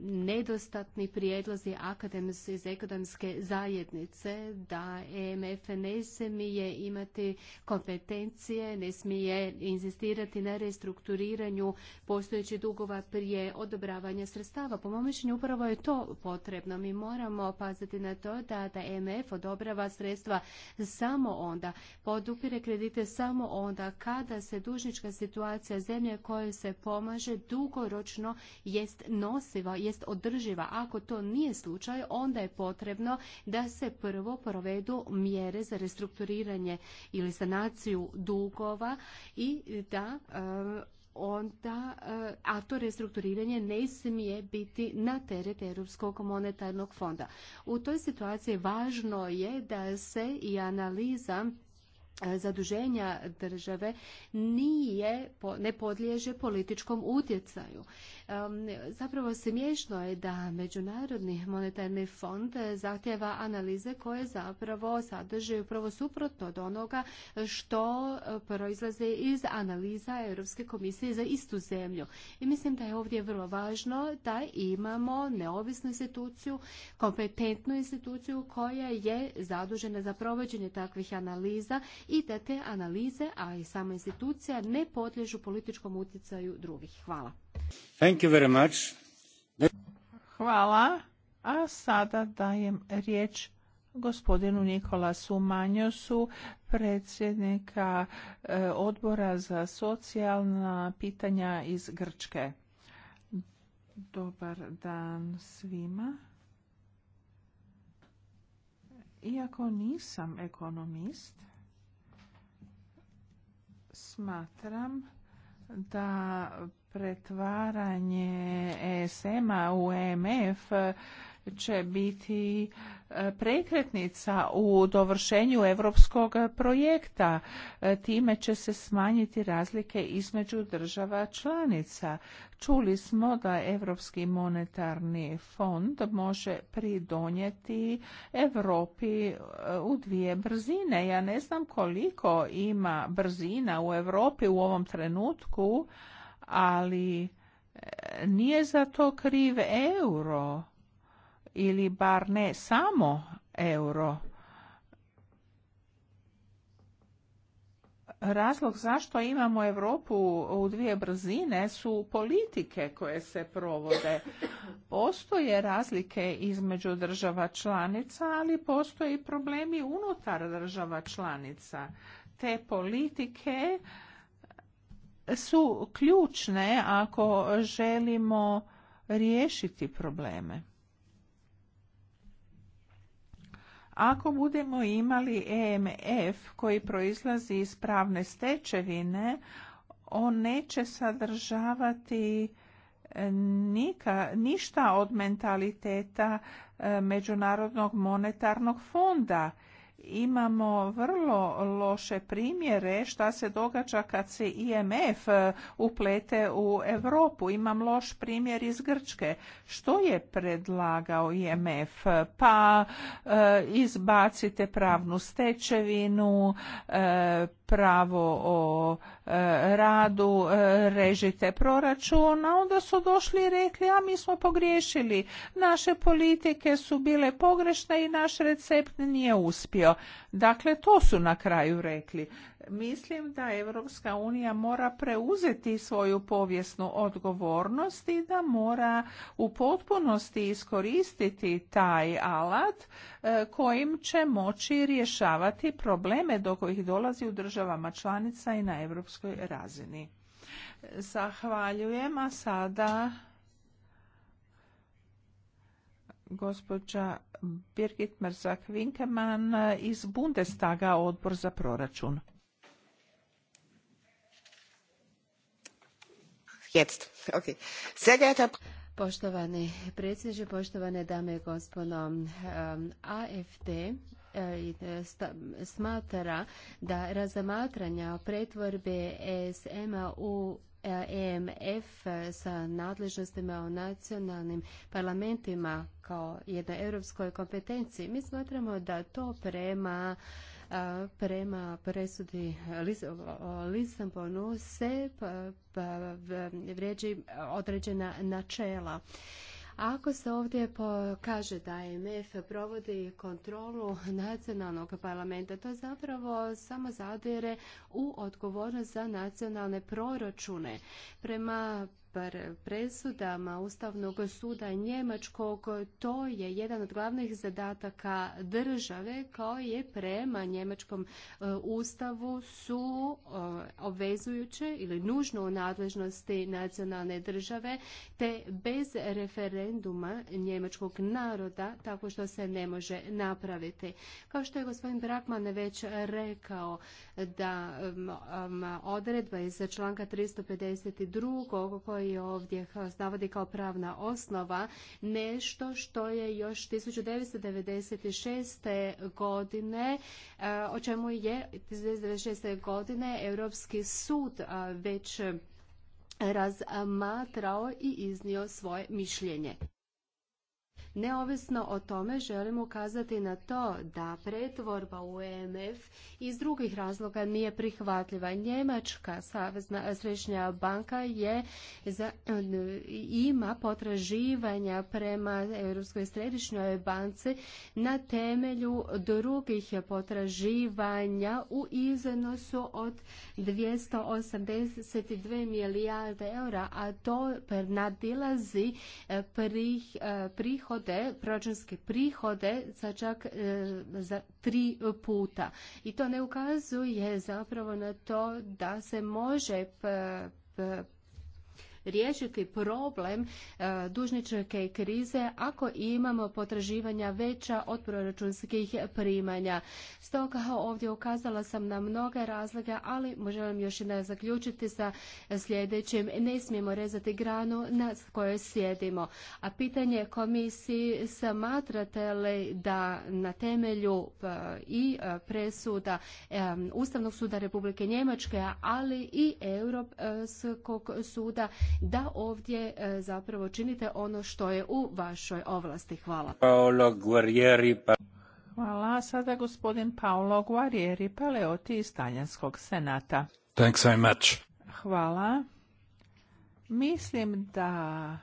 nedostatni prijedlozi akademske iz ekonomske zajednice, da EMF ne smije imati kompetencije, ne smije inzistirati na restrukturiranju postojećih dugova prije odobravanja sredstava po mom mišljenju upravo je to potrebno. Mi moramo paziti na to da, da MF odobrava sredstva samo onda, podupire kredite samo onda kada se dužnička situacija zemlje kojoj se pomaže dugoročno jest nosiva, jest održiva. Ako to nije slučaj, onda je potrebno da se prvo provedu mjere za restrukturiranje ili sanaciju dugova i da onda, eh, a to restrukturiranje ne smije biti na teret Europskog monetarnog fonda. U toj situaciji važno je da se i analiza eh, zaduženja države nije, ne podliježe političkom utjecaju. Zapravo smiješno je da Međunarodni monetarni fond zahtjeva analize koje zapravo sadrže upravo suprotno od onoga što e, proizlaze iz analiza Europske komisije za istu zemlju. I mislim da je ovdje vrlo važno da imamo neovisnu instituciju, kompetentnu instituciju koja je zadužena za provođenje takvih analiza i da te analize, a i sama institucija ne podliježu političkom utjecaju drugih. Hvala. Hvala. A sada dajem riječ gospodinu Nikolasu Manjosu, predsjednika e, odbora za socijalna pitanja iz Grčke. Dobar dan svima. Iako nisam ekonomist, smatram da pretvaranje ESM-a u EMF će biti e, prekretnica u dovršenju europskog projekta. E, time će se smanjiti razlike između država članica. Čuli smo da Europski monetarni fond može pridonijeti Europi e, u dvije brzine. Ja ne znam koliko ima brzina u Europi u ovom trenutku, ali e, nije za to kriv euro ili bar ne samo euro. Razlog zašto imamo Europu u dvije brzine su politike koje se provode. Postoje razlike između država članica, ali postoje i problemi unutar država članica. Te politike su ključne ako želimo riješiti probleme. Ako budemo imali EMF koji proizlazi iz pravne stečevine, on neće sadržavati e, nika, ništa od mentaliteta e, Međunarodnog monetarnog fonda imamo vrlo loše primjere šta se događa kad se IMF e, uplete u Europu. Imam loš primjer iz Grčke. Što je predlagao IMF? Pa e, izbacite pravnu stečevinu, e, pravo o e, radu, e, režite proračun, a onda su došli i rekli, a mi smo pogriješili, naše politike su bile pogrešne i naš recept nije uspio. Dakle, to su na kraju rekli. Mislim da Europska unija mora preuzeti svoju povijesnu odgovornost i da mora u potpunosti iskoristiti taj alat e, kojim će moći rješavati probleme do kojih dolazi u državama članica i na europskoj razini. Zahvaljujem, a sada gospođa Birgit mrzak vinkeman iz Bundestaga odbor za proračun. Poštovani predsjedniče, poštovane dame i gospodo, AFD eh, eh, smatra da razmatranja pretvorbe ESM-a u EMF eh, e sa nadležnostima u nacionalnim parlamentima kao jednoj europskoj kompetenciji. Mi smatramo da to prema prema presudi Lisabonu se pa, pa, vrijeđi određena načela. Ako se ovdje kaže da MF provodi kontrolu nacionalnog parlamenta, to zapravo samo zadire u odgovornost za nacionalne proračune. Prema presudama Ustavnog suda Njemačkog, to je jedan od glavnih zadataka države je prema Njemačkom e, Ustavu su e, obvezujuće ili nužno u nadležnosti nacionalne države, te bez referenduma njemačkog naroda tako što se ne može napraviti. Kao što je gospodin Brakman već rekao da odredba iz članka 352. koja i ovdje navodi kao pravna osnova nešto što je još 1996. godine e, o čemu je 1996. godine Europski sud e, već razmatrao i iznio svoje mišljenje. Neovisno o tome želim ukazati na to da pretvorba u EMF iz drugih razloga nije prihvatljiva. Njemačka savezna središnja banka je ima potraživanja prema Europskoj središnjoj banci na temelju drugih potraživanja u iznosu od 282 milijarde eura, a to nadilazi prihod prihode, proračunske prihode za čak e, za tri puta. I to ne ukazuje zapravo na to da se može riješiti problem e, dužničke krize ako imamo potraživanja veća od proračunskih primanja. Stoga ovdje ukazala sam na mnoge razloge, ali želim još i zaključiti sa sljedećim. Ne smijemo rezati granu na kojoj sjedimo. A pitanje komisiji smatrate li da na temelju e, i e, presuda Ustavnog suda Republike Njemačke, ali i Europskog suda da ovdje e, zapravo činite ono što je u vašoj ovlasti. Hvala. Paolo pa- Hvala. Sada gospodin Paolo Guerrieri Paleoti iz Talijanskog senata. Thanks much. Hvala. Mislim da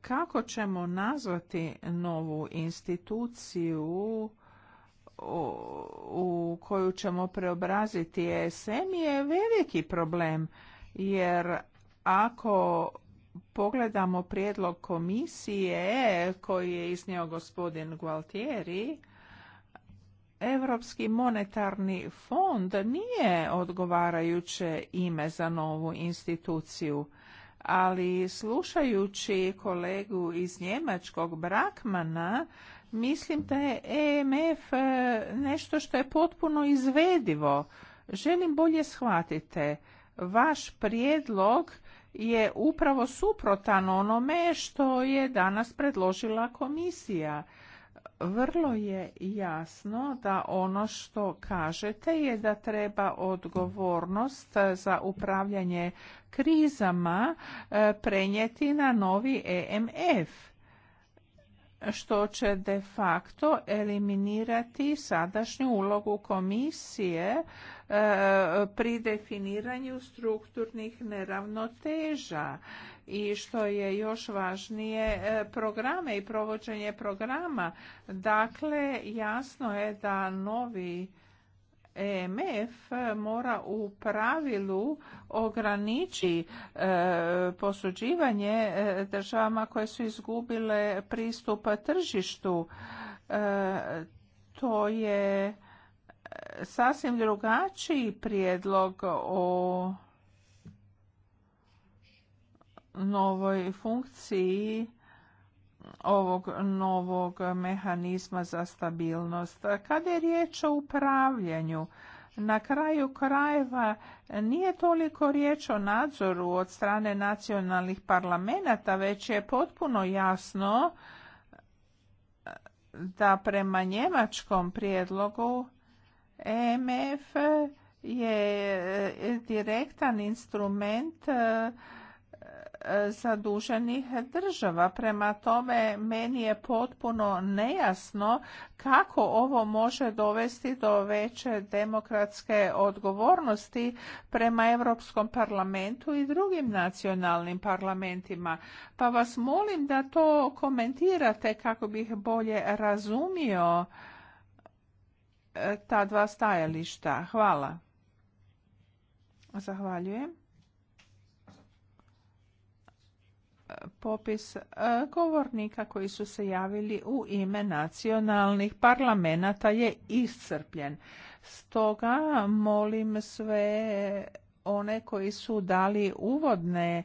kako ćemo nazvati novu instituciju u koju ćemo preobraziti ESM je veliki problem jer ako pogledamo prijedlog komisije koji je iznio gospodin Gualtieri, Europski monetarni fond nije odgovarajuće ime za novu instituciju, ali slušajući kolegu iz njemačkog Brakmana, mislim da je EMF e, nešto što je potpuno izvedivo. Želim bolje shvatite, vaš prijedlog je upravo suprotan onome što je danas predložila komisija. Vrlo je jasno da ono što kažete je da treba odgovornost za upravljanje krizama e, prenijeti na novi EMF što će de facto eliminirati sadašnju ulogu komisije pri definiranju strukturnih neravnoteža i što je još važnije e, programe i provođenje programa. Dakle, jasno je da novi EMF mora u pravilu ograniči e, posuđivanje e, državama koje su izgubile pristup tržištu. To je sasvim drugačiji prijedlog o novoj funkciji ovog novog mehanizma za stabilnost. Kad je riječ o upravljanju, na kraju krajeva nije toliko riječ o nadzoru od strane nacionalnih parlamenta, već je potpuno jasno da prema njemačkom prijedlogu EMF je e, direktan instrument e, zaduženih država. Prema tome, meni je potpuno nejasno kako ovo može dovesti do veće demokratske odgovornosti prema Europskom parlamentu i drugim nacionalnim parlamentima. Pa vas molim da to komentirate kako bih bolje razumio ta dva stajališta. Hvala. Zahvaljujem. popis e, govornika koji su se javili u ime nacionalnih parlamenata je iscrpljen. Stoga molim sve one koji su dali uvodne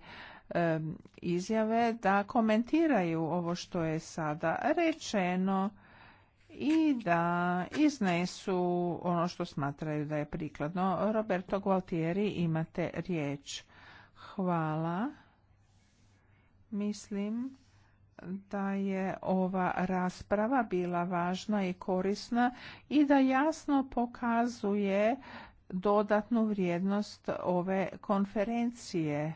e, izjave da komentiraju ovo što je sada rečeno i da iznesu ono što smatraju da je prikladno. Roberto Gualtieri, imate riječ. Hvala. Mislim da je ova rasprava bila važna i korisna i da jasno pokazuje dodatnu vrijednost ove konferencije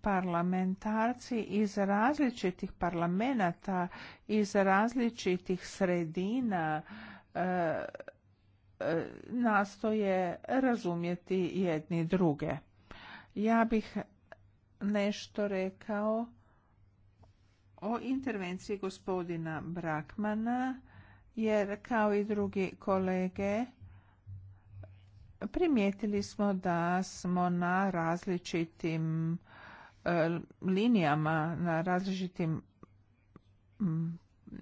parlamentarci iz različitih parlamenata, iz različitih sredina e, e, nastoje razumjeti jedni druge. Ja bih nešto rekao o intervenciji gospodina Brakmana, jer kao i drugi kolege primijetili smo da smo na različitim linijama, na različitim mm,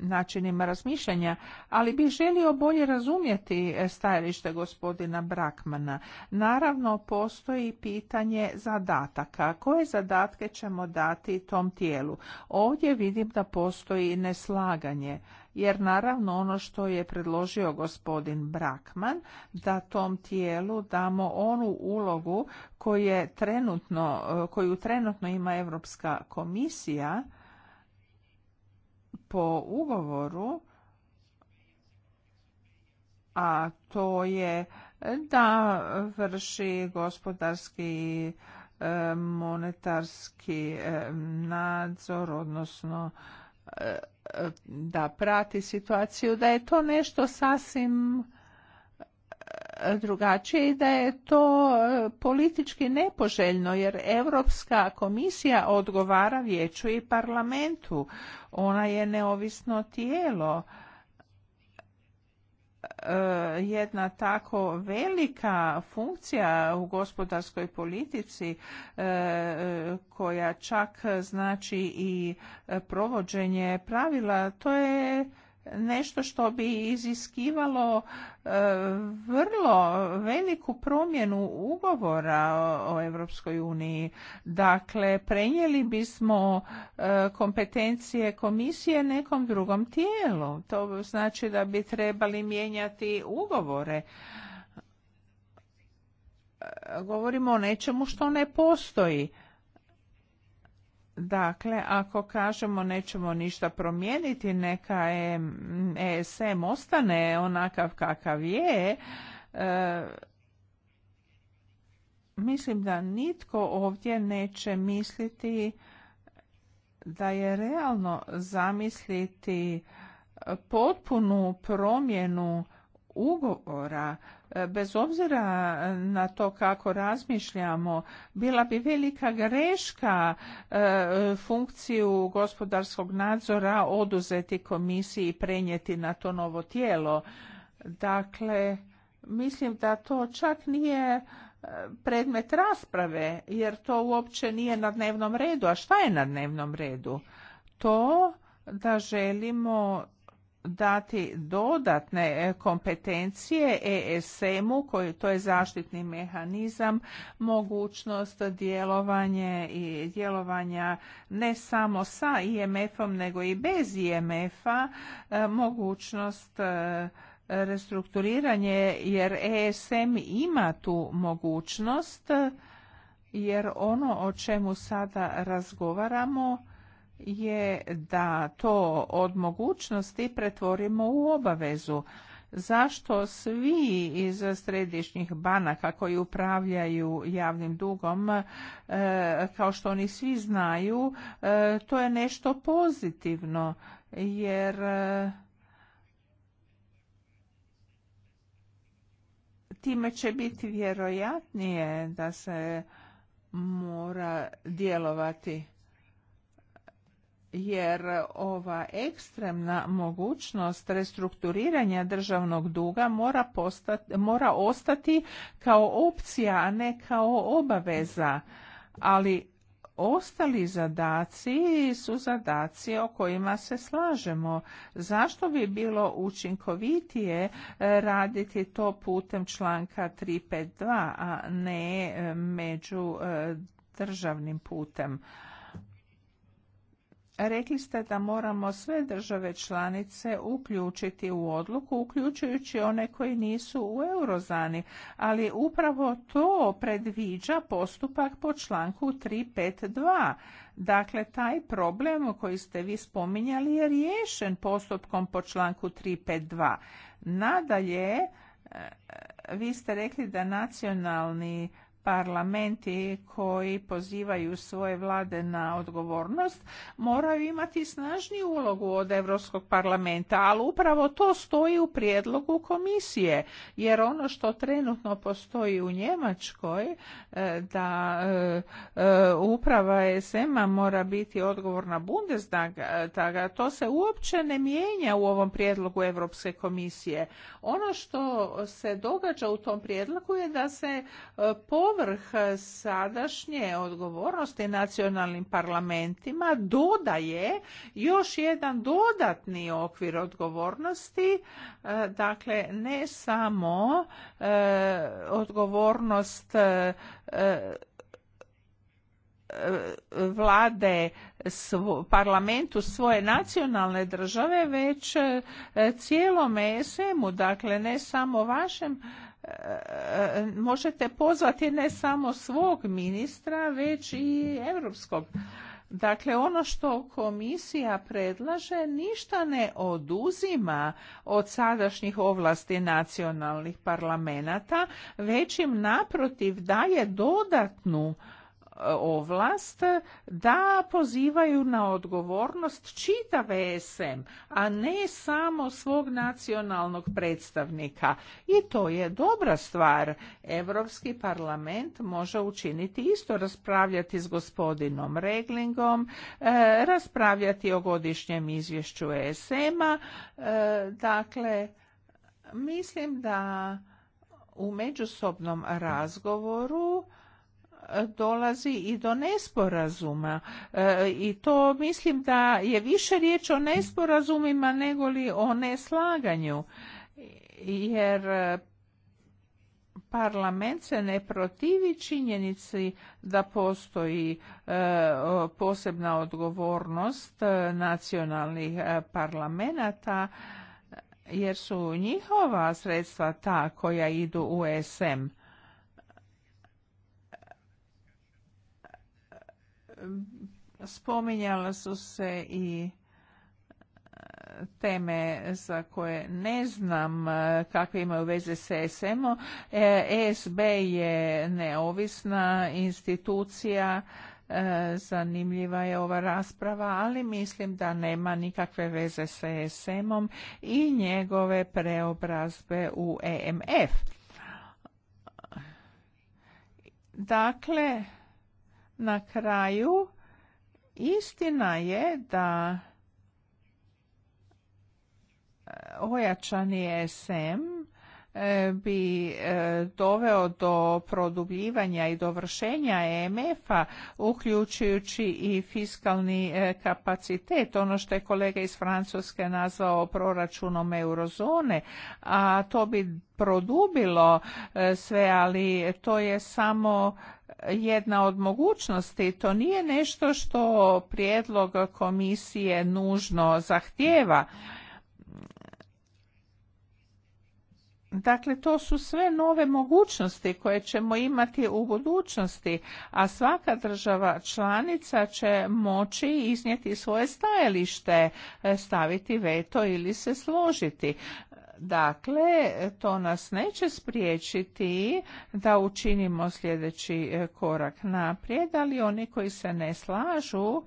načinima razmišljanja, ali bih želio bolje razumjeti stajalište gospodina Brakmana. Naravno, postoji pitanje zadataka. Koje zadatke ćemo dati tom tijelu? Ovdje vidim da postoji neslaganje jer naravno ono što je predložio gospodin Brakman da tom tijelu damo onu ulogu koju trenutno, koju trenutno ima Europska komisija po ugovoru a to je da vrši gospodarski e, monetarski e, nadzor, odnosno da prati situaciju, da je to nešto sasvim e, drugačije i da je to e, politički nepoželjno jer Europska komisija odgovara vijeću i parlamentu. Ona je neovisno tijelo E, jedna tako velika funkcija u gospodarskoj politici e, koja čak znači i provođenje pravila to je nešto što bi iziskivalo e, vrlo veliku promjenu ugovora o Europskoj uniji. Dakle, prenijeli bismo e, kompetencije komisije nekom drugom tijelu. To znači da bi trebali mijenjati ugovore. E, govorimo o nečemu što ne postoji Dakle, ako kažemo nećemo ništa promijeniti, neka je ESM ostane onakav kakav je, e, mislim da nitko ovdje neće misliti da je realno zamisliti potpunu promjenu ugovora, e, bez obzira na to kako razmišljamo, bila bi velika greška e, funkciju gospodarskog nadzora oduzeti komisiji i prenijeti na to novo tijelo. Dakle, mislim da to čak nije e, predmet rasprave, jer to uopće nije na dnevnom redu. A šta je na dnevnom redu? To da želimo dati dodatne e, kompetencije ESM-u, to je zaštitni mehanizam, mogućnost djelovanje i djelovanja ne samo sa IMF-om nego i bez IMF-a, e, mogućnost e, restrukturiranje jer ESM ima tu mogućnost jer ono o čemu sada razgovaramo je da to od mogućnosti pretvorimo u obavezu. Zašto svi iz središnjih banaka koji upravljaju javnim dugom, e, kao što oni svi znaju, e, to je nešto pozitivno jer e, time će biti vjerojatnije da se mora djelovati jer ova ekstremna mogućnost restrukturiranja državnog duga mora, postati, mora ostati kao opcija, a ne kao obaveza. Ali ostali zadaci su zadaci o kojima se slažemo. Zašto bi bilo učinkovitije e, raditi to putem članka 352, a ne e, među e, državnim putem? Rekli ste da moramo sve države članice uključiti u odluku, uključujući one koji nisu u eurozani, ali upravo to predviđa postupak po članku 352. Dakle, taj problem koji ste vi spominjali je riješen postupkom po članku 352. Nadalje, e, vi ste rekli da nacionalni parlamenti koji pozivaju svoje vlade na odgovornost moraju imati snažniju ulogu od Europskog parlamenta, ali upravo to stoji u prijedlogu komisije, jer ono što trenutno postoji u Njemačkoj, e, da e, e, uprava SM-a mora biti odgovorna Bundestaga, to se uopće ne mijenja u ovom prijedlogu Europske komisije. Ono što se događa u tom prijedlogu je da se po povrh sadašnje odgovornosti nacionalnim parlamentima dodaje još jedan dodatni okvir odgovornosti, e, dakle ne samo e, odgovornost e, vlade parlamentu svoje nacionalne države već cijelom ESM-u, dakle ne samo vašem možete pozvati ne samo svog ministra, već i europskog. Dakle, ono što komisija predlaže ništa ne oduzima od sadašnjih ovlasti nacionalnih parlamenata, već im naprotiv daje dodatnu ovlast da pozivaju na odgovornost čitav ESM, a ne samo svog nacionalnog predstavnika. I to je dobra stvar. Europski parlament može učiniti isto raspravljati s gospodinom Reglingom, e, raspravljati o godišnjem izvješću ESM-a. E, dakle, mislim da u međusobnom razgovoru dolazi i do nesporazuma e, i to mislim da je više riječ o nesporazumima nego li o neslaganju jer e, parlament se ne protivi činjenici da postoji e, posebna odgovornost nacionalnih parlamenata jer su njihova sredstva ta koja idu u SM spominjala su se i e, teme za koje ne znam e, kakve imaju veze s ESM-om. ESB e je neovisna institucija, zanimljiva je ova rasprava, ali mislim da nema nikakve veze s ESM-om i njegove preobrazbe u EMF. Dakle, na kraju, istina je da e, ojačani SM E, bi e, doveo do produbljivanja i dovršenja EMF-a, uključujući i fiskalni e, kapacitet, ono što je kolega iz Francuske nazvao proračunom eurozone, a to bi produbilo sve, ali to je samo jedna od mogućnosti. To nije nešto što prijedlog komisije nužno zahtjeva. Dakle, to su sve nove mogućnosti koje ćemo imati u budućnosti, a svaka država članica će moći iznijeti svoje stajalište, e, staviti veto ili se složiti. Dakle, to nas neće spriječiti da učinimo sljedeći e, korak naprijed, ali oni koji se ne slažu,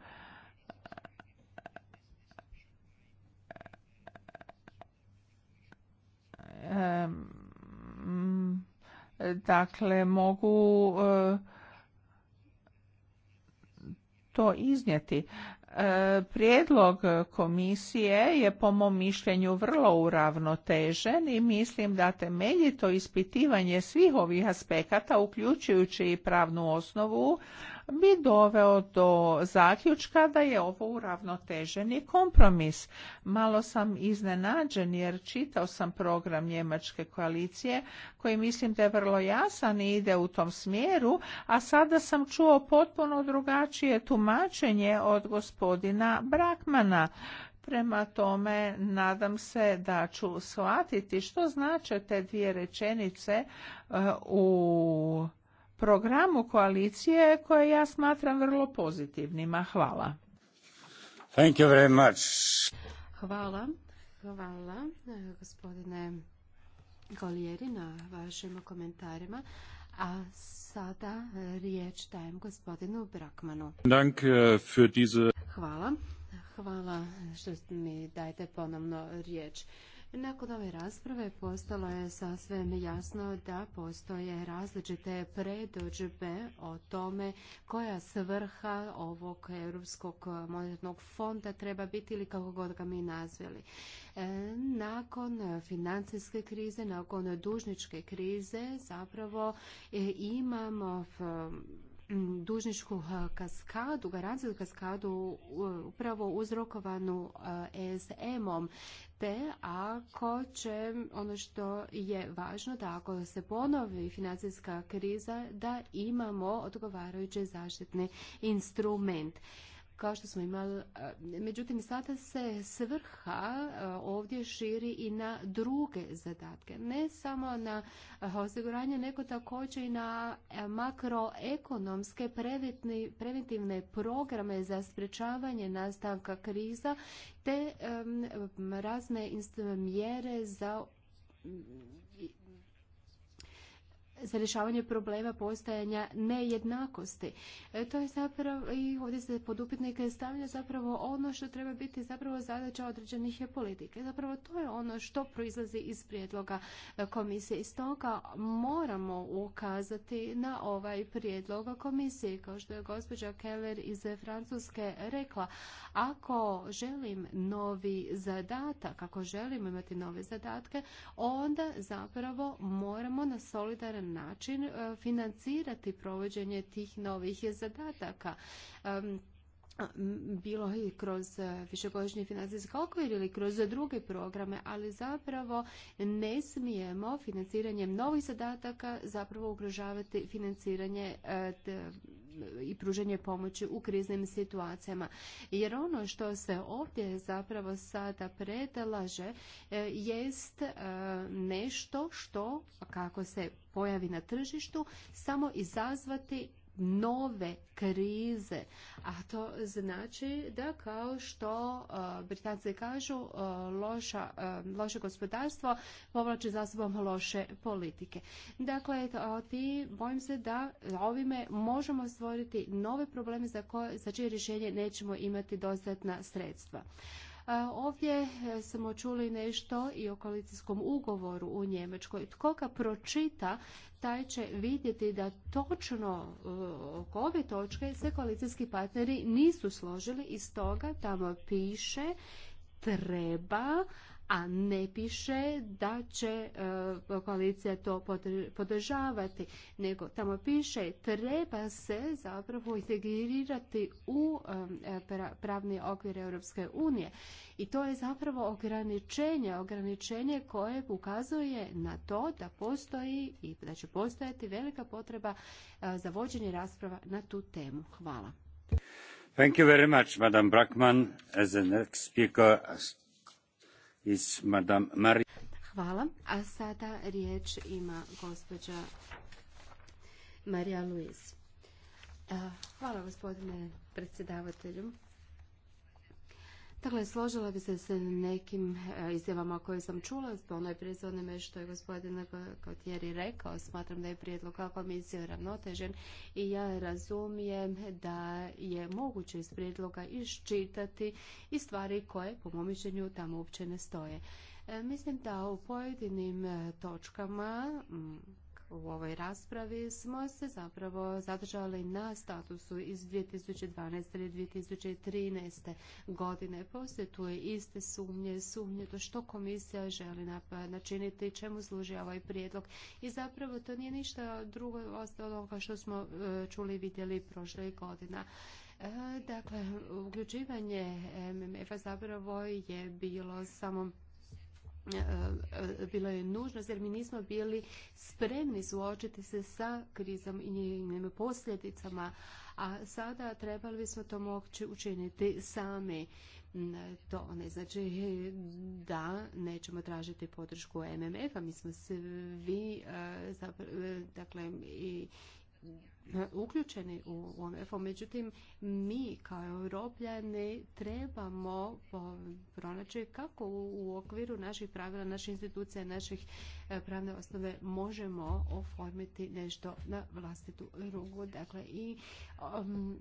dakle mogu e, to iznijeti. E, prijedlog komisije je po mom mišljenju vrlo uravnotežen i mislim da temeljito ispitivanje svih ovih aspekata, uključujući i pravnu osnovu, bi doveo do zaključka da je ovo uravnoteženi kompromis. Malo sam iznenađen jer čitao sam program Njemačke koalicije koji mislim da je vrlo jasan i ide u tom smjeru, a sada sam čuo potpuno drugačije tumačenje od gospodina Brakmana. Prema tome, nadam se da ću shvatiti što znače te dvije rečenice e, u programu koalicije koje ja smatram vrlo pozitivnima. Hvala. Thank you very much. Hvala. Hvala gospodine Golijeri na vašim komentarima. A sada riječ dajem gospodinu Brakmanu. Dank eh, für diese... Hvala. Hvala što mi dajete ponovno riječ. Nakon ove rasprave postalo je sasvim jasno da postoje različite predođbe o tome koja svrha ovog Europskog monetnog fonda treba biti ili kako god ga mi nazvali. E, nakon financijske krize, nakon dužničke krize zapravo e, imamo Mm, dužničku eh, kaskadu, garanciju kaskadu upravo uzrokovanu ESM-om, eh, te ako će ono što je važno da ako se ponovi financijska kriza da imamo odgovarajući zaštitni instrument kao što smo imali. E, međutim, sada se svrha e, ovdje širi i na druge zadatke. Ne samo na e, osiguranje, nego također i na makroekonomske preventivne programe za sprečavanje nastavka kriza te razne mjere za za rješavanje problema postajanja nejednakosti. E, to je zapravo, i ovdje se pod upitnike stavlja zapravo ono što treba biti zapravo zadaća određenih politike. Zapravo to je ono što proizlazi iz prijedloga e, komisije. I stoga moramo ukazati na ovaj prijedlog komisije. Kao što je gospođa Keller iz Francuske rekla, ako želim novi zadatak, ako želim imati nove zadatke, onda zapravo moramo na solidaran način e, financirati provođenje tih novih zadataka bilo i kroz e, višegodišnji financijski okvir ili kroz druge programe, ali zapravo ne smijemo financiranjem novih zadataka zapravo ugrožavati financiranje e, i pruženje pomoći u kriznim situacijama. Jer ono što se ovdje zapravo sada predlaže e, jest nešto što, kako se pojavi na tržištu, samo izazvati nove krize, a to znači da kao što e, Britanci kažu e, loša, e, loše gospodarstvo povlači za sobom loše politike. Dakle, ti bojim se da ovime možemo stvoriti nove probleme za, koje, za čije rješenje nećemo imati dostatna sredstva. Ovdje e, smo čuli nešto i o koalicijskom ugovoru u Njemačkoj. Tko ga pročita, taj će vidjeti da točno e, oko ove točke se koalicijski partneri nisu složili i stoga tamo piše treba a ne piše da će e, koalicija to podržavati, nego tamo piše treba se zapravo integrirati u e, pravni okvir Europske unije. I to je zapravo ograničenje, ograničenje koje ukazuje na to da postoji i da će postojati velika potreba e, za vođenje rasprava na tu temu. Hvala. Thank you very much, Madam Brackman. As the next speaker, Hvala. A sada riječ ima gospođa Marija Luiz. Eh, hvala gospodine predsjedavatelju. Dakle, složila bi se s nekim e, izjavama koje sam čula, s onoj prizvodnime što je gospodin Kotjeri rekao, smatram da je prijedlog komisije ravnotežen i ja razumijem da je moguće iz prijedloga iščitati i stvari koje, po mom mišljenju, tamo uopće ne stoje. E, mislim da u pojedinim e, točkama u ovoj raspravi smo se zapravo zadržali na statusu iz 2012. ili 2013. godine. Poslije tu je iste sumnje, sumnje to što komisija želi načiniti, čemu služi ovaj prijedlog. I zapravo to nije ništa drugo ostalo onoga što smo e, čuli i vidjeli prošle godina. E, dakle, uključivanje mmf zapravo je bilo samo E, e, bilo je nužno jer mi nismo bili spremni suočiti se sa krizom i njenim posljedicama, a sada trebali bismo to moći učiniti sami. Mm, to ne znači e, da nećemo tražiti podršku MMF-a, mi smo svi, dakle, i uključeni u on u Međutim, mi kao europljani trebamo pronaći kako u okviru naših pravila, naših institucija, naših e, pravne osnove možemo oformiti nešto na vlastitu rugu. Dakle, i um,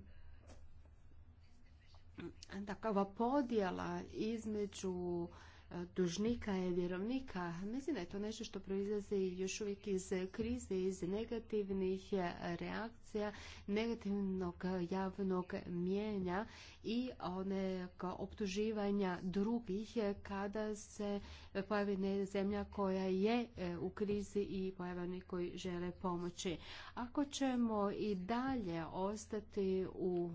dakle, podjela između dužnika i vjerovnika. Mislim da je to nešto što proizlazi još uvijek iz krize, iz negativnih reakcija, negativnog javnog mijenja i one optuživanja drugih kada se pojavi zemlja koja je e, u krizi i pojavi oni koji žele pomoći. Ako ćemo i dalje ostati u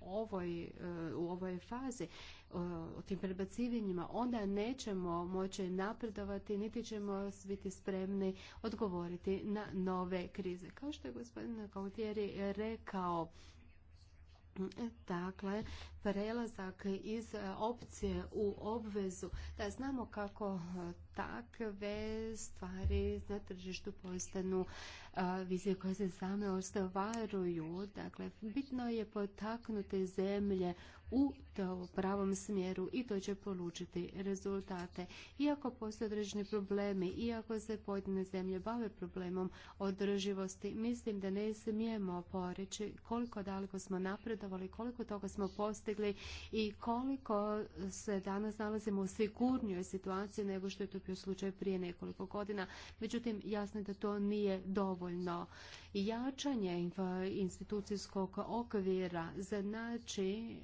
ovoj, e, u ovoj fazi, o tim prebacivanjima, onda nećemo moći napredovati, niti ćemo biti spremni odgovoriti na nove krize. Kao što je gospodin Kautjeri rekao, Dakle, prelazak iz e, opcije u obvezu, da znamo kako e, takve stvari na tržištu postanu e, vizije koje se same ostavaruju. Dakle, bitno je potaknuti zemlje u to pravom smjeru i to će polučiti rezultate. Iako postoje određeni problemi, iako se pojedine zemlje bave problemom održivosti, mislim da ne smijemo poreći koliko daleko smo napredovali, koliko toga smo postigli i koliko se danas nalazimo u sigurnijoj situaciji nego što je to bio slučaj prije nekoliko godina. Međutim, jasno je da to nije dovoljno. Jačanje institucijskog okvira znači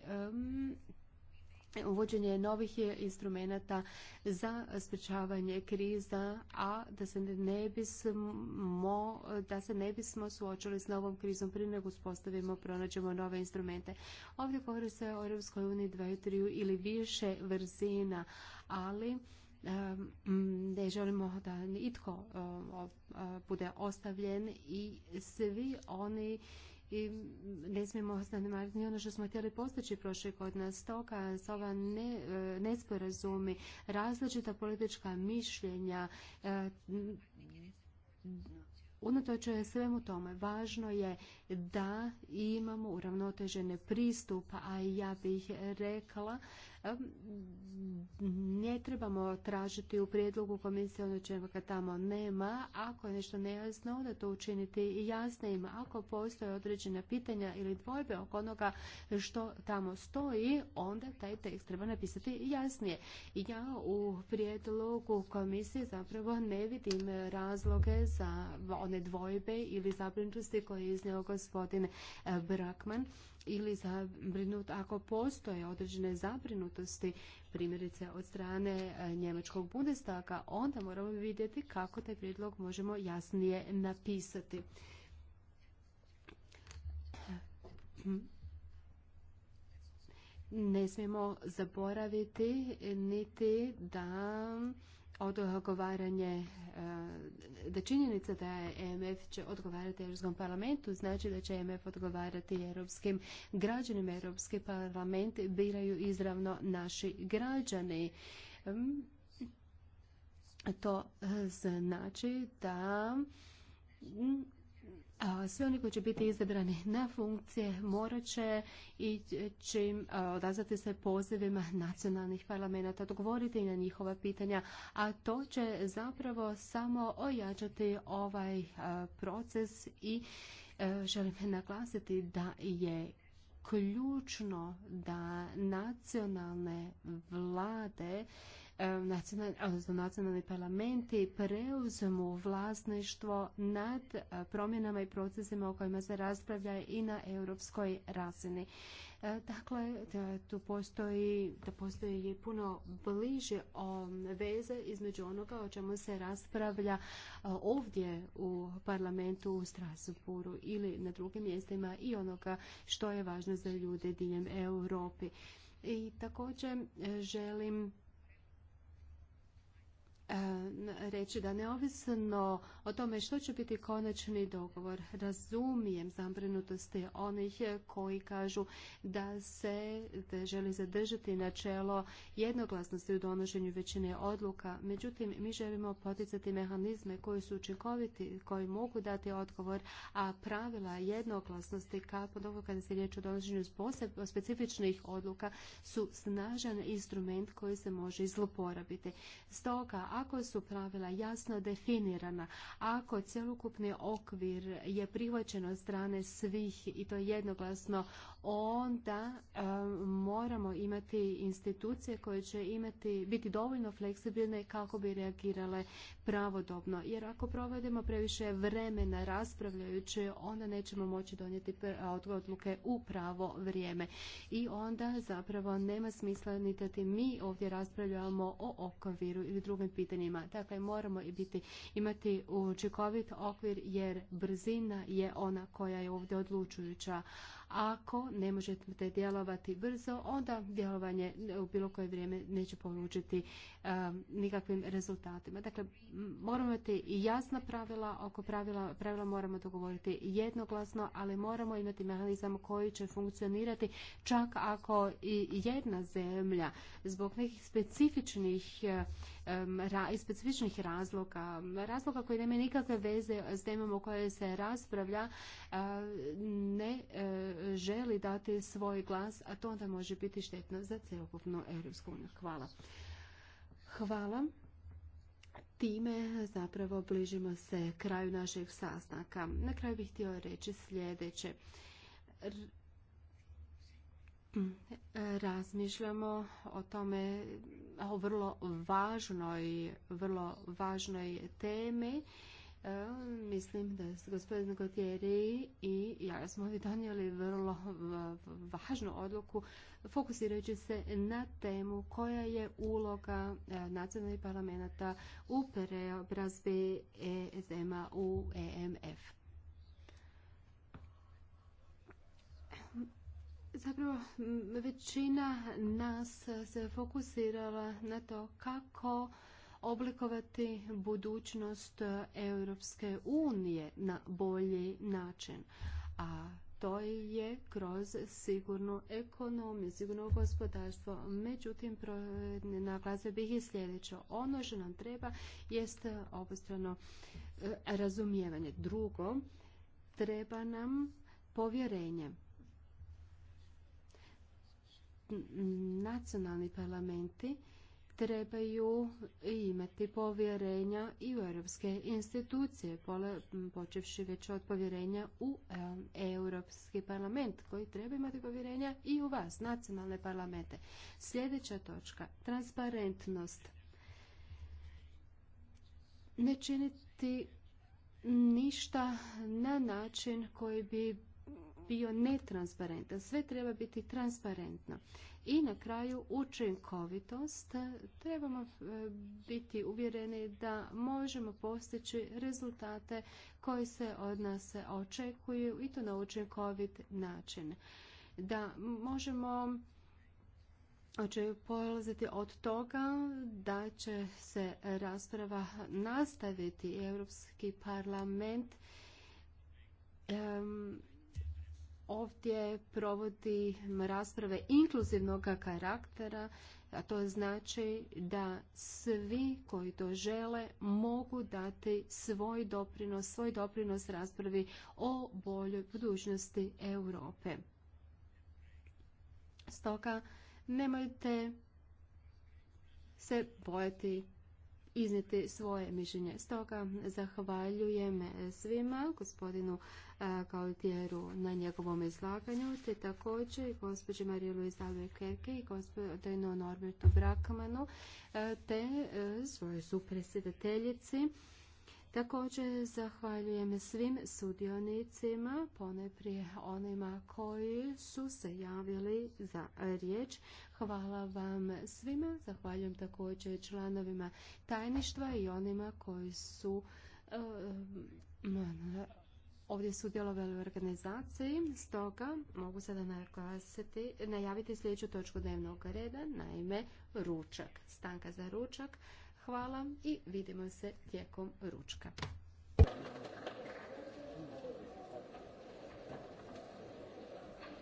uvođenje novih instrumenata za sprječavanje kriza, a da se ne bismo, da se ne bismo suočili s novom krizom prije nego uspostavimo, pronađemo nove instrumente. Ovdje govori se o Europskoj uniji dvaju, ili više vrzina, ali ne želimo da itko bude ostavljen i svi oni i ne smijemo zanemariti ni ono što smo htjeli postići prošle nas Stoga s ova ne, e, nesporazumi, različita politička mišljenja, e, Unatoč svemu tome, važno je da imamo uravnotežene pristup, a ja bih rekla ne trebamo tražiti u prijedlogu komisije ono čega tamo nema. Ako je nešto nejasno, onda to učiniti ima Ako postoje određena pitanja ili dvojbe oko onoga što tamo stoji, onda taj tekst treba napisati jasnije. Ja u prijedlogu komisije zapravo ne vidim razloge za one dvojbe ili zabrinutosti koje je iznio gospodin eh, Brakman ili zabrinut ako postoje određene zabrinutosti primjerice od strane e, njemačkog bundestaka, onda moramo vidjeti kako taj prijedlog možemo jasnije napisati. Ne smijemo zaboraviti niti da odgovaranje, e, da činjenica da je EMF će odgovarati Europskom parlamentu, znači da će EMF odgovarati europskim građanima. Europski parlament biraju izravno naši građani. To e, znači da svi oni koji će biti izabrani na funkcije morat će ići odazvati se pozivima nacionalnih parlamenta, odgovoriti na njihova pitanja, a to će zapravo samo ojačati ovaj proces i e, želim naglasiti da je ključno da nacionalne vlade nacionalni, odnosno nacionalni parlamenti preuzmu vlasništvo nad e, promjenama i procesima o kojima se raspravlja i na europskoj razini. E, dakle, tu postoji, da postoji puno bliže veze između onoga o čemu se raspravlja e, ovdje u parlamentu u Strasburu ili na drugim mjestima i onoga što je važno za ljude diljem Europi. I također želim reći da neovisno o tome što će biti konačni dogovor, razumijem zabrinutosti onih koji kažu da se želi zadržati načelo jednoglasnosti u donošenju većine odluka. Međutim, mi želimo poticati mehanizme koji su učinkoviti, koji mogu dati odgovor, a pravila jednoglasnosti kao kada se riječ o donošenju specifičnih odluka su snažan instrument koji se može zlouporabiti. Stoga, ako su pravila jasno definirana, ako cjelokupni okvir je prihvaćen od strane svih i to jednoglasno onda e, moramo imati institucije koje će imati, biti dovoljno fleksibilne kako bi reagirale pravodobno. Jer ako provedemo previše vremena raspravljajući, onda nećemo moći donijeti e, odluke u pravo vrijeme. I onda zapravo nema smisla ni da ti mi ovdje raspravljamo o okviru ili drugim pitanjima. Dakle, moramo i biti, imati učinkovit okvir jer brzina je ona koja je ovdje odlučujuća. Ako ne možete djelovati brzo, onda djelovanje u bilo koje vrijeme neće polučiti e, nikakvim rezultatima. Dakle, moramo imati jasna pravila, oko pravila, pravila moramo dogovoriti jednoglasno, ali moramo imati mehanizam koji će funkcionirati čak ako i jedna zemlja zbog nekih specifičnih e, iz specifičnih razloga, razloga koji nemaju nikakve veze s temom o kojoj se raspravlja, ne e, želi dati svoj glas, a to onda može biti štetno za cjelokupnu EU Hvala. Hvala. Time zapravo bližimo se kraju našeg sastanka. Na kraju bih htio reći sljedeće razmišljamo o tome, o vrlo važnoj, vrlo važnoj temi. E, mislim da se gospodin Gotjeri i ja smo ovdje donijeli vrlo važnu odluku fokusirajući se na temu koja je uloga e, nacionalnih parlamenta u preobrazbi EZMA u EMF. Zapravo, većina nas se fokusirala na to kako oblikovati budućnost Europske unije na bolji način. A to je kroz sigurnu ekonomiju, sigurno gospodarstvo. Međutim, naglasio bih i sljedeće. Ono što nam treba jest obostrano e, razumijevanje. Drugo, treba nam povjerenje nacionalni parlamenti trebaju imati povjerenja i u europske institucije, počevši već od povjerenja u Europski parlament, koji treba imati povjerenja i u vas, nacionalne parlamente. Sljedeća točka, transparentnost. Ne činiti ništa na način koji bi bio netransparentan. Sve treba biti transparentno. I na kraju učinkovitost. Trebamo e, biti uvjereni da možemo postići rezultate koji se od nas očekuju i to na učinkovit način. Da možemo će znači, polaziti od toga da će se rasprava nastaviti. Europski parlament ovdje provodi rasprave inkluzivnog karaktera, a to znači da svi koji to žele mogu dati svoj doprinos, svoj doprinos raspravi o boljoj budućnosti Europe. Stoga nemojte se bojati iznijeti svoje mišljenje. Stoga zahvaljujem svima, gospodinu Gautieru na njegovom izlaganju, te također i gospođi Mariju Luiz Kerke i gospodinu Norbertu Brakmanu, te svojoj supresedateljici. Također zahvaljujem svim sudionicima, poneprije onima koji su se javili za riječ. Hvala vam svima, zahvaljujem također članovima tajništva i onima koji su ovdje sudjelovali u organizaciji, stoga mogu sada naglasiti, najaviti sljedeću točku dnevnog reda, naime ručak, stanka za ručak. Hvala i vidimo se tijekom ručka.